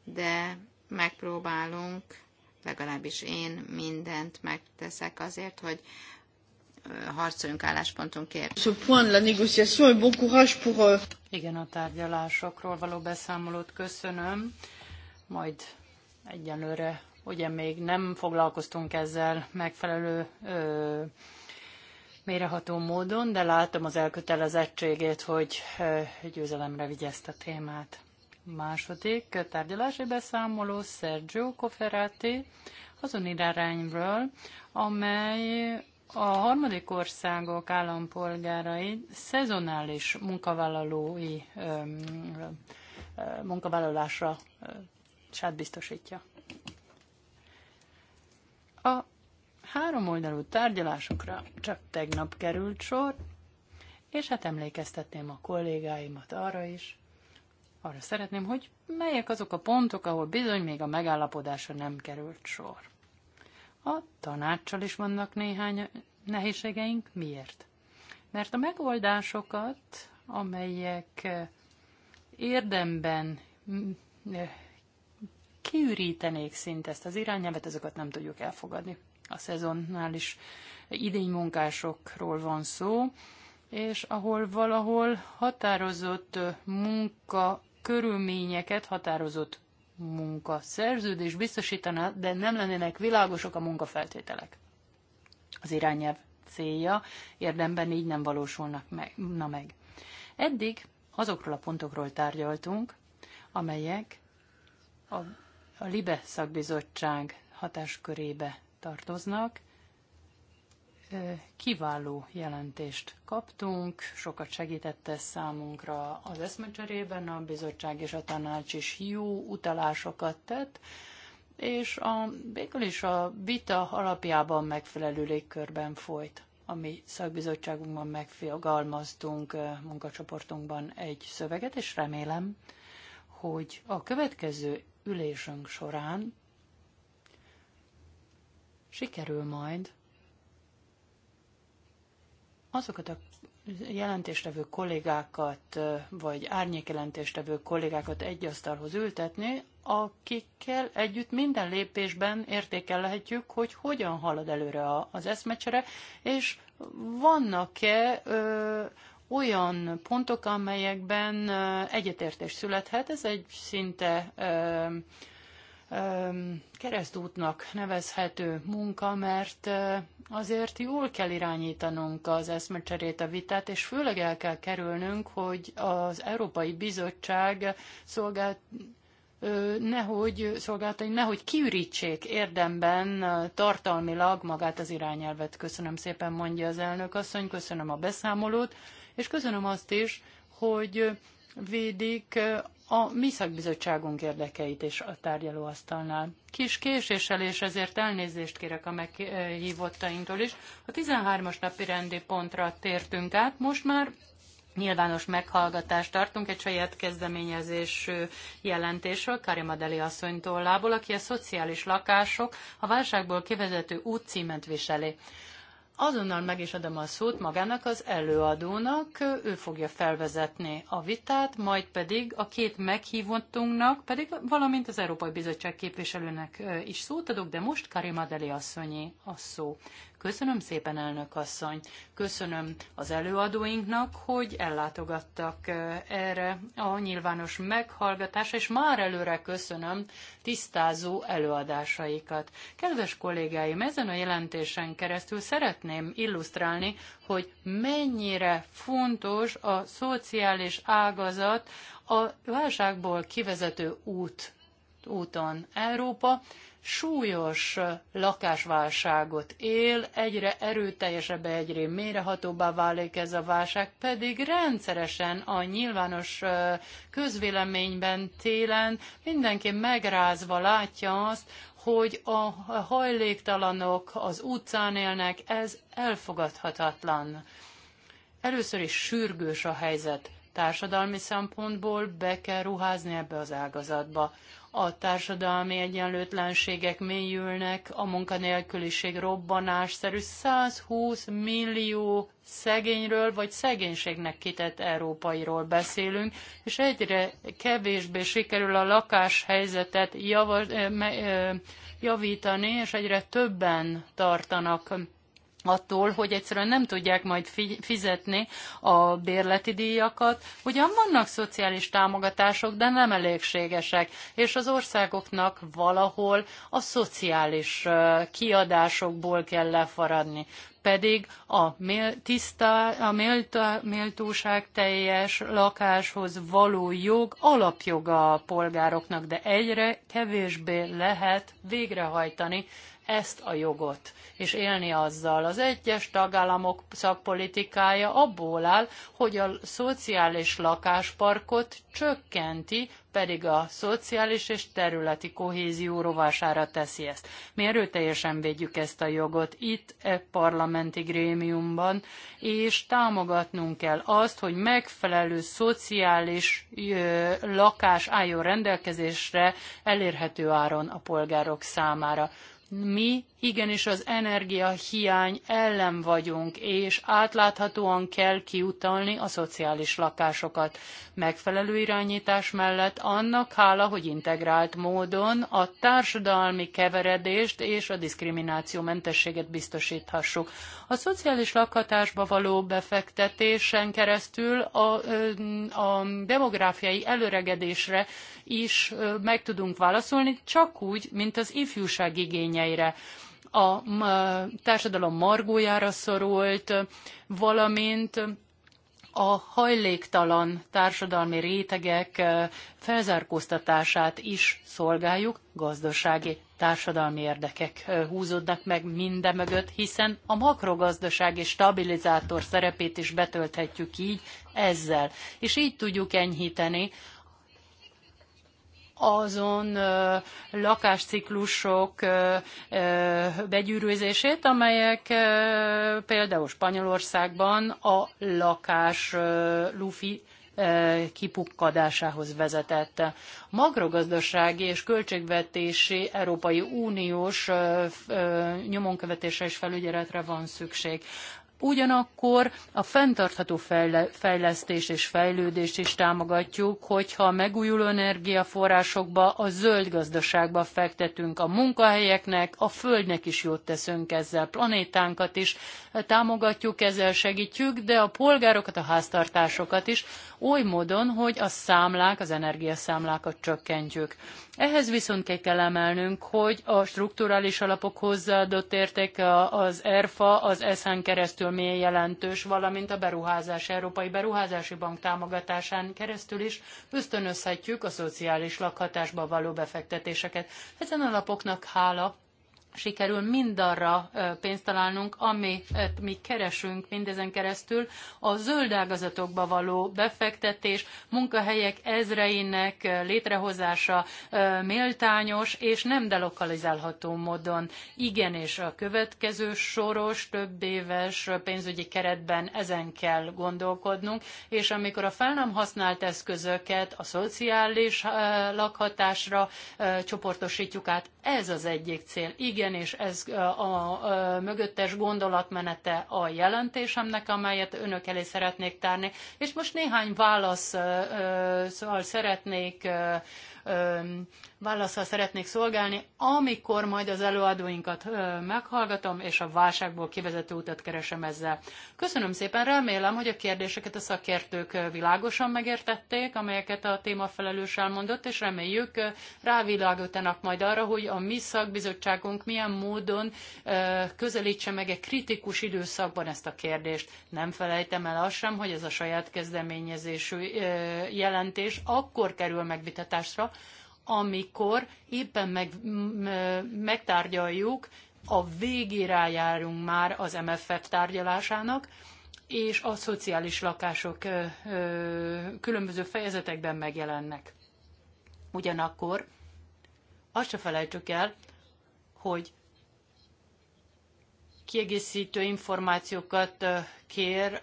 de megpróbálunk, legalábbis én mindent megteszek azért, hogy harcoljunk álláspontunkért. Ce point la négociation et bon courage pour... Euh, Igen, a tárgyalásokról való beszámolót köszönöm, majd egyenlőre ugye még nem foglalkoztunk ezzel megfelelő ö, méreható módon, de látom az elkötelezettségét, hogy ö, győzelemre vigye ezt a témát. Második tárgyalási beszámoló Sergio Coferati azon irányról, amely a harmadik országok állampolgárai szezonális munkavállalói ö, ö, munkavállalásra ö, biztosítja. A három oldalú tárgyalásokra csak tegnap került sor, és hát emlékeztetném a kollégáimat arra is, arra szeretném, hogy melyek azok a pontok, ahol bizony még a megállapodásra nem került sor. A tanácssal is vannak néhány nehézségeink. Miért? Mert a megoldásokat, amelyek érdemben kiürítenék szinte ezt az irányelvet, ezeket nem tudjuk elfogadni. A szezonális idény munkásokról van szó, és ahol valahol határozott munka körülményeket, határozott munka szerződés biztosítaná, de nem lennének világosok a munkafeltételek. Az irányelv célja érdemben így nem valósulnak meg. Na meg. Eddig azokról a pontokról tárgyaltunk, amelyek a a LIBE szakbizottság hatáskörébe tartoznak. Kiváló jelentést kaptunk, sokat segítette számunkra az eszmecserében, a bizottság és a tanács is jó utalásokat tett, és a, végül is a vita alapjában megfelelő légkörben folyt. A mi szakbizottságunkban megfogalmaztunk munkacsoportunkban egy szöveget, és remélem, hogy a következő ülésünk során sikerül majd azokat a jelentéstevő kollégákat, vagy árnyékjelentéstevő kollégákat egy asztalhoz ültetni, akikkel együtt minden lépésben értékelhetjük, hogy hogyan halad előre az eszmecsere, és vannak-e olyan pontok, amelyekben egyetértés születhet. Ez egy szinte keresztútnak nevezhető munka, mert azért jól kell irányítanunk az eszmecserét, a vitát, és főleg el kell kerülnünk, hogy az Európai Bizottság szolgált nehogy szolgáltai, nehogy kiürítsék érdemben tartalmilag magát az irányelvet. Köszönöm szépen, mondja az elnök asszony, köszönöm a beszámolót és köszönöm azt is, hogy védik a mi szakbizottságunk érdekeit is a tárgyalóasztalnál. Kis késéssel, és ezért elnézést kérek a meghívottainktól is. A 13-as napi rendi pontra tértünk át, most már nyilvános meghallgatást tartunk egy saját kezdeményezés jelentésről Karim Adeli asszonytól lából, aki a szociális lakások a válságból kivezető útcímet viseli. Azonnal meg is adom a szót magának az előadónak, ő fogja felvezetni a vitát, majd pedig a két meghívottunknak, pedig valamint az Európai Bizottság képviselőnek is szót adok, de most Karima Deli asszonyi a szó. Köszönöm szépen, elnök asszony. Köszönöm az előadóinknak, hogy ellátogattak erre a nyilvános meghallgatásra, és már előre köszönöm tisztázó előadásaikat. Kedves kollégáim, ezen a jelentésen keresztül szeretném illusztrálni, hogy mennyire fontos a szociális ágazat a válságból kivezető út úton Európa súlyos lakásválságot él, egyre erőteljesebb, egyre mérehatóbbá válik ez a válság, pedig rendszeresen a nyilvános közvéleményben télen mindenki megrázva látja azt, hogy a hajléktalanok az utcán élnek, ez elfogadhatatlan. Először is sürgős a helyzet. Társadalmi szempontból be kell ruházni ebbe az ágazatba a társadalmi egyenlőtlenségek mélyülnek, a munkanélküliség robbanásszerű 120 millió szegényről vagy szegénységnek kitett európairól beszélünk, és egyre kevésbé sikerül a lakáshelyzetet eh, eh, javítani, és egyre többen tartanak attól, hogy egyszerűen nem tudják majd fizetni a bérleti díjakat. Ugyan vannak szociális támogatások, de nem elégségesek, és az országoknak valahol a szociális kiadásokból kell lefaradni pedig a, mél, tiszta, a méltóság teljes lakáshoz való jog alapjoga a polgároknak, de egyre kevésbé lehet végrehajtani ezt a jogot, és élni azzal. Az egyes tagállamok szakpolitikája abból áll, hogy a szociális lakásparkot csökkenti, pedig a szociális és területi kohézió rovására teszi ezt. Mi erőteljesen védjük ezt a jogot itt, e parlamenti grémiumban, és támogatnunk kell azt, hogy megfelelő szociális ö, lakás álljon rendelkezésre elérhető áron a polgárok számára mi igenis az energiahiány ellen vagyunk, és átláthatóan kell kiutalni a szociális lakásokat. Megfelelő irányítás mellett annak hála, hogy integrált módon a társadalmi keveredést és a diszkrimináció mentességet biztosíthassuk. A szociális lakhatásba való befektetésen keresztül a, a demográfiai előregedésre is meg tudunk válaszolni, csak úgy, mint az ifjúság igényeire a társadalom margójára szorult, valamint a hajléktalan társadalmi rétegek felzárkóztatását is szolgáljuk, gazdasági társadalmi érdekek húzódnak meg minden mögött, hiszen a makrogazdasági stabilizátor szerepét is betölthetjük így ezzel. És így tudjuk enyhíteni azon lakásciklusok begyűrűzését, amelyek például Spanyolországban a lakás lufi kipukkadásához vezetett. Magrogazdasági és költségvetési Európai Uniós nyomonkövetésre és felügyeletre van szükség. Ugyanakkor a fenntartható fejlesztés és fejlődést is támogatjuk, hogyha a megújuló energiaforrásokba, a zöld gazdaságba fektetünk a munkahelyeknek, a földnek is jót teszünk ezzel, planétánkat is támogatjuk, ezzel segítjük, de a polgárokat, a háztartásokat is oly módon, hogy a számlák, az energiaszámlákat csökkentjük. Ehhez viszont ki kell emelnünk, hogy a strukturális alapok hozzáadott értéke az ERFA, az ESZÁN keresztül mély jelentős, valamint a beruházás, Európai Beruházási Bank támogatásán keresztül is ösztönözhetjük a szociális lakhatásba való befektetéseket. Ezen lapoknak hála sikerül mindarra pénzt találnunk, amit mi keresünk mindezen keresztül, a zöld ágazatokba való befektetés, munkahelyek ezreinek létrehozása méltányos és nem delokalizálható módon. Igen, és a következő soros, több éves pénzügyi keretben ezen kell gondolkodnunk, és amikor a fel nem használt eszközöket a szociális lakhatásra csoportosítjuk át, ez az egyik cél. Igen, ugyanis ez a mögöttes gondolatmenete a jelentésemnek, amelyet önök elé szeretnék tárni. És most néhány válaszsal szóval szeretnék válaszsal szeretnék szolgálni, amikor majd az előadóinkat meghallgatom, és a válságból kivezető utat keresem ezzel. Köszönöm szépen, remélem, hogy a kérdéseket a szakértők világosan megértették, amelyeket a témafelelős elmondott, és reméljük rávilágítanak majd arra, hogy a mi szakbizottságunk milyen módon közelítse meg egy kritikus időszakban ezt a kérdést. Nem felejtem el azt sem, hogy ez a saját kezdeményezésű jelentés akkor kerül megvitatásra, amikor éppen meg, megtárgyaljuk, a végére járunk már az MFF tárgyalásának, és a szociális lakások különböző fejezetekben megjelennek. Ugyanakkor azt se felejtsük el, hogy kiegészítő információkat kér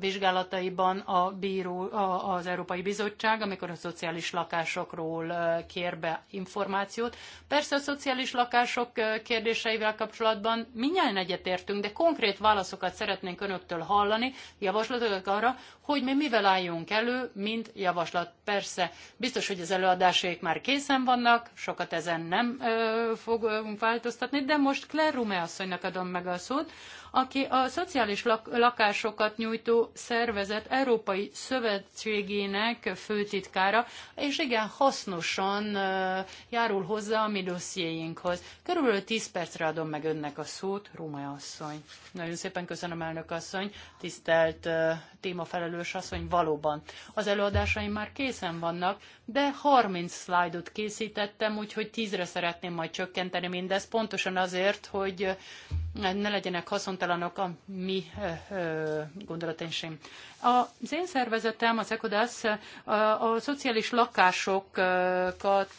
vizsgálataiban a bíró, az Európai Bizottság, amikor a szociális lakásokról kér be információt. Persze a szociális lakások kérdéseivel kapcsolatban minnyáján egyetértünk, de konkrét válaszokat szeretnénk önöktől hallani, javaslatokat arra, hogy mi mivel álljunk elő, mint javaslat. Persze, biztos, hogy az előadásaik már készen vannak, sokat ezen nem fogunk változtatni, de most Claire Rume asszonynak adom meg a aki a szociális lak- lakásokat nyújtó szervezet Európai Szövetségének főtitkára, és igen hasznosan járul hozzá a mi dossziéinkhoz. Körülbelül 10 percre adom meg önnek a szót, Római asszony. Nagyon szépen köszönöm, elnök asszony, tisztelt témafelelős asszony, valóban. Az előadásaim már készen vannak, de 30 szlájdot készítettem, úgyhogy 10-re szeretném majd csökkenteni mindezt, pontosan azért, hogy ne legyenek haszont bizonytalanok a mi gondolataink sem. Az én szervezetem, az ECODAS, a, a szociális lakásokat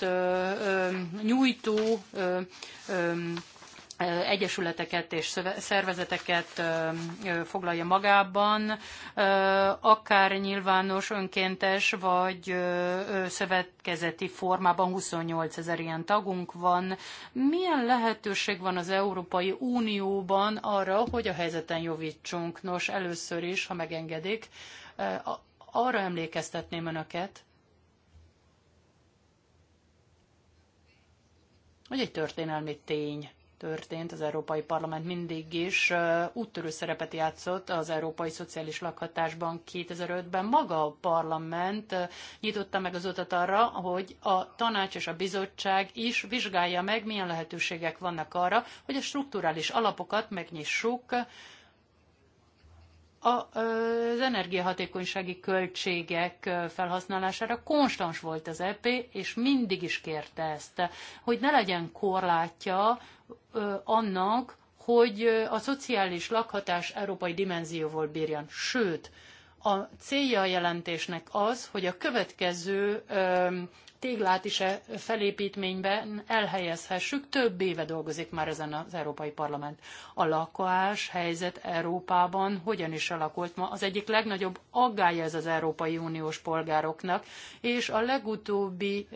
nyújtó egyesületeket és szervezeteket foglalja magában, akár nyilvános, önkéntes vagy szövetkezeti formában 28 ezer ilyen tagunk van. Milyen lehetőség van az Európai Unióban arra, hogy a helyzeten javítsunk? Nos, először is, ha megengedik, arra emlékeztetném önöket, hogy egy történelmi tény történt, az Európai Parlament mindig is úttörő szerepet játszott az Európai Szociális Lakhatásban 2005-ben. Maga a parlament nyitotta meg az utat arra, hogy a tanács és a bizottság is vizsgálja meg, milyen lehetőségek vannak arra, hogy a strukturális alapokat megnyissuk, az energiahatékonysági költségek felhasználására konstans volt az EP, és mindig is kérte ezt, hogy ne legyen korlátja annak, hogy a szociális lakhatás európai dimenzióval bírjan. Sőt, a célja a jelentésnek az, hogy a következő téglát is e felépítményben elhelyezhessük. Több éve dolgozik már ezen az Európai Parlament. A lakás helyzet Európában hogyan is alakult ma? Az egyik legnagyobb aggája ez az Európai Uniós polgároknak, és a legutóbbi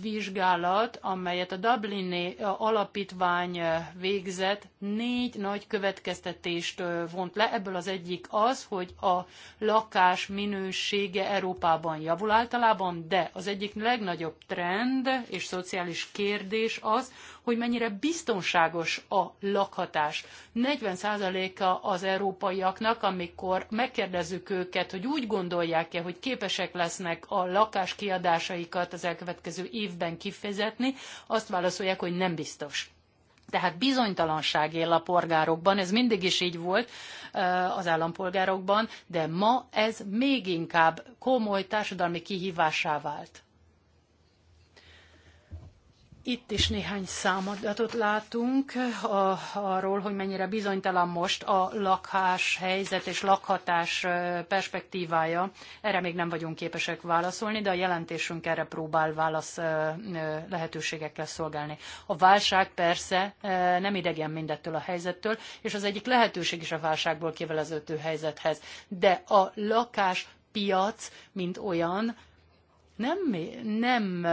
vizsgálat, amelyet a Dublini alapítvány végzett, négy nagy következtetést vont le. Ebből az egyik az, hogy a lakás minősége Európában javul általában, de az egyik legnagyobb trend és szociális kérdés az, hogy mennyire biztonságos a lakhatás. 40%-a az európaiaknak, amikor megkérdezzük őket, hogy úgy gondolják-e, hogy képesek lesznek a lakás kiadásaikat az elkövetkező évben kifizetni, azt válaszolják, hogy nem biztos. Tehát bizonytalanság él a polgárokban, ez mindig is így volt eh, az állampolgárokban, de ma ez még inkább komoly társadalmi kihívásá vált itt is néhány számadatot látunk a, arról, hogy mennyire bizonytalan most a lakás helyzet és lakhatás perspektívája. Erre még nem vagyunk képesek válaszolni, de a jelentésünk erre próbál válasz lehetőségekkel szolgálni. A válság persze nem idegen mindettől a helyzettől, és az egyik lehetőség is a válságból kiveleződő helyzethez. De a lakás piac, mint olyan, nem, nem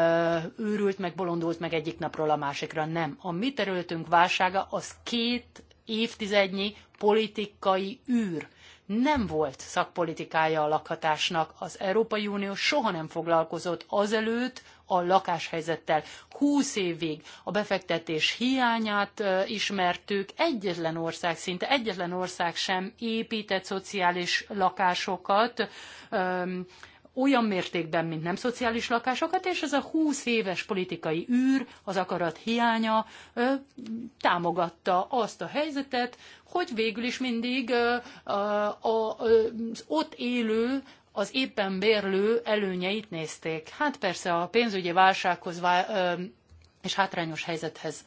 őrült meg, bolondult meg egyik napról a másikra, nem. A mi területünk válsága az két évtizednyi politikai űr. Nem volt szakpolitikája a lakhatásnak. Az Európai Unió soha nem foglalkozott azelőtt a lakáshelyzettel. Húsz évig a befektetés hiányát ismertük, egyetlen ország, szinte egyetlen ország sem épített szociális lakásokat, olyan mértékben, mint nem szociális lakásokat, és ez a 20 éves politikai űr, az akarat hiánya ö, támogatta azt a helyzetet, hogy végül is mindig ö, ö, az ott élő az éppen bérlő előnyeit nézték. Hát persze a pénzügyi válsághoz vá és hátrányos helyzethez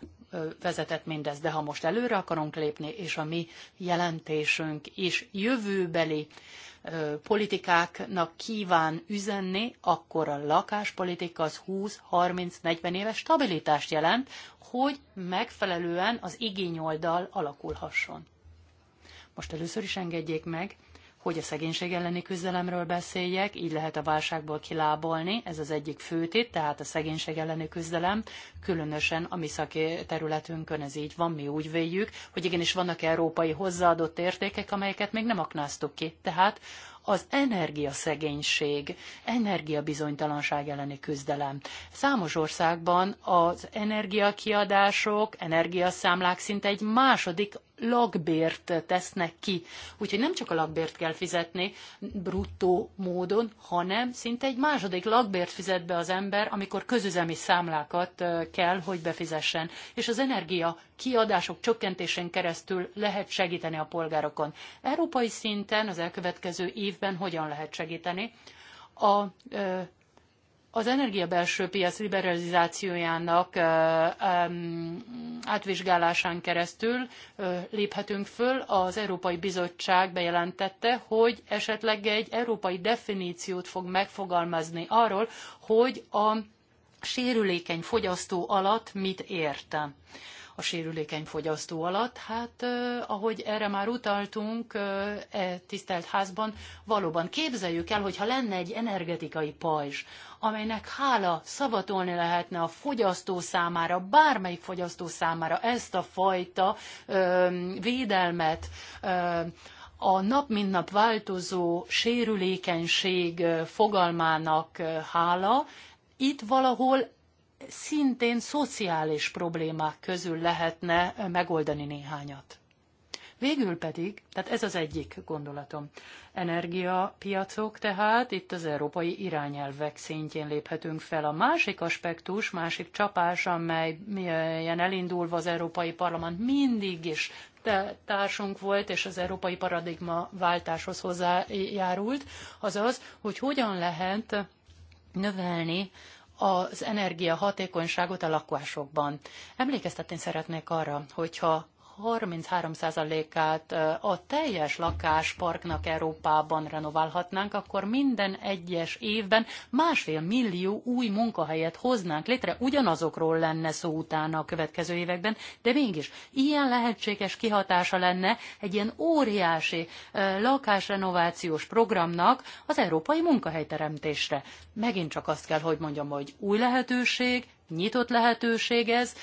vezetett mindez, de ha most előre akarunk lépni, és a mi jelentésünk is jövőbeli politikáknak kíván üzenni, akkor a lakáspolitika az 20-30-40 éves stabilitást jelent, hogy megfelelően az igényoldal alakulhasson. Most először is engedjék meg, hogy a szegénység elleni küzdelemről beszéljek, így lehet a válságból kilábolni, ez az egyik főtét, tehát a szegénység elleni küzdelem, különösen a mi területünkön ez így van, mi úgy véljük, hogy igenis vannak európai hozzáadott értékek, amelyeket még nem aknáztuk ki, tehát az energiaszegénység, energiabizonytalanság elleni küzdelem. Számos országban az energiakiadások, energiaszámlák szinte egy második lakbért tesznek ki. Úgyhogy nem csak a lakbért kell fizetni bruttó módon, hanem szinte egy második lakbért fizet be az ember, amikor közüzemi számlákat kell, hogy befizessen. És az energia kiadások csökkentésén keresztül lehet segíteni a polgárokon. Európai szinten az elkövetkező évben hogyan lehet segíteni? A az energia belső piac liberalizációjának átvizsgálásán keresztül léphetünk föl. Az Európai Bizottság bejelentette, hogy esetleg egy európai definíciót fog megfogalmazni arról, hogy a sérülékeny fogyasztó alatt mit értem a sérülékeny fogyasztó alatt. Hát ahogy erre már utaltunk e tisztelt házban, valóban képzeljük el, hogyha lenne egy energetikai pajzs, amelynek hála szavatolni lehetne a fogyasztó számára, bármelyik fogyasztó számára ezt a fajta ö, védelmet, ö, a nap mint nap változó sérülékenység fogalmának hála, itt valahol szintén szociális problémák közül lehetne megoldani néhányat. Végül pedig, tehát ez az egyik gondolatom, energiapiacok tehát, itt az európai irányelvek szintjén léphetünk fel. A másik aspektus, másik csapás, amely ilyen elindulva az Európai Parlament mindig is társunk volt, és az európai paradigma váltáshoz hozzájárult, az az, hogy hogyan lehet növelni az energiahatékonyságot a lakásokban. Emlékeztetni szeretnék arra, hogyha 33%-át a teljes lakásparknak Európában renoválhatnánk, akkor minden egyes évben másfél millió új munkahelyet hoznánk létre, ugyanazokról lenne szó utána a következő években, de mégis ilyen lehetséges kihatása lenne egy ilyen óriási lakásrenovációs programnak az európai munkahelyteremtésre. Megint csak azt kell, hogy mondjam, hogy új lehetőség, nyitott lehetőség ez,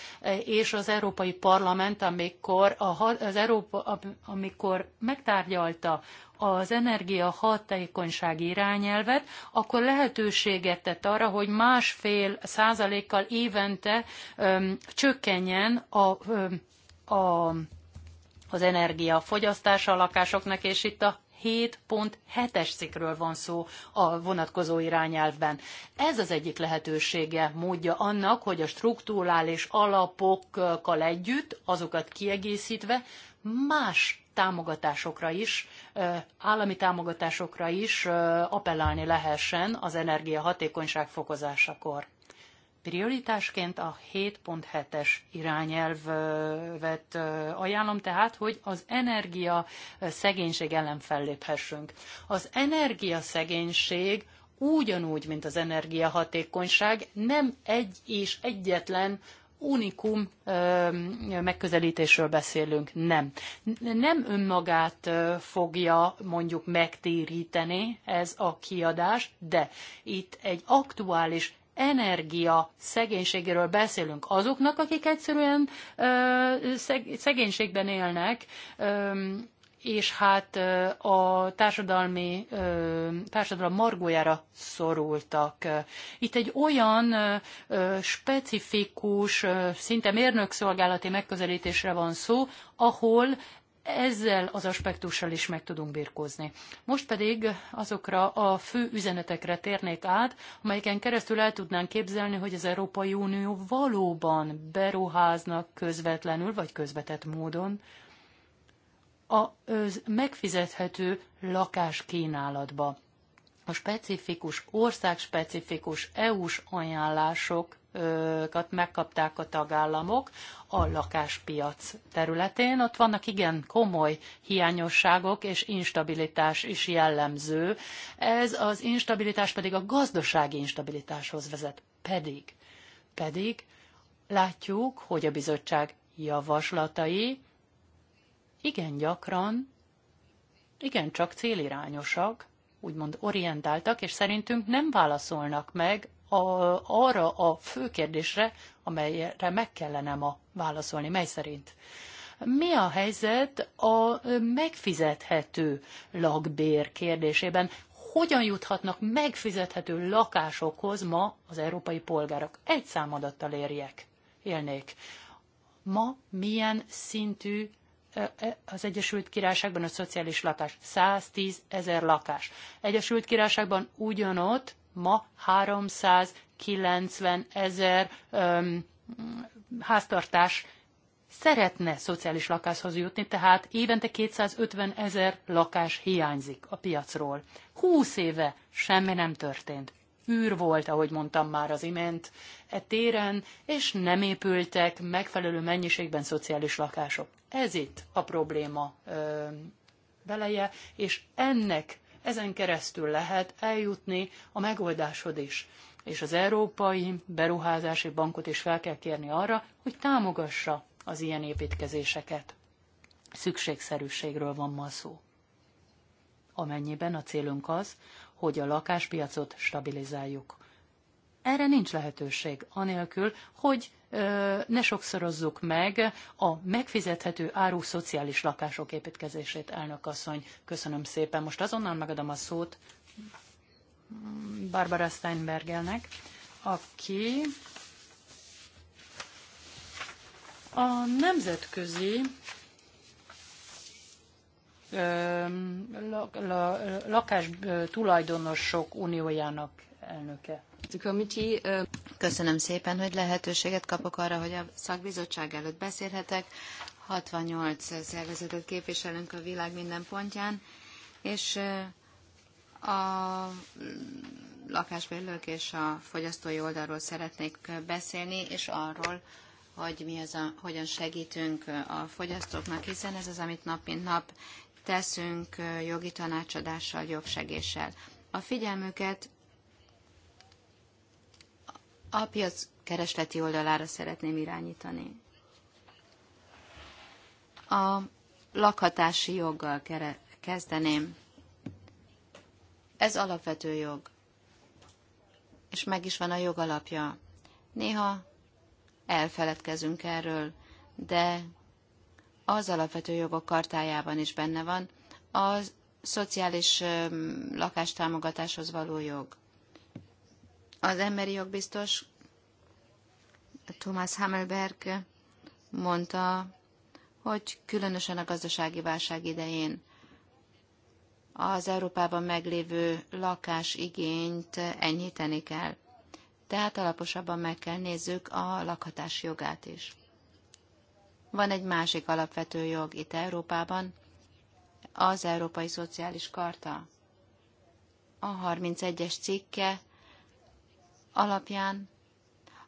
és az Európai Parlament, amikor, a, az Európa, amikor megtárgyalta az energia hatékonyság irányelvet, akkor lehetőséget tett arra, hogy másfél százalékkal évente öm, csökkenjen a, öm, a, az energiafogyasztása a lakásoknak, és itt a 7.7-es cikről van szó a vonatkozó irányelvben. Ez az egyik lehetősége, módja annak, hogy a struktúrális alapokkal együtt, azokat kiegészítve, más támogatásokra is, állami támogatásokra is appellálni lehessen az energiahatékonyság fokozásakor prioritásként a 7.7-es irányelvet ajánlom, tehát, hogy az energia szegénység ellen felléphessünk. Az energia szegénység ugyanúgy, mint az energiahatékonyság, nem egy és egyetlen unikum megközelítésről beszélünk, nem. Nem önmagát fogja mondjuk megtéríteni ez a kiadás, de itt egy aktuális energia szegénységéről beszélünk. Azoknak, akik egyszerűen ö, szeg, szegénységben élnek, ö, és hát a társadalmi, társadalom margójára szorultak. Itt egy olyan specifikus, szinte mérnökszolgálati megközelítésre van szó, ahol ezzel az aspektussal is meg tudunk birkózni. Most pedig azokra a fő üzenetekre térnék át, amelyeken keresztül el tudnánk képzelni, hogy az Európai Unió valóban beruháznak közvetlenül vagy közvetett módon a megfizethető lakáskínálatba a specifikus, országspecifikus EU-s ajánlásokat megkapták a tagállamok a lakáspiac területén. Ott vannak igen komoly hiányosságok és instabilitás is jellemző. Ez az instabilitás pedig a gazdasági instabilitáshoz vezet. Pedig, pedig látjuk, hogy a bizottság javaslatai igen gyakran, igen csak célirányosak, úgymond orientáltak, és szerintünk nem válaszolnak meg a, arra a fő kérdésre, amelyre meg kellene ma válaszolni, mely szerint. Mi a helyzet a megfizethető lakbér kérdésében? Hogyan juthatnak megfizethető lakásokhoz ma az európai polgárok? Egy számadattal érjek, élnék. Ma milyen szintű az Egyesült Királyságban a szociális lakás 110 ezer lakás. Egyesült Királyságban ugyanott ma 390 ezer um, háztartás szeretne szociális lakáshoz jutni, tehát évente 250 ezer lakás hiányzik a piacról. 20 éve semmi nem történt űr volt, ahogy mondtam már az imént, e téren, és nem épültek megfelelő mennyiségben szociális lakások. Ez itt a probléma ö, beleje, és ennek ezen keresztül lehet eljutni a megoldásod is. És az Európai Beruházási Bankot is fel kell kérni arra, hogy támogassa az ilyen építkezéseket. Szükségszerűségről van ma szó. Amennyiben a célunk az, hogy a lakáspiacot stabilizáljuk. Erre nincs lehetőség, anélkül, hogy ö, ne sokszorozzuk meg a megfizethető áru szociális lakások építkezését, elnök asszony. Köszönöm szépen. Most azonnal megadom a szót Barbara Steinbergelnek, aki a nemzetközi lakás tulajdonosok uniójának elnöke. Köszönöm szépen, hogy lehetőséget kapok arra, hogy a szakbizottság előtt beszélhetek. 68 szervezetet képviselünk a világ minden pontján, és a lakásbérlők és a fogyasztói oldalról szeretnék beszélni, és arról, hogy mi az a, hogyan segítünk a fogyasztóknak, hiszen ez az, amit nap mint nap teszünk jogi tanácsadással, jogsegéssel. A figyelmüket a piac keresleti oldalára szeretném irányítani. A lakhatási joggal kezdeném. Ez alapvető jog, és meg is van a jogalapja. Néha elfeledkezünk erről, de az alapvető jogok kartájában is benne van a szociális lakástámogatáshoz való jog. Az emberi jogbiztos Thomas Hamelberg mondta, hogy különösen a gazdasági válság idején az Európában meglévő lakásigényt enyhíteni kell. Tehát alaposabban meg kell nézzük a lakhatás jogát is. Van egy másik alapvető jog itt Európában, az Európai Szociális Karta. A 31-es cikke alapján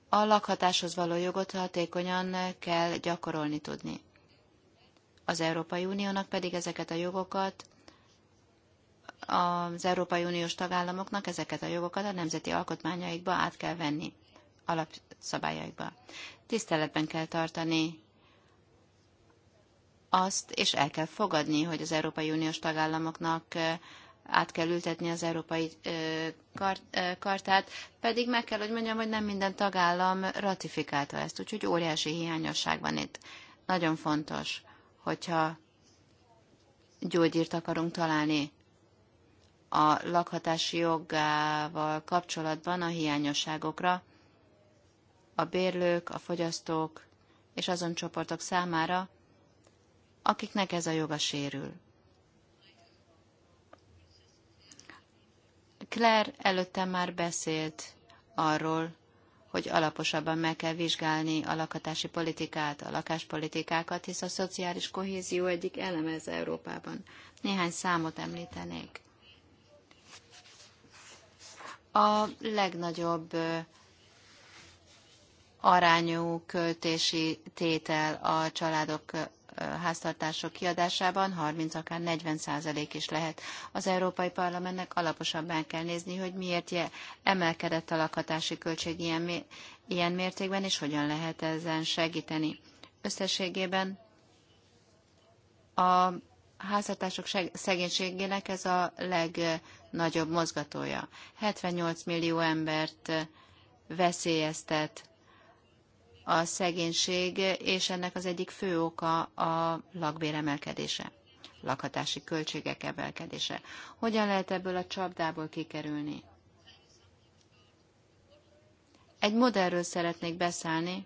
a lakhatáshoz való jogot hatékonyan kell gyakorolni tudni. Az Európai Uniónak pedig ezeket a jogokat, az Európai Uniós tagállamoknak ezeket a jogokat a nemzeti alkotmányaikba át kell venni, alapszabályaikba. Tiszteletben kell tartani azt, és el kell fogadni, hogy az Európai Uniós tagállamoknak át kell ültetni az európai kart, kartát, pedig meg kell, hogy mondjam, hogy nem minden tagállam ratifikálta ezt, úgyhogy óriási hiányosság van itt. Nagyon fontos, hogyha gyógyírt akarunk találni a lakhatási jogával kapcsolatban a hiányosságokra, a bérlők, a fogyasztók és azon csoportok számára, akiknek ez a joga sérül. Claire előtte már beszélt arról, hogy alaposabban meg kell vizsgálni a lakatási politikát, a lakáspolitikákat, hisz a szociális kohézió egyik eleme ez Európában. Néhány számot említenék. A legnagyobb arányú költési tétel a családok háztartások kiadásában 30, akár 40 százalék is lehet. Az Európai Parlamentnek alaposabban kell nézni, hogy miért emelkedett a lakhatási költség ilyen, ilyen mértékben, és hogyan lehet ezen segíteni. Összességében a háztartások szegénységének ez a legnagyobb mozgatója. 78 millió embert veszélyeztet a szegénység, és ennek az egyik fő oka a lakbér emelkedése, lakhatási költségek emelkedése. Hogyan lehet ebből a csapdából kikerülni? Egy modellről szeretnék beszállni,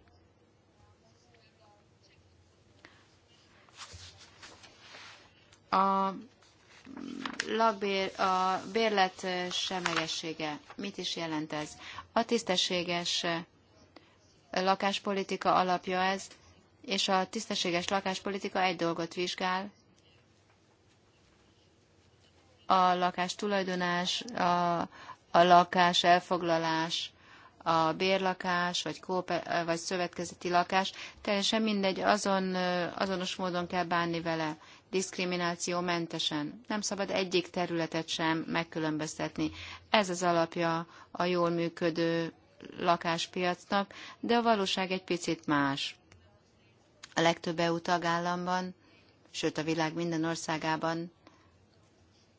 a lakbér, a bérlet semlegessége. Mit is jelent ez? A tisztességes lakáspolitika alapja ez, és a tisztességes lakáspolitika egy dolgot vizsgál, a lakás tulajdonás, a, a lakás elfoglalás, a bérlakás, vagy, kópe, vagy szövetkezeti lakás, teljesen mindegy, azon, azonos módon kell bánni vele, mentesen. Nem szabad egyik területet sem megkülönböztetni. Ez az alapja a jól működő lakáspiacnak, de a valóság egy picit más. A legtöbb EU tagállamban, sőt a világ minden országában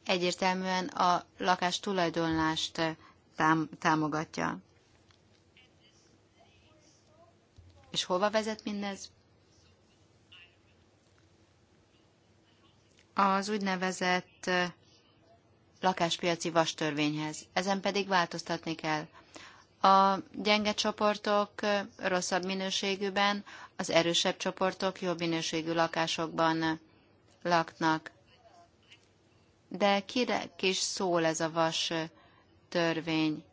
egyértelműen a lakás tulajdonlást tám- támogatja. És hova vezet mindez? Az úgynevezett eh, lakáspiaci vastörvényhez. Ezen pedig változtatni kell. A gyenge csoportok rosszabb minőségűben, az erősebb csoportok jobb minőségű lakásokban laknak. De kire kis szól ez a vas törvény.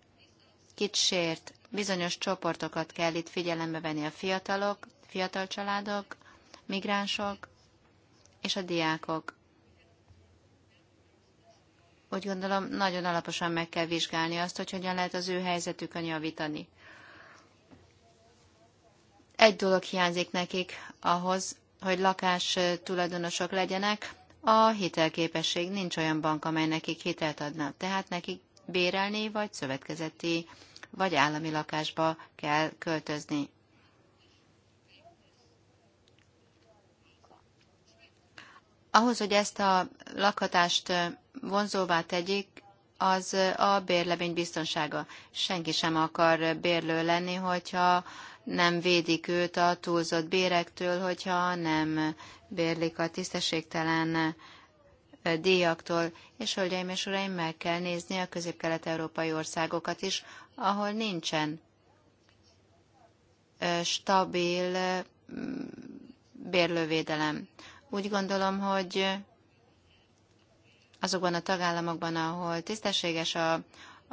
Kit sért? Bizonyos csoportokat kell itt figyelembe venni a fiatalok, fiatal családok, migránsok és a diákok úgy gondolom, nagyon alaposan meg kell vizsgálni azt, hogy hogyan lehet az ő helyzetükön javítani. Egy dolog hiányzik nekik ahhoz, hogy lakás tulajdonosok legyenek, a hitelképesség. Nincs olyan bank, amely nekik hitelt adna. Tehát nekik bérelni, vagy szövetkezeti, vagy állami lakásba kell költözni. Ahhoz, hogy ezt a lakhatást vonzóvá tegyék, az a bérlevény biztonsága. Senki sem akar bérlő lenni, hogyha nem védik őt a túlzott bérektől, hogyha nem bérlik a tisztességtelen díjaktól, és hölgyeim és uraim, meg kell nézni a közép-kelet-európai országokat is, ahol nincsen stabil bérlővédelem. Úgy gondolom, hogy azokban a tagállamokban, ahol tisztességes a,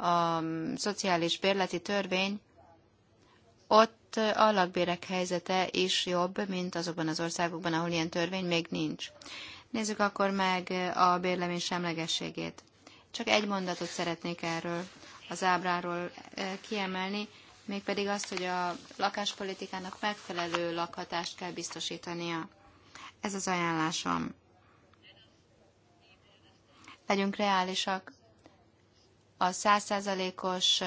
a szociális bérleti törvény, ott a lakbérek helyzete is jobb, mint azokban az országokban, ahol ilyen törvény még nincs. Nézzük akkor meg a bérlemény semlegességét. Csak egy mondatot szeretnék erről az ábráról eh, kiemelni, mégpedig azt, hogy a lakáspolitikának megfelelő lakhatást kell biztosítania. Ez az ajánlásom. Legyünk reálisak. A százszázalékos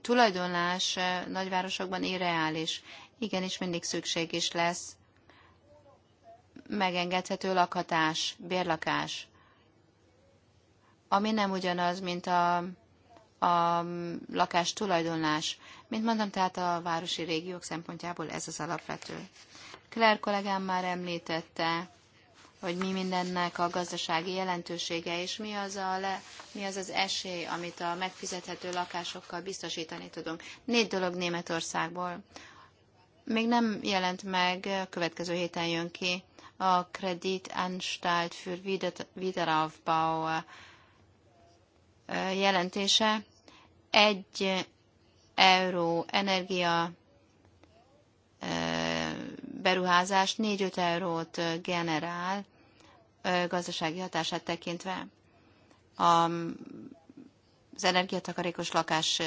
tulajdonlás nagyvárosokban irreális. Igenis, mindig szükség is lesz megengedhető lakhatás, bérlakás, ami nem ugyanaz, mint a, a lakás tulajdonlás. Mint mondtam, tehát a városi régiók szempontjából ez az alapvető. Claire kollégám már említette, hogy mi mindennek a gazdasági jelentősége, és mi az, a le, mi az az esély, amit a megfizethető lakásokkal biztosítani tudunk. Négy dolog Németországból. Még nem jelent meg, a következő héten jön ki a Kreditanstalt für Wiederaufbau jelentése. Egy euró energia beruházás 4-5 eurót generál gazdasági hatását tekintve. Az energiatakarékos lakás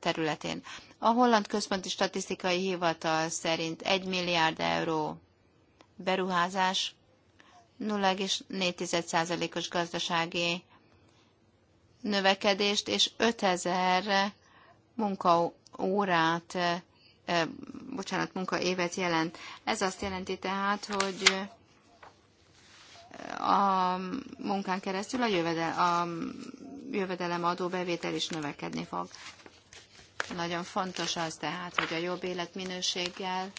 területén. A Holland Központi Statisztikai Hivatal szerint 1 milliárd euró beruházás 0,4%-os gazdasági növekedést és 5000 munkaórát bocsánat, munkaévet jelent. Ez azt jelenti tehát, hogy a munkán keresztül a, jövedel, a jövedelem adó bevétel is növekedni fog. Nagyon fontos az tehát, hogy a jobb életminőséggel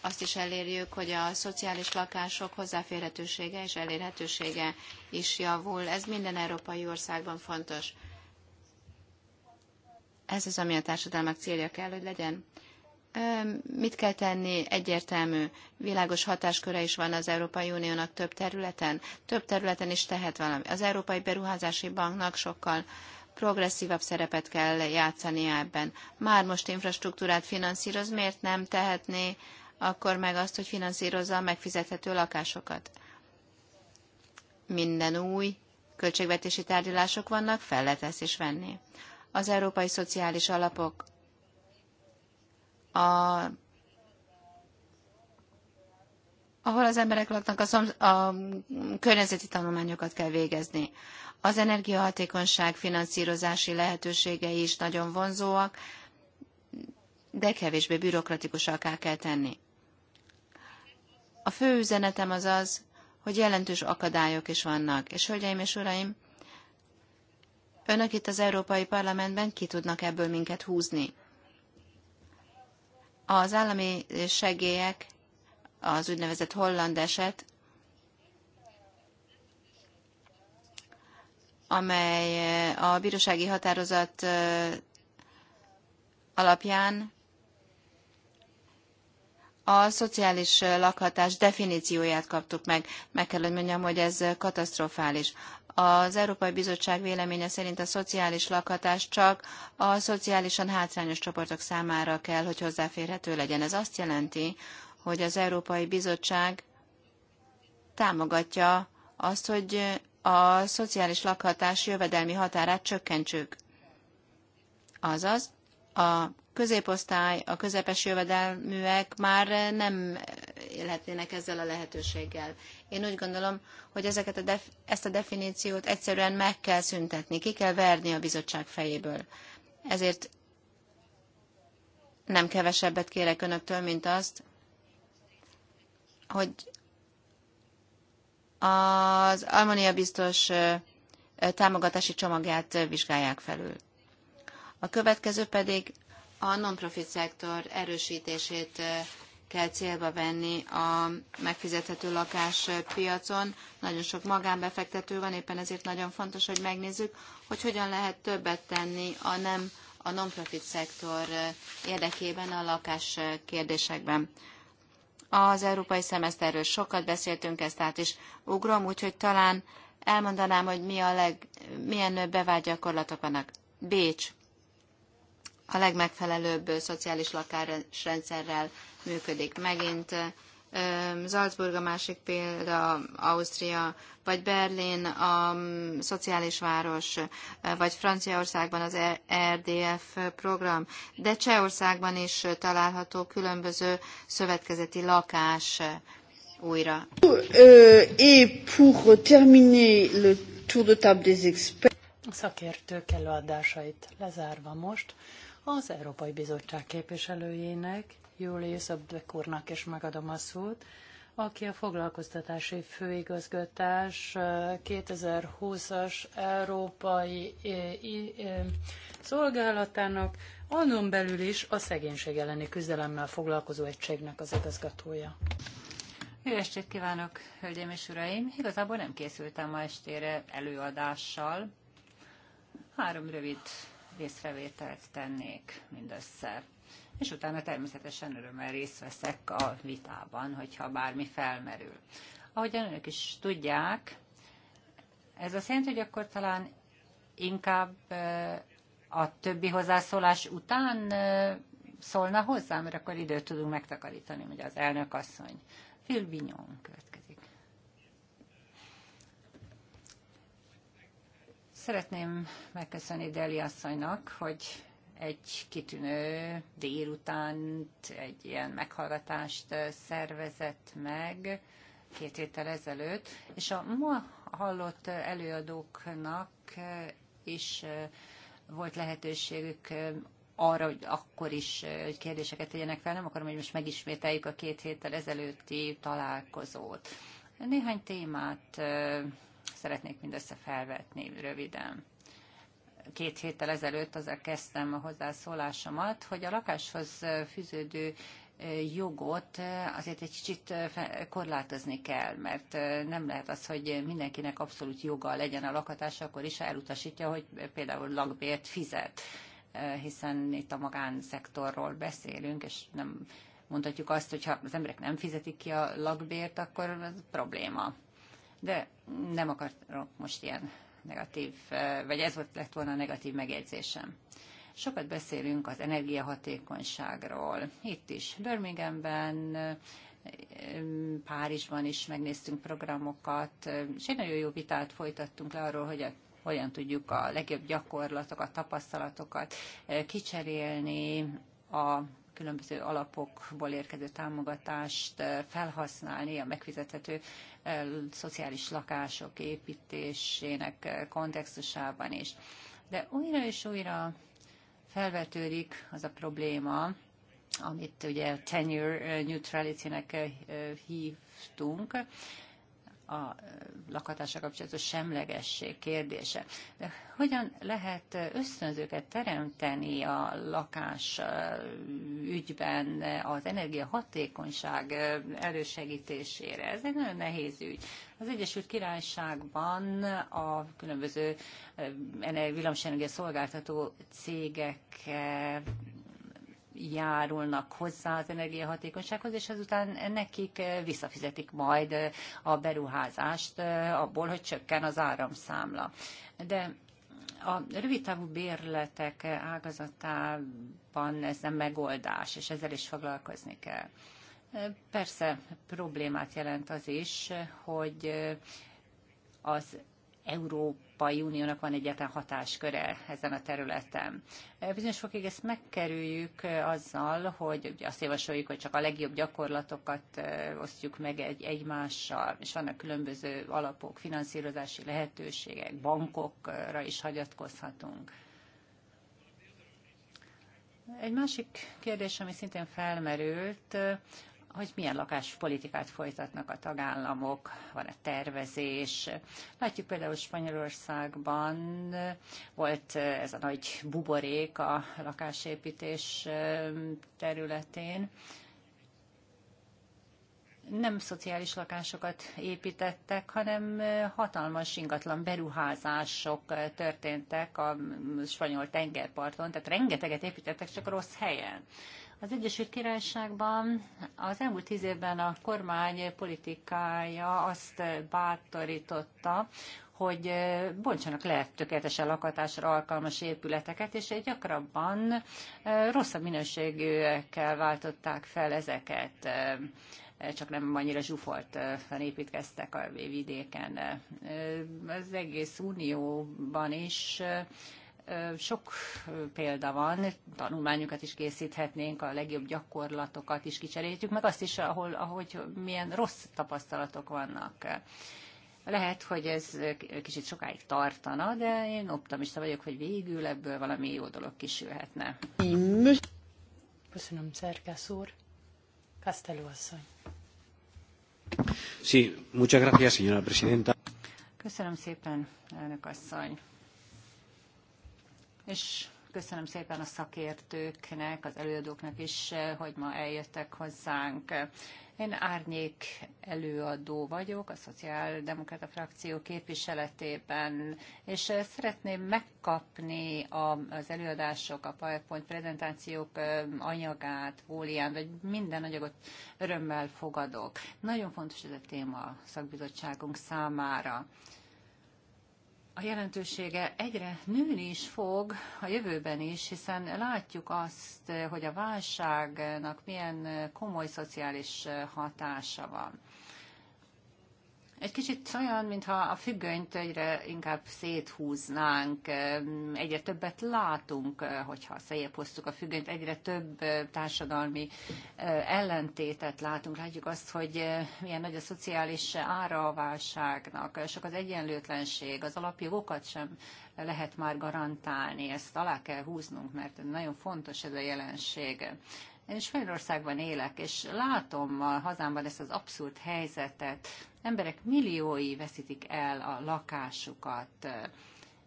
azt is elérjük, hogy a szociális lakások hozzáférhetősége és elérhetősége is javul. Ez minden európai országban fontos. Ez az, ami a társadalmak célja kell, hogy legyen. Mit kell tenni? Egyértelmű, világos hatásköre is van az Európai Uniónak több területen. Több területen is tehet valami. Az Európai Beruházási Banknak sokkal progresszívabb szerepet kell játszani ebben. Már most infrastruktúrát finanszíroz, miért nem tehetné akkor meg azt, hogy finanszírozza a megfizethető lakásokat? Minden új költségvetési tárgyalások vannak, fel lehet ezt is venni. Az európai szociális alapok a, ahol az emberek laknak, a, szom, a környezeti tanulmányokat kell végezni. Az energiahatékonyság finanszírozási lehetőségei is nagyon vonzóak, de kevésbé bürokratikusaká kell tenni. A fő üzenetem az az, hogy jelentős akadályok is vannak, és hölgyeim és uraim, önök itt az Európai Parlamentben ki tudnak ebből minket húzni. Az állami segélyek, az úgynevezett holland eset, amely eh, a bírósági határozat eh, alapján a szociális lakhatás definícióját kaptuk meg. Meg kell, hogy mondjam, hogy ez katasztrofális. Az Európai Bizottság véleménye szerint a szociális lakhatás csak a szociálisan hátrányos csoportok számára kell, hogy hozzáférhető legyen. Ez azt jelenti, hogy az Európai Bizottság támogatja azt, hogy a szociális lakhatás jövedelmi határát csökkentsük. Azaz, a középosztály, a közepes jövedelműek már nem élhetnének ezzel a lehetőséggel. Én úgy gondolom, hogy ezeket a def- ezt a definíciót egyszerűen meg kell szüntetni, ki kell verni a bizottság fejéből. Ezért nem kevesebbet kérek önöktől, mint azt, hogy az Almania biztos támogatási csomagját vizsgálják felül. A következő pedig a non-profit szektor erősítését kell célba venni a megfizethető lakáspiacon. Nagyon sok magánbefektető van, éppen ezért nagyon fontos, hogy megnézzük, hogy hogyan lehet többet tenni a nem a non-profit szektor érdekében a lakás kérdésekben. Az európai szemeszterről sokat beszéltünk, ezt át is ugrom, úgyhogy talán elmondanám, hogy mi a leg, milyen bevált gyakorlatok vannak. Bécs a legmegfelelőbb szociális lakásrendszerrel működik. Megint Salzburg a másik példa, Ausztria, vagy Berlin a szociális város, vagy Franciaországban az e RDF program, de Csehországban is található különböző szövetkezeti lakás újra. A szakértők előadásait lezárva most, az Európai Bizottság képviselőjének, Julius Abdek úrnak is megadom a szót, aki a foglalkoztatási főigazgatás 2020-as európai szolgálatának, annon belül is a szegénység elleni küzdelemmel foglalkozó egységnek az igazgatója. Jó estét kívánok, hölgyeim és uraim! Igazából nem készültem ma estére előadással. Három rövid észrevételt tennék mindössze. És utána természetesen örömmel részt veszek a vitában, hogyha bármi felmerül. Ahogyan önök is tudják, ez azt jelenti, hogy akkor talán inkább eh, a többi hozzászólás után eh, szólna hozzám, mert akkor időt tudunk megtakarítani, hogy az elnök asszony. Phil Bignon Szeretném megköszönni Deli asszonynak, hogy egy kitűnő délutánt, egy ilyen meghallgatást szervezett meg két héttel ezelőtt, és a ma hallott előadóknak is volt lehetőségük arra, hogy akkor is kérdéseket tegyenek fel. Nem akarom, hogy most megismételjük a két héttel ezelőtti találkozót. Néhány témát Szeretnék mindössze felvetni röviden. Két héttel ezelőtt azzal kezdtem a hozzászólásomat, hogy a lakáshoz fűződő jogot azért egy kicsit korlátozni kell, mert nem lehet az, hogy mindenkinek abszolút joga legyen a lakatás, akkor is elutasítja, hogy például lakbért fizet, hiszen itt a magánszektorról beszélünk, és nem mondhatjuk azt, hogy ha az emberek nem fizetik ki a lakbért, akkor ez probléma de nem akarok most ilyen negatív, vagy ez volt lett volna a negatív megjegyzésem. Sokat beszélünk az energiahatékonyságról. Itt is, Birminghamben, Párizsban is megnéztünk programokat, és egy nagyon jó vitát folytattunk le arról, hogy a hogyan tudjuk a legjobb gyakorlatokat, tapasztalatokat eh, kicserélni, a különböző alapokból érkező támogatást eh, felhasználni a megfizethető szociális lakások építésének kontextusában is. De újra és újra felvetődik az a probléma, amit ugye tenure neutrality-nek hívtunk, a lakhatásra kapcsolatos semlegesség kérdése. De hogyan lehet ösztönzőket teremteni a lakás ügyben az energiahatékonyság elősegítésére? Ez egy nagyon nehéz ügy. Az Egyesült Királyságban a különböző villamosenergia szolgáltató cégek járulnak hozzá az energiahatékonysághoz, és azután nekik eh, visszafizetik majd eh, a beruházást eh, abból, hogy csökken az áramszámla. De a rövidtávú bérletek ágazatában ez nem megoldás, és ezzel is foglalkozni kell. Persze problémát jelent az is, hogy az Európai Uniónak van egyetlen hatásköre ezen a területen. Bizonyos fokig ezt megkerüljük azzal, hogy ugye azt javasoljuk, hogy csak a legjobb gyakorlatokat osztjuk meg egy, egymással, és vannak különböző alapok, finanszírozási lehetőségek, bankokra is hagyatkozhatunk. Egy másik kérdés, ami szintén felmerült, hogy milyen lakáspolitikát folytatnak a tagállamok, van a tervezés. Látjuk például Spanyolországban volt ez a nagy buborék a lakásépítés területén. Nem szociális lakásokat építettek, hanem hatalmas ingatlan beruházások történtek a spanyol tengerparton, tehát rengeteget építettek csak rossz helyen. Az Egyesült Királyságban az elmúlt tíz évben a kormány politikája azt bátorította, hogy bontsanak le tökéletesen lakatásra alkalmas épületeket, és gyakrabban eh, rosszabb minőségűekkel váltották fel ezeket eh, csak nem annyira zsúfoltan eh, építkeztek a vidéken. Az egész unióban is sok példa van, tanulmányokat is készíthetnénk, a legjobb gyakorlatokat is kicserélhetjük, meg azt is, ahol, ahogy milyen rossz tapasztalatok vannak. Lehet, hogy ez kicsit sokáig tartana, de én optimista vagyok, hogy végül ebből valami jó dolog kisülhetne. Köszönöm, Szerkesz úr. Castelló asszony. Sí, muchas gracias, señora presidenta. Köszönöm szépen, elnök asszony és köszönöm szépen a szakértőknek, az előadóknak is, hogy ma eljöttek hozzánk. Én árnyék előadó vagyok a Szociáldemokrata frakció képviseletében, és szeretném megkapni a, az előadások, a PowerPoint prezentációk anyagát, fólián, vagy minden anyagot örömmel fogadok. Nagyon fontos ez a téma a szakbizottságunk számára a jelentősége egyre nőni is fog a jövőben is, hiszen látjuk azt, hogy a válságnak milyen komoly szociális hatása van. Egy kicsit olyan, mintha a függönyt egyre inkább széthúznánk, egyre többet látunk, hogyha szép hoztuk a függönyt, egyre több társadalmi ellentétet látunk. Látjuk azt, hogy milyen nagy a szociális ára a válságnak, sok az egyenlőtlenség, az alapjogokat sem lehet már garantálni, ezt alá kell húznunk, mert nagyon fontos ez a jelenség. Én Svédországban élek, és látom a hazámban ezt az abszurd helyzetet. Emberek milliói veszítik el a lakásukat,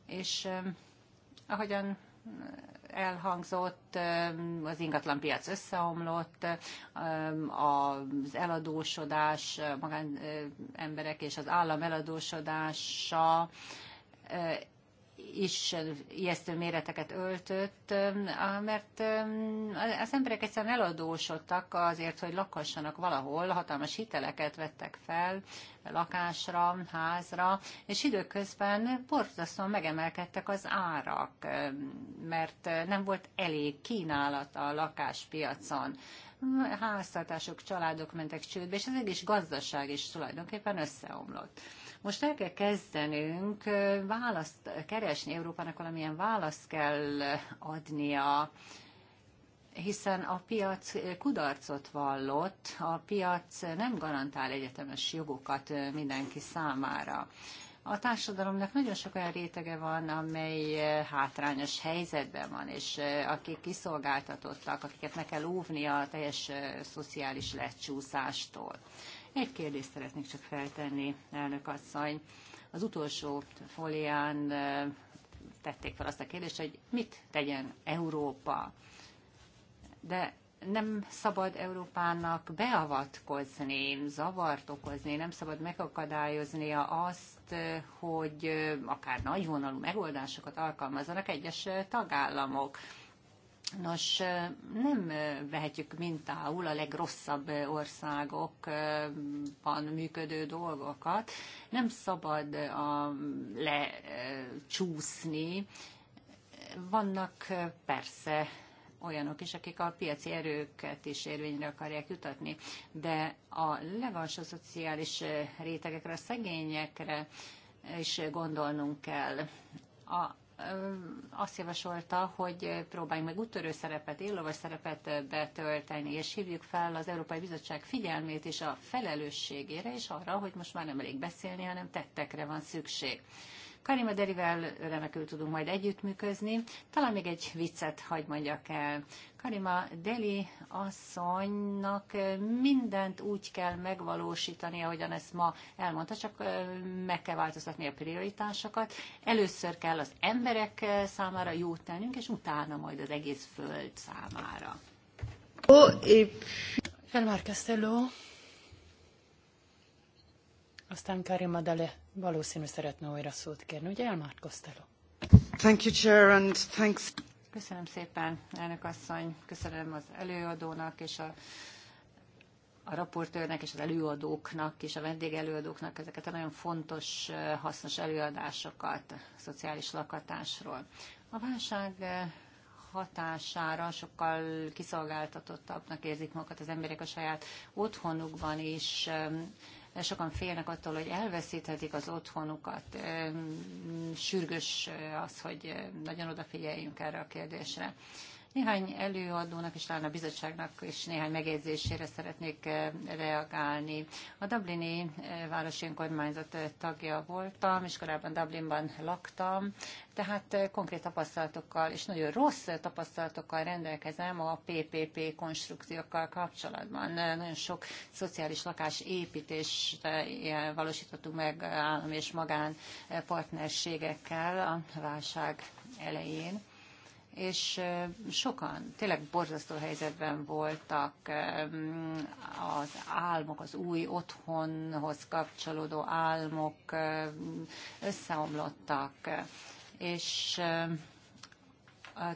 és ahogyan elhangzott, az ingatlanpiac összeomlott, az eladósodás, magán emberek és az állam eladósodása is ijesztő méreteket öltött, mert az emberek egyszerűen eladósodtak azért, hogy lakhassanak valahol, hatalmas hiteleket vettek fel lakásra, házra, és időközben borzasztóan megemelkedtek az árak, mert nem volt elég kínálat a lakáspiacon háztartások, családok mentek csődbe, és az egész gazdaság is tulajdonképpen összeomlott. Most el kell kezdenünk választ keresni Európának valamilyen választ kell adnia hiszen a piac kudarcot vallott, a piac nem garantál egyetemes jogokat mindenki számára. A társadalomnak nagyon sok olyan rétege van, amely hátrányos helyzetben van, és akik kiszolgáltatottak, akiket meg kell óvni a teljes szociális lecsúszástól. Egy kérdést szeretnék csak feltenni, elnök asszony. Az utolsó folián tették fel azt a kérdést, hogy mit tegyen Európa. De nem szabad Európának beavatkozni, zavart okozni, nem szabad megakadályoznia azt, hogy akár nagyvonalú megoldásokat alkalmazzanak egyes tagállamok. Nos, nem vehetjük mintául a legrosszabb országokban működő dolgokat. Nem szabad a lecsúszni. Vannak persze olyanok is, akik a piaci erőket is érvényre akarják jutatni, de a legalsó szociális rétegekre, a szegényekre is gondolnunk kell. A azt javasolta, hogy próbáljunk meg úttörő szerepet, éllovas szerepet betölteni, és hívjuk fel az Európai Bizottság figyelmét és a felelősségére, és arra, hogy most már nem elég beszélni, hanem tettekre van szükség. Karima Derivel remekül tudunk majd együttműközni. Talán még egy viccet hagy mondjak el. Karima Deli asszonynak mindent úgy kell megvalósítani, ahogyan ezt ma elmondta, csak meg kell változtatni a prioritásokat. Először kell az emberek számára jót tennünk, és utána majd az egész föld számára. Oh, épp. Elmár Castello aztán Karima Dele valószínű szeretne újra szót kérni, ugye Elmár Thank you, Chair, and thanks. Köszönöm szépen, elnök asszony, köszönöm az előadónak és a a raportőrnek és az előadóknak és a vendégelőadóknak ezeket a nagyon fontos, hasznos előadásokat a szociális lakatásról. A válság hatására sokkal kiszolgáltatottabbnak érzik magukat az emberek a saját otthonukban is, sokan félnek attól, hogy elveszíthetik az otthonukat. Sürgős az, hogy nagyon odafigyeljünk erre a kérdésre. Néhány előadónak és talán a bizottságnak is néhány megjegyzésére szeretnék eh, reagálni. A Dublini eh, városi önkormányzat eh, tagja voltam, és korábban Dublinban laktam, tehát konkrét tapasztalatokkal és nagyon rossz tapasztalatokkal rendelkezem a PPP konstrukciókkal kapcsolatban. Nagyon sok szociális lakás építést valósítottuk meg állam és magán partnerségekkel a válság elején és sokan tényleg borzasztó helyzetben voltak az álmok, az új otthonhoz kapcsolódó álmok összeomlottak, és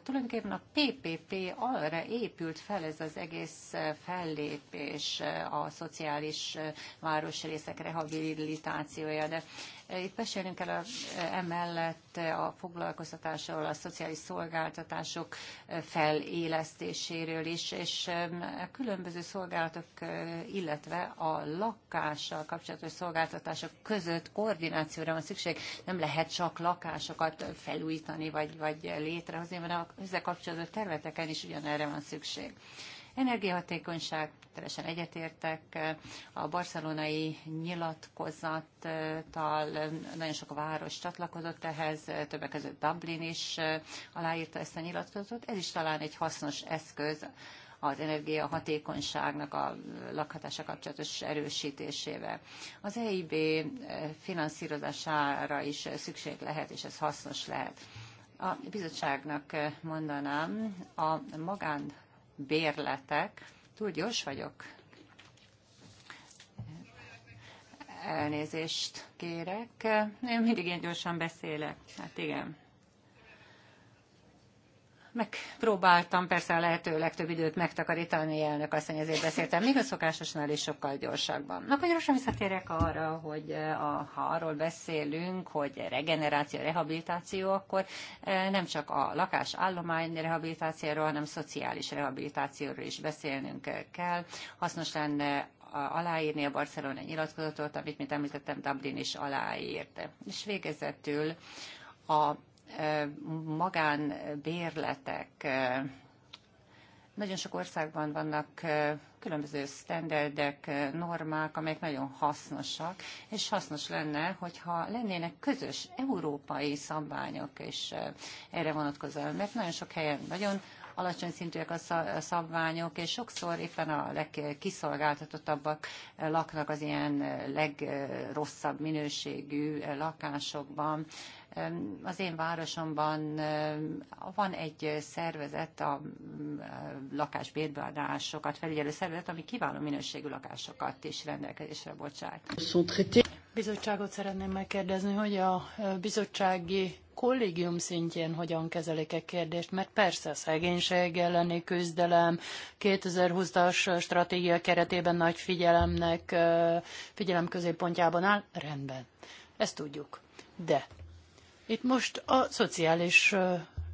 tulajdonképpen a PPP arra épült fel ez az egész fellépés a szociális városrészek rehabilitációja, de Eh, itt beszélünk kell a, eh, emellett eh, a foglalkoztatásról, a szociális szolgáltatások felélesztéséről is, és a különböző szolgálatok, illetve a lakással kapcsolatos szolgáltatások között koordinációra van szükség. Nem lehet csak lakásokat felújítani vagy, vagy létrehozni, mert ezzel kapcsolatos területeken is ugyanerre van szükség. Energiahatékonyság, teljesen egyetértek, a barcelonai nyilatkozattal nagyon sok város csatlakozott ehhez, többek között Dublin is eh, aláírta ezt a nyilatkozatot. Ez is talán egy hasznos eszköz az energiahatékonyságnak a lakhatása kapcsolatos erősítésével. Az EIB eh, finanszírozására is szükség lehet, és ez hasznos lehet. A bizottságnak eh, mondanám, a magán bérletek. Túl gyors vagyok. Elnézést kérek. Én mindig ilyen gyorsan beszélek. Hát igen. Megpróbáltam persze a lehető legtöbb időt megtakarítani, elnök asszony, ezért beszéltem, még a szokásosnál is sokkal gyorsabban. Na, hogy gyorsan visszatérek arra, hogy eh, a, ha arról beszélünk, hogy regeneráció, rehabilitáció, akkor eh, nem csak a lakás állomány rehabilitációról, hanem szociális rehabilitációról is beszélnünk eh, kell. Hasznos lenne aláírni a Barcelona nyilatkozatot, amit, mint említettem, Dublin is aláírt. És végezetül a magánbérletek. Nagyon sok országban vannak különböző standardek, normák, amelyek nagyon hasznosak, és hasznos lenne, hogyha lennének közös európai szabványok, és erre vonatkozóan, mert nagyon sok helyen nagyon alacsony szintűek a szabványok, és sokszor éppen a legkiszolgáltatottabbak laknak az ilyen legrosszabb minőségű lakásokban, az én városomban van egy szervezet, a lakásbérbeadásokat felügyelő szervezet, ami kiváló minőségű lakásokat is rendelkezésre bocsát. Bizottságot szeretném megkérdezni, hogy a e, bizottsági kollégium szintjén hogyan kezelik e kérdést, mert persze szegénység elleni küzdelem, 2020-as stratégia keretében nagy figyelemnek, e, figyelem középpontjában áll, rendben, ezt tudjuk. De itt most a szociális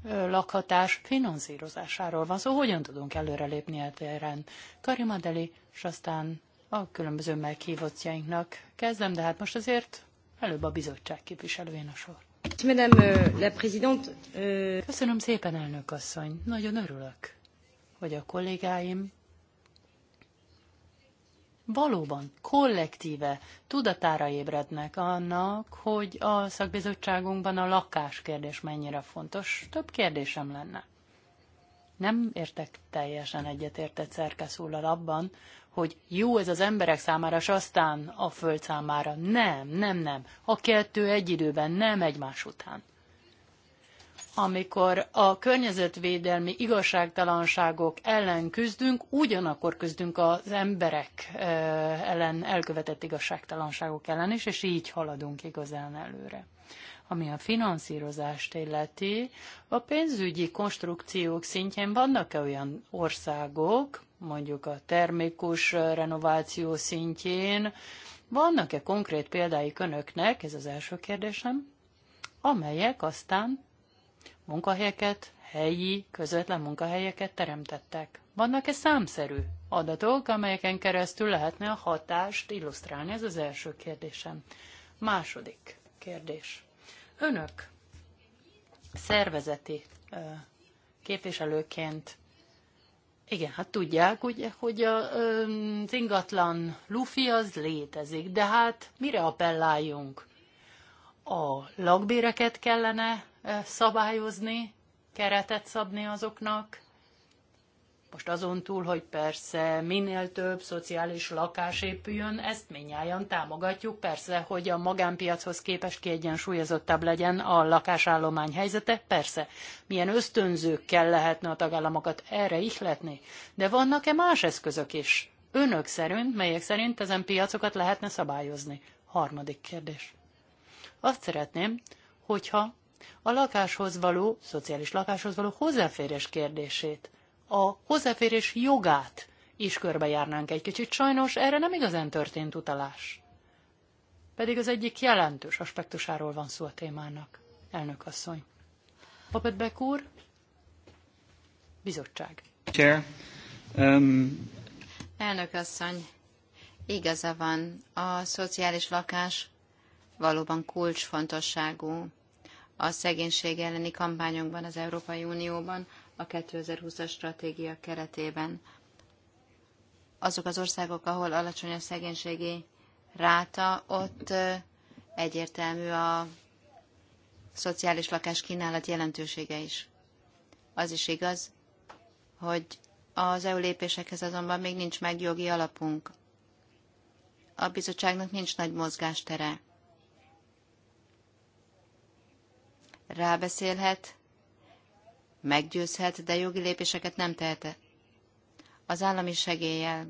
lakhatás finanszírozásáról van szó, szóval hogyan tudunk előrelépni a téren. Karimadeli, és aztán a különböző meghívottjainknak kezdem, de hát most azért előbb a bizottság képviselőjén a sor. Euh, euh, Köszönöm szépen, elnök asszony. Nagyon örülök, hogy a kollégáim valóban kollektíve tudatára ébrednek annak, hogy a szakbizottságunkban a lakáskérdés mennyire fontos. Több kérdésem lenne. Nem értek teljesen egyetértett Szerkesz abban, hogy jó ez az emberek számára, és aztán a föld számára. Nem, nem, nem. A kettő egy időben, nem egymás után amikor a környezetvédelmi igazságtalanságok ellen küzdünk, ugyanakkor küzdünk az emberek ellen elkövetett igazságtalanságok ellen is, és így haladunk igazán előre. Ami a finanszírozást illeti, a pénzügyi konstrukciók szintjén vannak-e olyan országok, mondjuk a termikus renováció szintjén, vannak-e konkrét példáik önöknek, ez az első kérdésem, amelyek aztán munkahelyeket, helyi, közvetlen munkahelyeket teremtettek. Vannak-e számszerű adatok, amelyeken keresztül lehetne a hatást illusztrálni? Ez az első kérdésem. Második kérdés. Önök szervezeti képviselőként igen, hát tudják, ugye, hogy a, az ingatlan lufi az létezik, de hát mire appelláljunk? A lakbéreket kellene szabályozni, keretet szabni azoknak, most azon túl, hogy persze minél több szociális lakás épüljön, ezt minnyáján támogatjuk, persze, hogy a magánpiachoz képest kiegyensúlyozottabb legyen a lakásállomány helyzete, persze, milyen ösztönzőkkel lehetne a tagállamokat erre ihletni, de vannak-e más eszközök is? Önök szerint, melyek szerint ezen piacokat lehetne szabályozni? Harmadik kérdés. Azt szeretném, hogyha a lakáshoz való, szociális lakáshoz való hozzáférés kérdését, a hozzáférés jogát is körbejárnánk egy kicsit. Sajnos erre nem igazán történt utalás. Pedig az egyik jelentős aspektusáról van szó a témának, elnök asszony. Opetbek úr, bizottság. Chair, um... Elnök asszony, igaza van, a szociális lakás valóban kulcsfontosságú a szegénység elleni kampányokban az Európai Unióban, a 2020-as stratégia keretében. Azok az országok, ahol alacsony a szegénységi ráta, ott egyértelmű a szociális lakás kínálat jelentősége is. Az is igaz, hogy az EU lépésekhez azonban még nincs meg jogi alapunk. A bizottságnak nincs nagy mozgástere rábeszélhet, meggyőzhet, de jogi lépéseket nem tehet az állami segéllyel.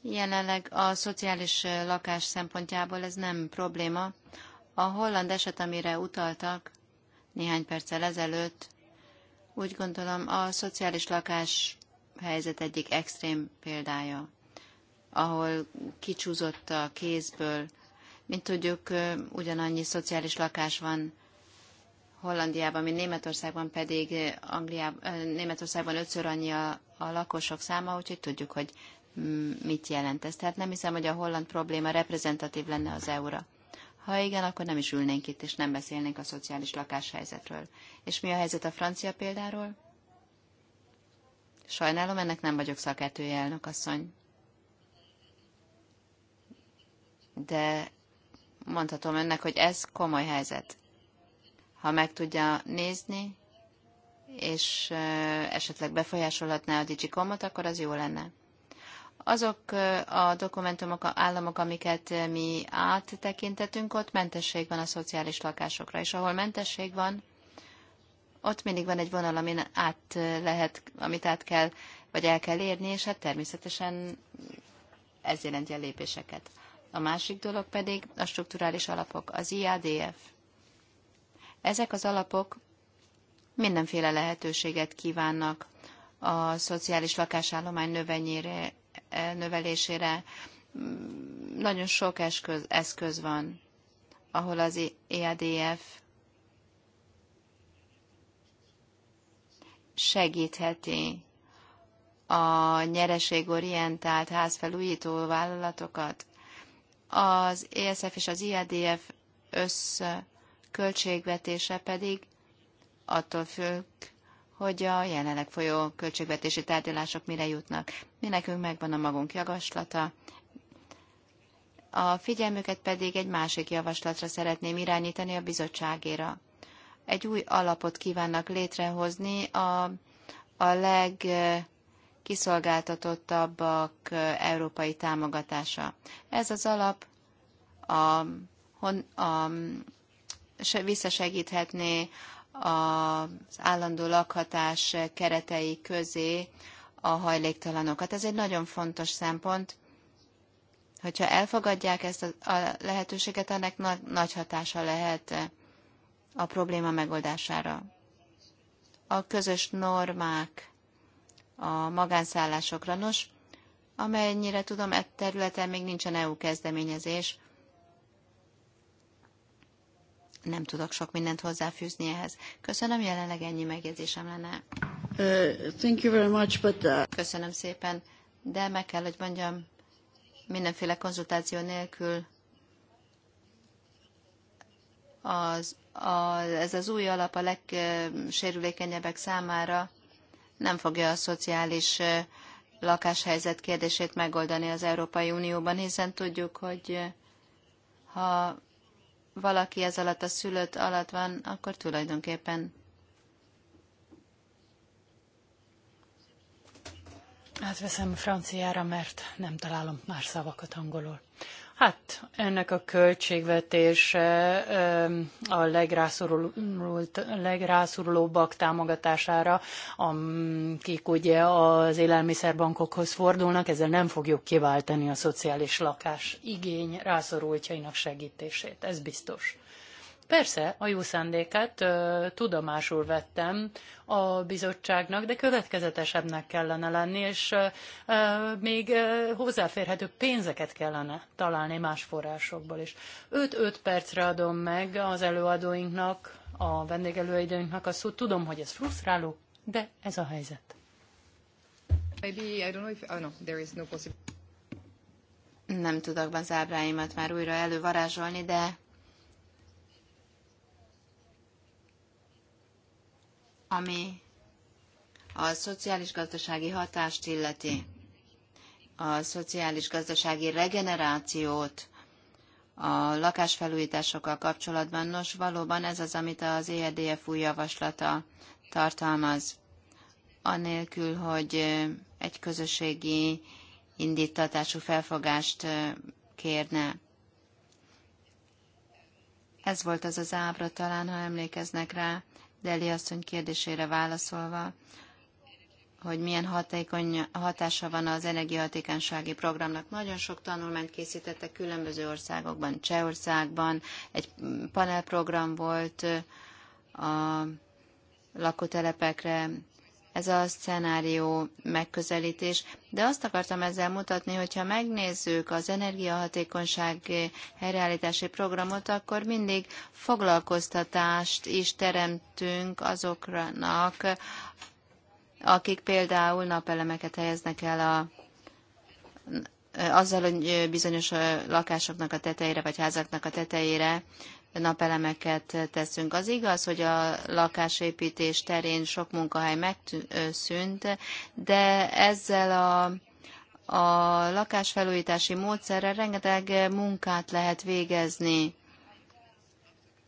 Jelenleg a szociális lakás szempontjából ez nem probléma. A holland eset, amire utaltak néhány perccel ezelőtt, úgy gondolom a szociális lakás helyzet egyik extrém példája, ahol kicsúzott a kézből. Mint tudjuk, ugyanannyi szociális lakás van Hollandiában, mint Németországban pedig eh, Angliában, eh, Németországban ötször annyi a, a lakosok száma, úgyhogy tudjuk, hogy mit jelent ez. Tehát nem hiszem, hogy a holland probléma reprezentatív lenne az EU-ra. Ha igen, akkor nem is ülnénk itt, és nem beszélnénk a szociális lakáshelyzetről. És mi a helyzet a francia példáról? Sajnálom, ennek nem vagyok szakértője, elnökasszony. De mondhatom önnek, hogy ez komoly helyzet ha meg tudja nézni, és esetleg befolyásolhatná a Digicomot, akkor az jó lenne. Azok a dokumentumok, államok, amiket mi áttekintetünk, ott mentesség van a szociális lakásokra, és ahol mentesség van, ott mindig van egy vonal, amin át lehet, amit át kell, vagy el kell érni, és hát természetesen ez jelenti a lépéseket. A másik dolog pedig a strukturális alapok, az IADF. Ezek az alapok mindenféle lehetőséget kívánnak a szociális lakásállomány növenyére, eh, növelésére. Nagyon sok eszköz, eszköz van, ahol az EADF segítheti a nyereségorientált házfelújító vállalatokat. Az ESF és az IADF össze költségvetése pedig attól függ, hogy a jelenleg folyó költségvetési tárgyalások mire jutnak. Mi nekünk megvan a magunk javaslata, a figyelmüket pedig egy másik javaslatra szeretném irányítani a bizottságéra. Egy új alapot kívánnak létrehozni a, a legkiszolgáltatottabbak európai támogatása. Ez az alap a, a, a visszasegíthetné az állandó lakhatás keretei közé a hajléktalanokat. Ez egy nagyon fontos szempont. Hogyha elfogadják ezt a lehetőséget, ennek nagy hatása lehet a probléma megoldására. A közös normák a magánszállásokra. Nos, amennyire tudom, e területen még nincsen EU kezdeményezés, nem tudok sok mindent hozzáfűzni ehhez. Köszönöm, jelenleg ennyi megjegyzésem lenne. Uh, thank you very much, but, uh, Köszönöm szépen, de meg kell, hogy mondjam, mindenféle konzultáció nélkül az, a, ez az új alap a legsérülékenyebbek számára nem fogja a szociális lakáshelyzet kérdését megoldani az Európai Unióban, hiszen tudjuk, hogy ha valaki ez alatt a szülött alatt van, akkor tulajdonképpen Átveszem franciára, mert nem találom már szavakat angolul. Hát ennek a költségvetése a legrászorulult, legrászorulóbbak támogatására, akik ugye az élelmiszerbankokhoz fordulnak, ezzel nem fogjuk kiváltani a szociális lakás igény rászorultjainak segítését, ez biztos. Persze, a jó szándékát ö, tudomásul vettem a bizottságnak, de következetesebbnek kellene lenni, és ö, még ö, hozzáférhető pénzeket kellene találni más forrásokból is. 5-5 percre adom meg az előadóinknak, a vendégelőidőinknek a szót. Tudom, hogy ez frusztráló, de ez a helyzet. Oh, Nem tudok az ábráimat már újra elővarázsolni, de ami a szociális-gazdasági hatást illeti, a szociális-gazdasági regenerációt, a lakásfelújításokkal kapcsolatban. Nos, valóban ez az, amit az ERDF új javaslata tartalmaz. Anélkül, hogy egy közösségi indítatású felfogást kérne. Ez volt az az ábra talán, ha emlékeznek rá, Deli asszony kérdésére válaszolva, hogy milyen hatékony hatása van az energiahatékonysági programnak. Nagyon sok tanulmányt készítettek különböző országokban, Csehországban, egy panelprogram volt a lakótelepekre ez a szenárió megközelítés. De azt akartam ezzel mutatni, hogyha megnézzük az energiahatékonyság helyreállítási programot, akkor mindig foglalkoztatást is teremtünk azoknak, akik például napelemeket helyeznek el a azzal, hogy bizonyos lakásoknak a tetejére, vagy házaknak a tetejére napelemeket teszünk. Az igaz, hogy a lakásépítés terén sok munkahely megszűnt, de ezzel a a lakásfelújítási módszerrel rengeteg munkát lehet végezni.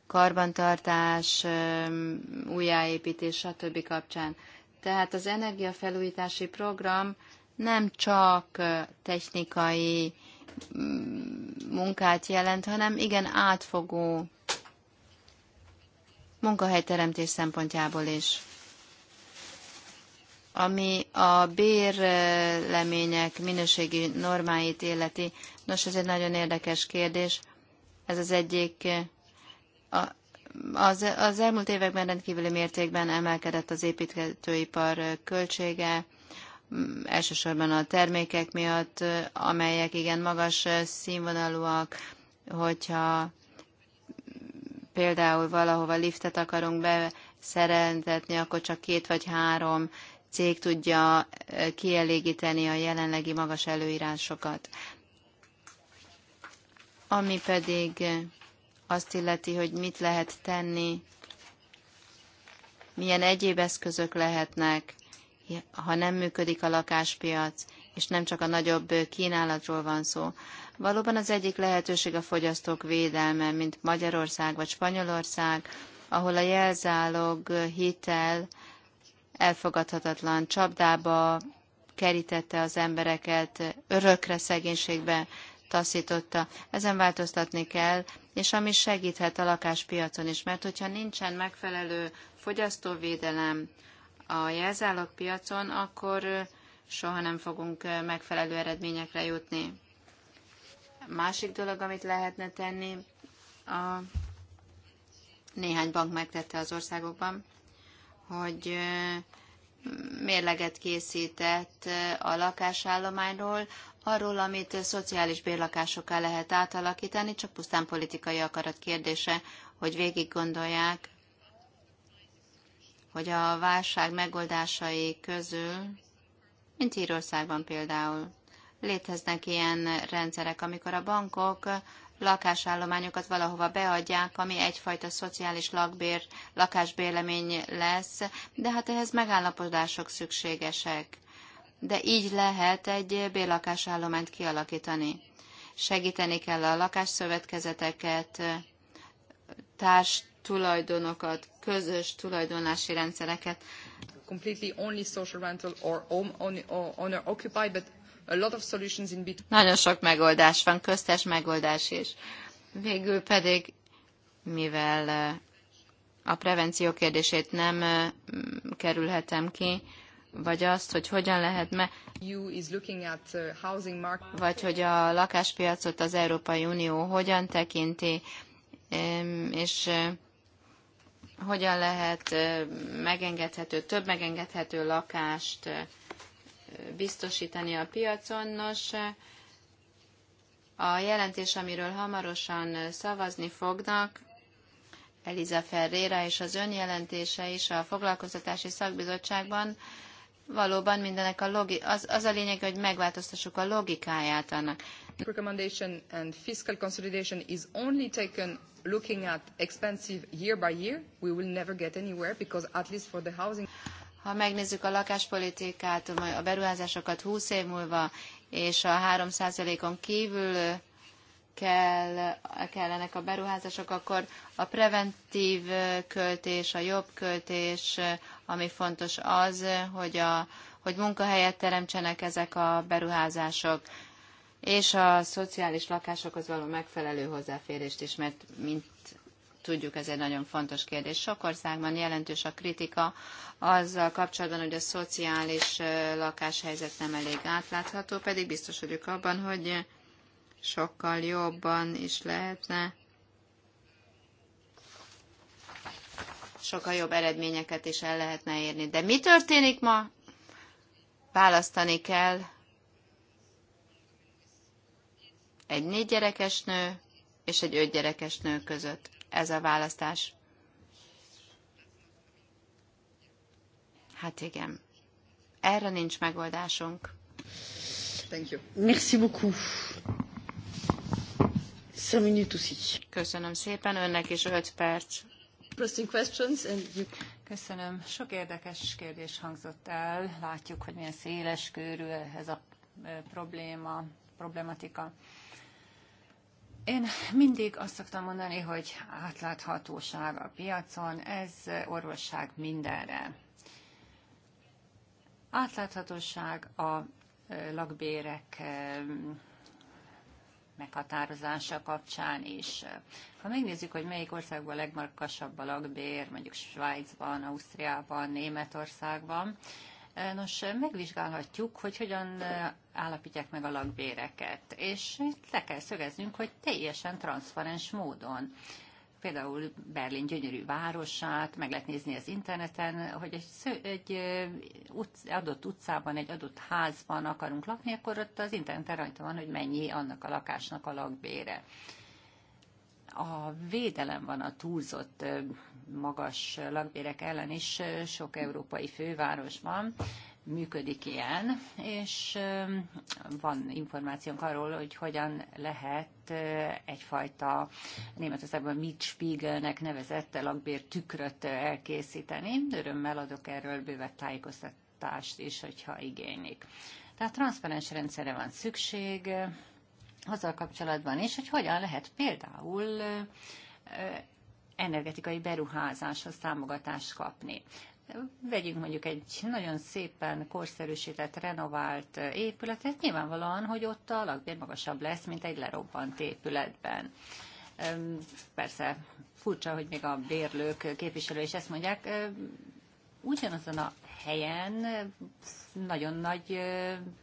Karbantartás, újjáépítés, stb. kapcsán. Tehát az energiafelújítási program nem csak technikai mm, munkát jelent, hanem igen átfogó munkahelyteremtés szempontjából is. Ami a bérlemények minőségi normáit életi, nos, ez egy nagyon érdekes kérdés. Ez az egyik, a, az, az elmúlt években rendkívüli mértékben emelkedett az építőipar költsége, elsősorban a termékek miatt, amelyek igen magas színvonalúak, hogyha például valahova liftet akarunk beszereltetni, akkor csak két vagy három cég tudja kielégíteni a jelenlegi magas előírásokat. Ami pedig azt illeti, hogy mit lehet tenni, milyen egyéb eszközök lehetnek, ha nem működik a lakáspiac, és nem csak a nagyobb kínálatról van szó. Valóban az egyik lehetőség a fogyasztók védelme, mint Magyarország vagy Spanyolország, ahol a jelzálog hitel elfogadhatatlan csapdába kerítette az embereket, örökre szegénységbe taszította. Ezen változtatni kell, és ami segíthet a lakáspiacon is, mert hogyha nincsen megfelelő fogyasztóvédelem a jelzálogpiacon, akkor soha nem fogunk megfelelő eredményekre jutni. Másik dolog, amit lehetne tenni, a néhány bank megtette az országokban, hogy mérleget készített a lakásállományról, arról, amit szociális bérlakásokkal lehet átalakítani, csak pusztán politikai akarat kérdése, hogy végig gondolják, hogy a válság megoldásai közül, mint Írországban például, Léteznek ilyen rendszerek, amikor a bankok lakásállományokat valahova beadják, ami egyfajta szociális lakbér, lakásbérlemény lesz, de hát ehhez megállapodások szükségesek. De így lehet egy bérlakásállományt kialakítani. Segíteni kell a lakásszövetkezeteket, társ tulajdonokat, közös tulajdonlási rendszereket. Completely only social rental or owner occupied, but nagyon sok megoldás van, köztes megoldás is. Végül pedig, mivel a prevenció kérdését nem kerülhetem ki, vagy azt, hogy hogyan lehet me, vagy hogy a lakáspiacot az Európai Unió hogyan tekinti, és hogyan lehet megengedhető, több megengedhető lakást biztosítani a piacon. Nos, a jelentés, amiről hamarosan szavazni fognak, Eliza Ferreira és az önjelentése is a foglalkoztatási szakbizottságban valóban mindenek a logi- az, az a lényeg, hogy megváltoztassuk a logikáját annak. Recommendation and fiscal consolidation is only taken looking at expensive year by year. We will never get anywhere because at least for the housing ha megnézzük a lakáspolitikát, a beruházásokat 20 év múlva, és a 3%-on kívül kell, kellenek a beruházások, akkor a preventív költés, a jobb költés, ami fontos az, hogy, a, hogy munkahelyet teremtsenek ezek a beruházások, és a szociális lakásokhoz való megfelelő hozzáférést is, mert mint tudjuk, ez egy nagyon fontos kérdés. Sok országban jelentős a kritika azzal kapcsolatban, hogy a szociális lakáshelyzet nem elég átlátható, pedig biztos vagyok abban, hogy sokkal jobban is lehetne sokkal jobb eredményeket is el lehetne érni. De mi történik ma? Választani kell egy négy gyerekes nő és egy öt gyerekes nő között ez a választás. Hát igen. Erre nincs megoldásunk. Thank you. Merci beaucoup. Köszönöm szépen, önnek is 5 perc. Köszönöm. Sok érdekes kérdés hangzott el. Látjuk, hogy milyen széles körül ez a probléma, problematika. Én mindig azt szoktam mondani, hogy átláthatóság a piacon, ez orvosság mindenre. Átláthatóság a lakbérek meghatározása kapcsán is. Ha megnézzük, hogy melyik országban a legmarkasabb a lakbér, mondjuk Svájcban, Ausztriában, Németországban, Nos, megvizsgálhatjuk, hogy hogyan állapítják meg a lakbéreket. És itt le kell szögeznünk, hogy teljesen transzparens módon például Berlin gyönyörű városát, meg lehet nézni az interneten, hogy egy, sző, egy utc, adott utcában, egy adott házban akarunk lakni, akkor ott az interneten rajta van, hogy mennyi annak a lakásnak a lakbére. A védelem van a túlzott magas lakbérek ellen is sok európai fővárosban, működik ilyen, és van információnk arról, hogy hogyan lehet egyfajta Németországban Spiegelnek nevezett lakbér tükröt elkészíteni. Örömmel adok erről bővebb tájékoztatást is, hogyha igénylik. Tehát transzparens rendszerre van szükség, azzal kapcsolatban is, hogy hogyan lehet például energetikai beruházáshoz támogatást kapni vegyünk mondjuk egy nagyon szépen korszerűsített, renovált épületet, nyilvánvalóan, hogy ott a lakbér magasabb lesz, mint egy lerobbant épületben. Persze furcsa, hogy még a bérlők képviselői is ezt mondják, ugyanazon a helyen nagyon nagy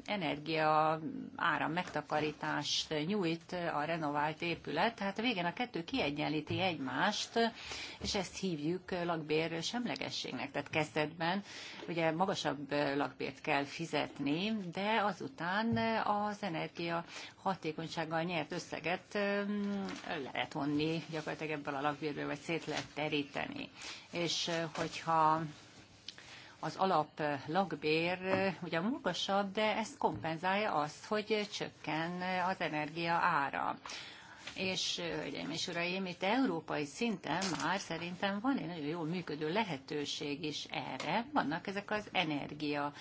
energia áram megtakarítást nyújt a renovált épület, tehát a végén a kettő kiegyenlíti egymást, és ezt hívjuk lakbér semlegességnek. Tehát kezdetben ugye magasabb lakbért kell fizetni, de azután az energia hatékonysággal nyert összeget lehet vonni gyakorlatilag ebből a lakbérből, vagy szét lehet teríteni. És hogyha az alap eh, lakbér eh, ugye magasabb, de ezt kompenzálja azt, hogy csökken eh, az energia ára. És, hölgyeim és uraim, itt európai szinten már szerintem van egy nagyon jól működő lehetőség is erre. Vannak ezek az energia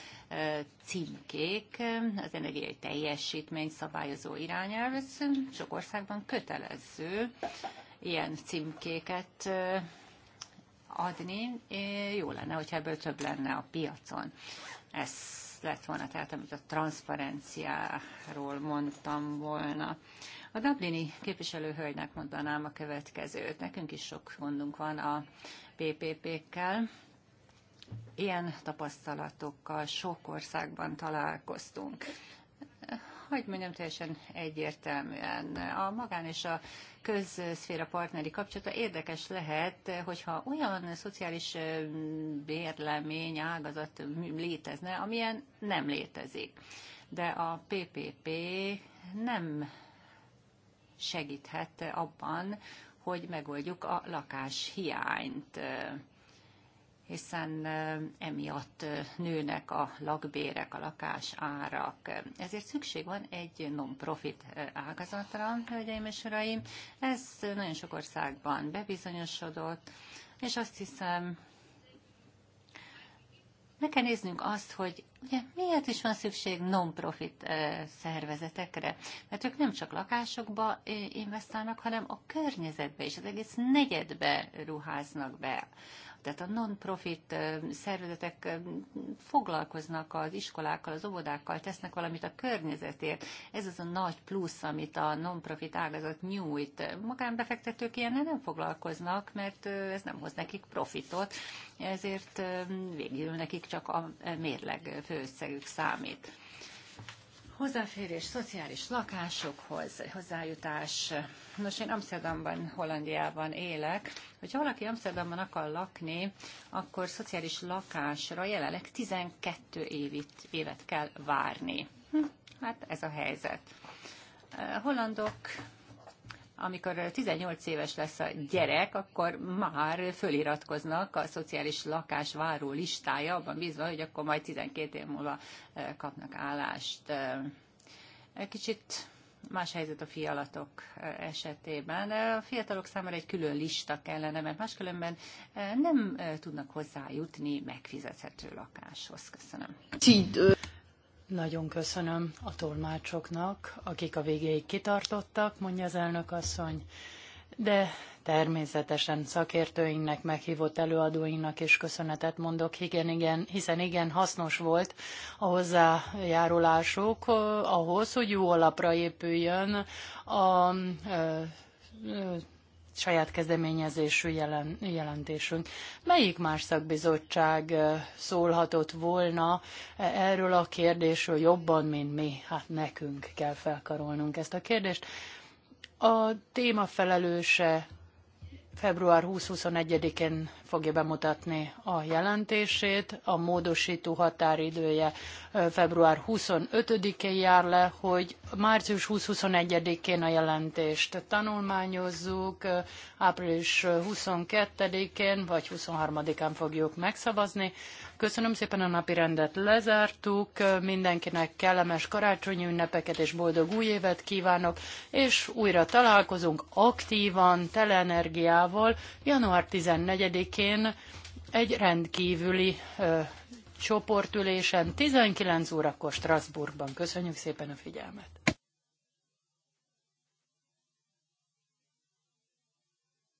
címkék, az energiai teljesítmény szabályozó irányelv, ez sok országban kötelező ilyen címkéket adni. Jó lenne, hogyha ebből több lenne a piacon. Ez lett volna, tehát amit a transzparenciáról mondtam volna. A Dublini képviselőhölgynek mondanám a következőt. Nekünk is sok gondunk van a PPP-kkel. Ilyen tapasztalatokkal sok országban találkoztunk hogy mondjam, teljesen egyértelműen a magán és a közszféra partneri kapcsolata érdekes lehet, hogyha olyan szociális bérlemény ágazat létezne, amilyen nem létezik. De a PPP nem segíthet abban, hogy megoldjuk a lakáshiányt hiszen emiatt nőnek a lakbérek, a lakás árak. Ezért szükség van egy non-profit ágazatra, hölgyeim és uraim. Ez nagyon sok országban bebizonyosodott, és azt hiszem, meg kell néznünk azt, hogy ugye miért is van szükség non-profit szervezetekre, mert ők nem csak lakásokba investálnak, hanem a környezetbe és az egész negyedbe ruháznak be. Tehát a non-profit szervezetek foglalkoznak az iskolákkal, az óvodákkal, tesznek valamit a környezetért. Ez az a nagy plusz, amit a non-profit ágazat nyújt. Magánbefektetők ilyennel nem foglalkoznak, mert ez nem hoz nekik profitot, ezért végül nekik csak a mérleg főösszegük számít hozzáférés szociális lakásokhoz, hozzájutás. Nos, én Amsterdamban, Hollandiában élek. Hogyha valaki Amsterdamban akar lakni, akkor szociális lakásra jelenleg 12 évit, évet kell várni. Hm, hát ez a helyzet. A eh, hollandok amikor 18 éves lesz a gyerek, akkor már föliratkoznak a szociális lakás váró listája, abban bízva, hogy akkor majd 12 év múlva kapnak állást. Kicsit más helyzet a fialatok esetében. A fiatalok számára egy külön lista kellene, mert máskülönben nem tudnak hozzájutni megfizethető lakáshoz. Köszönöm. Nagyon köszönöm a tolmácsoknak, akik a végéig kitartottak, mondja az elnök asszony, de természetesen szakértőinknek, meghívott előadóinknak is köszönetet mondok, igen, igen, hiszen igen hasznos volt a hozzájárulásuk ahhoz, hogy jó alapra épüljön a, a, a saját kezdeményezésű jelen, jelentésünk. Melyik más szakbizottság szólhatott volna e, erről a kérdésről jobban, mint mi? Hát nekünk kell felkarolnunk ezt a kérdést. A téma felelőse február 20-21-én fogja bemutatni a jelentését. A módosító határidője február 25-én jár le, hogy március 20-21-én a jelentést tanulmányozzuk, április 22-én vagy 23-án fogjuk megszavazni, Köszönöm szépen a napi rendet lezártuk, mindenkinek kellemes karácsonyi ünnepeket és boldog új évet kívánok, és újra találkozunk aktívan, energiával január 14-én egy rendkívüli ö, csoportülésen 19 órakor Strasbourgban. Köszönjük szépen a figyelmet!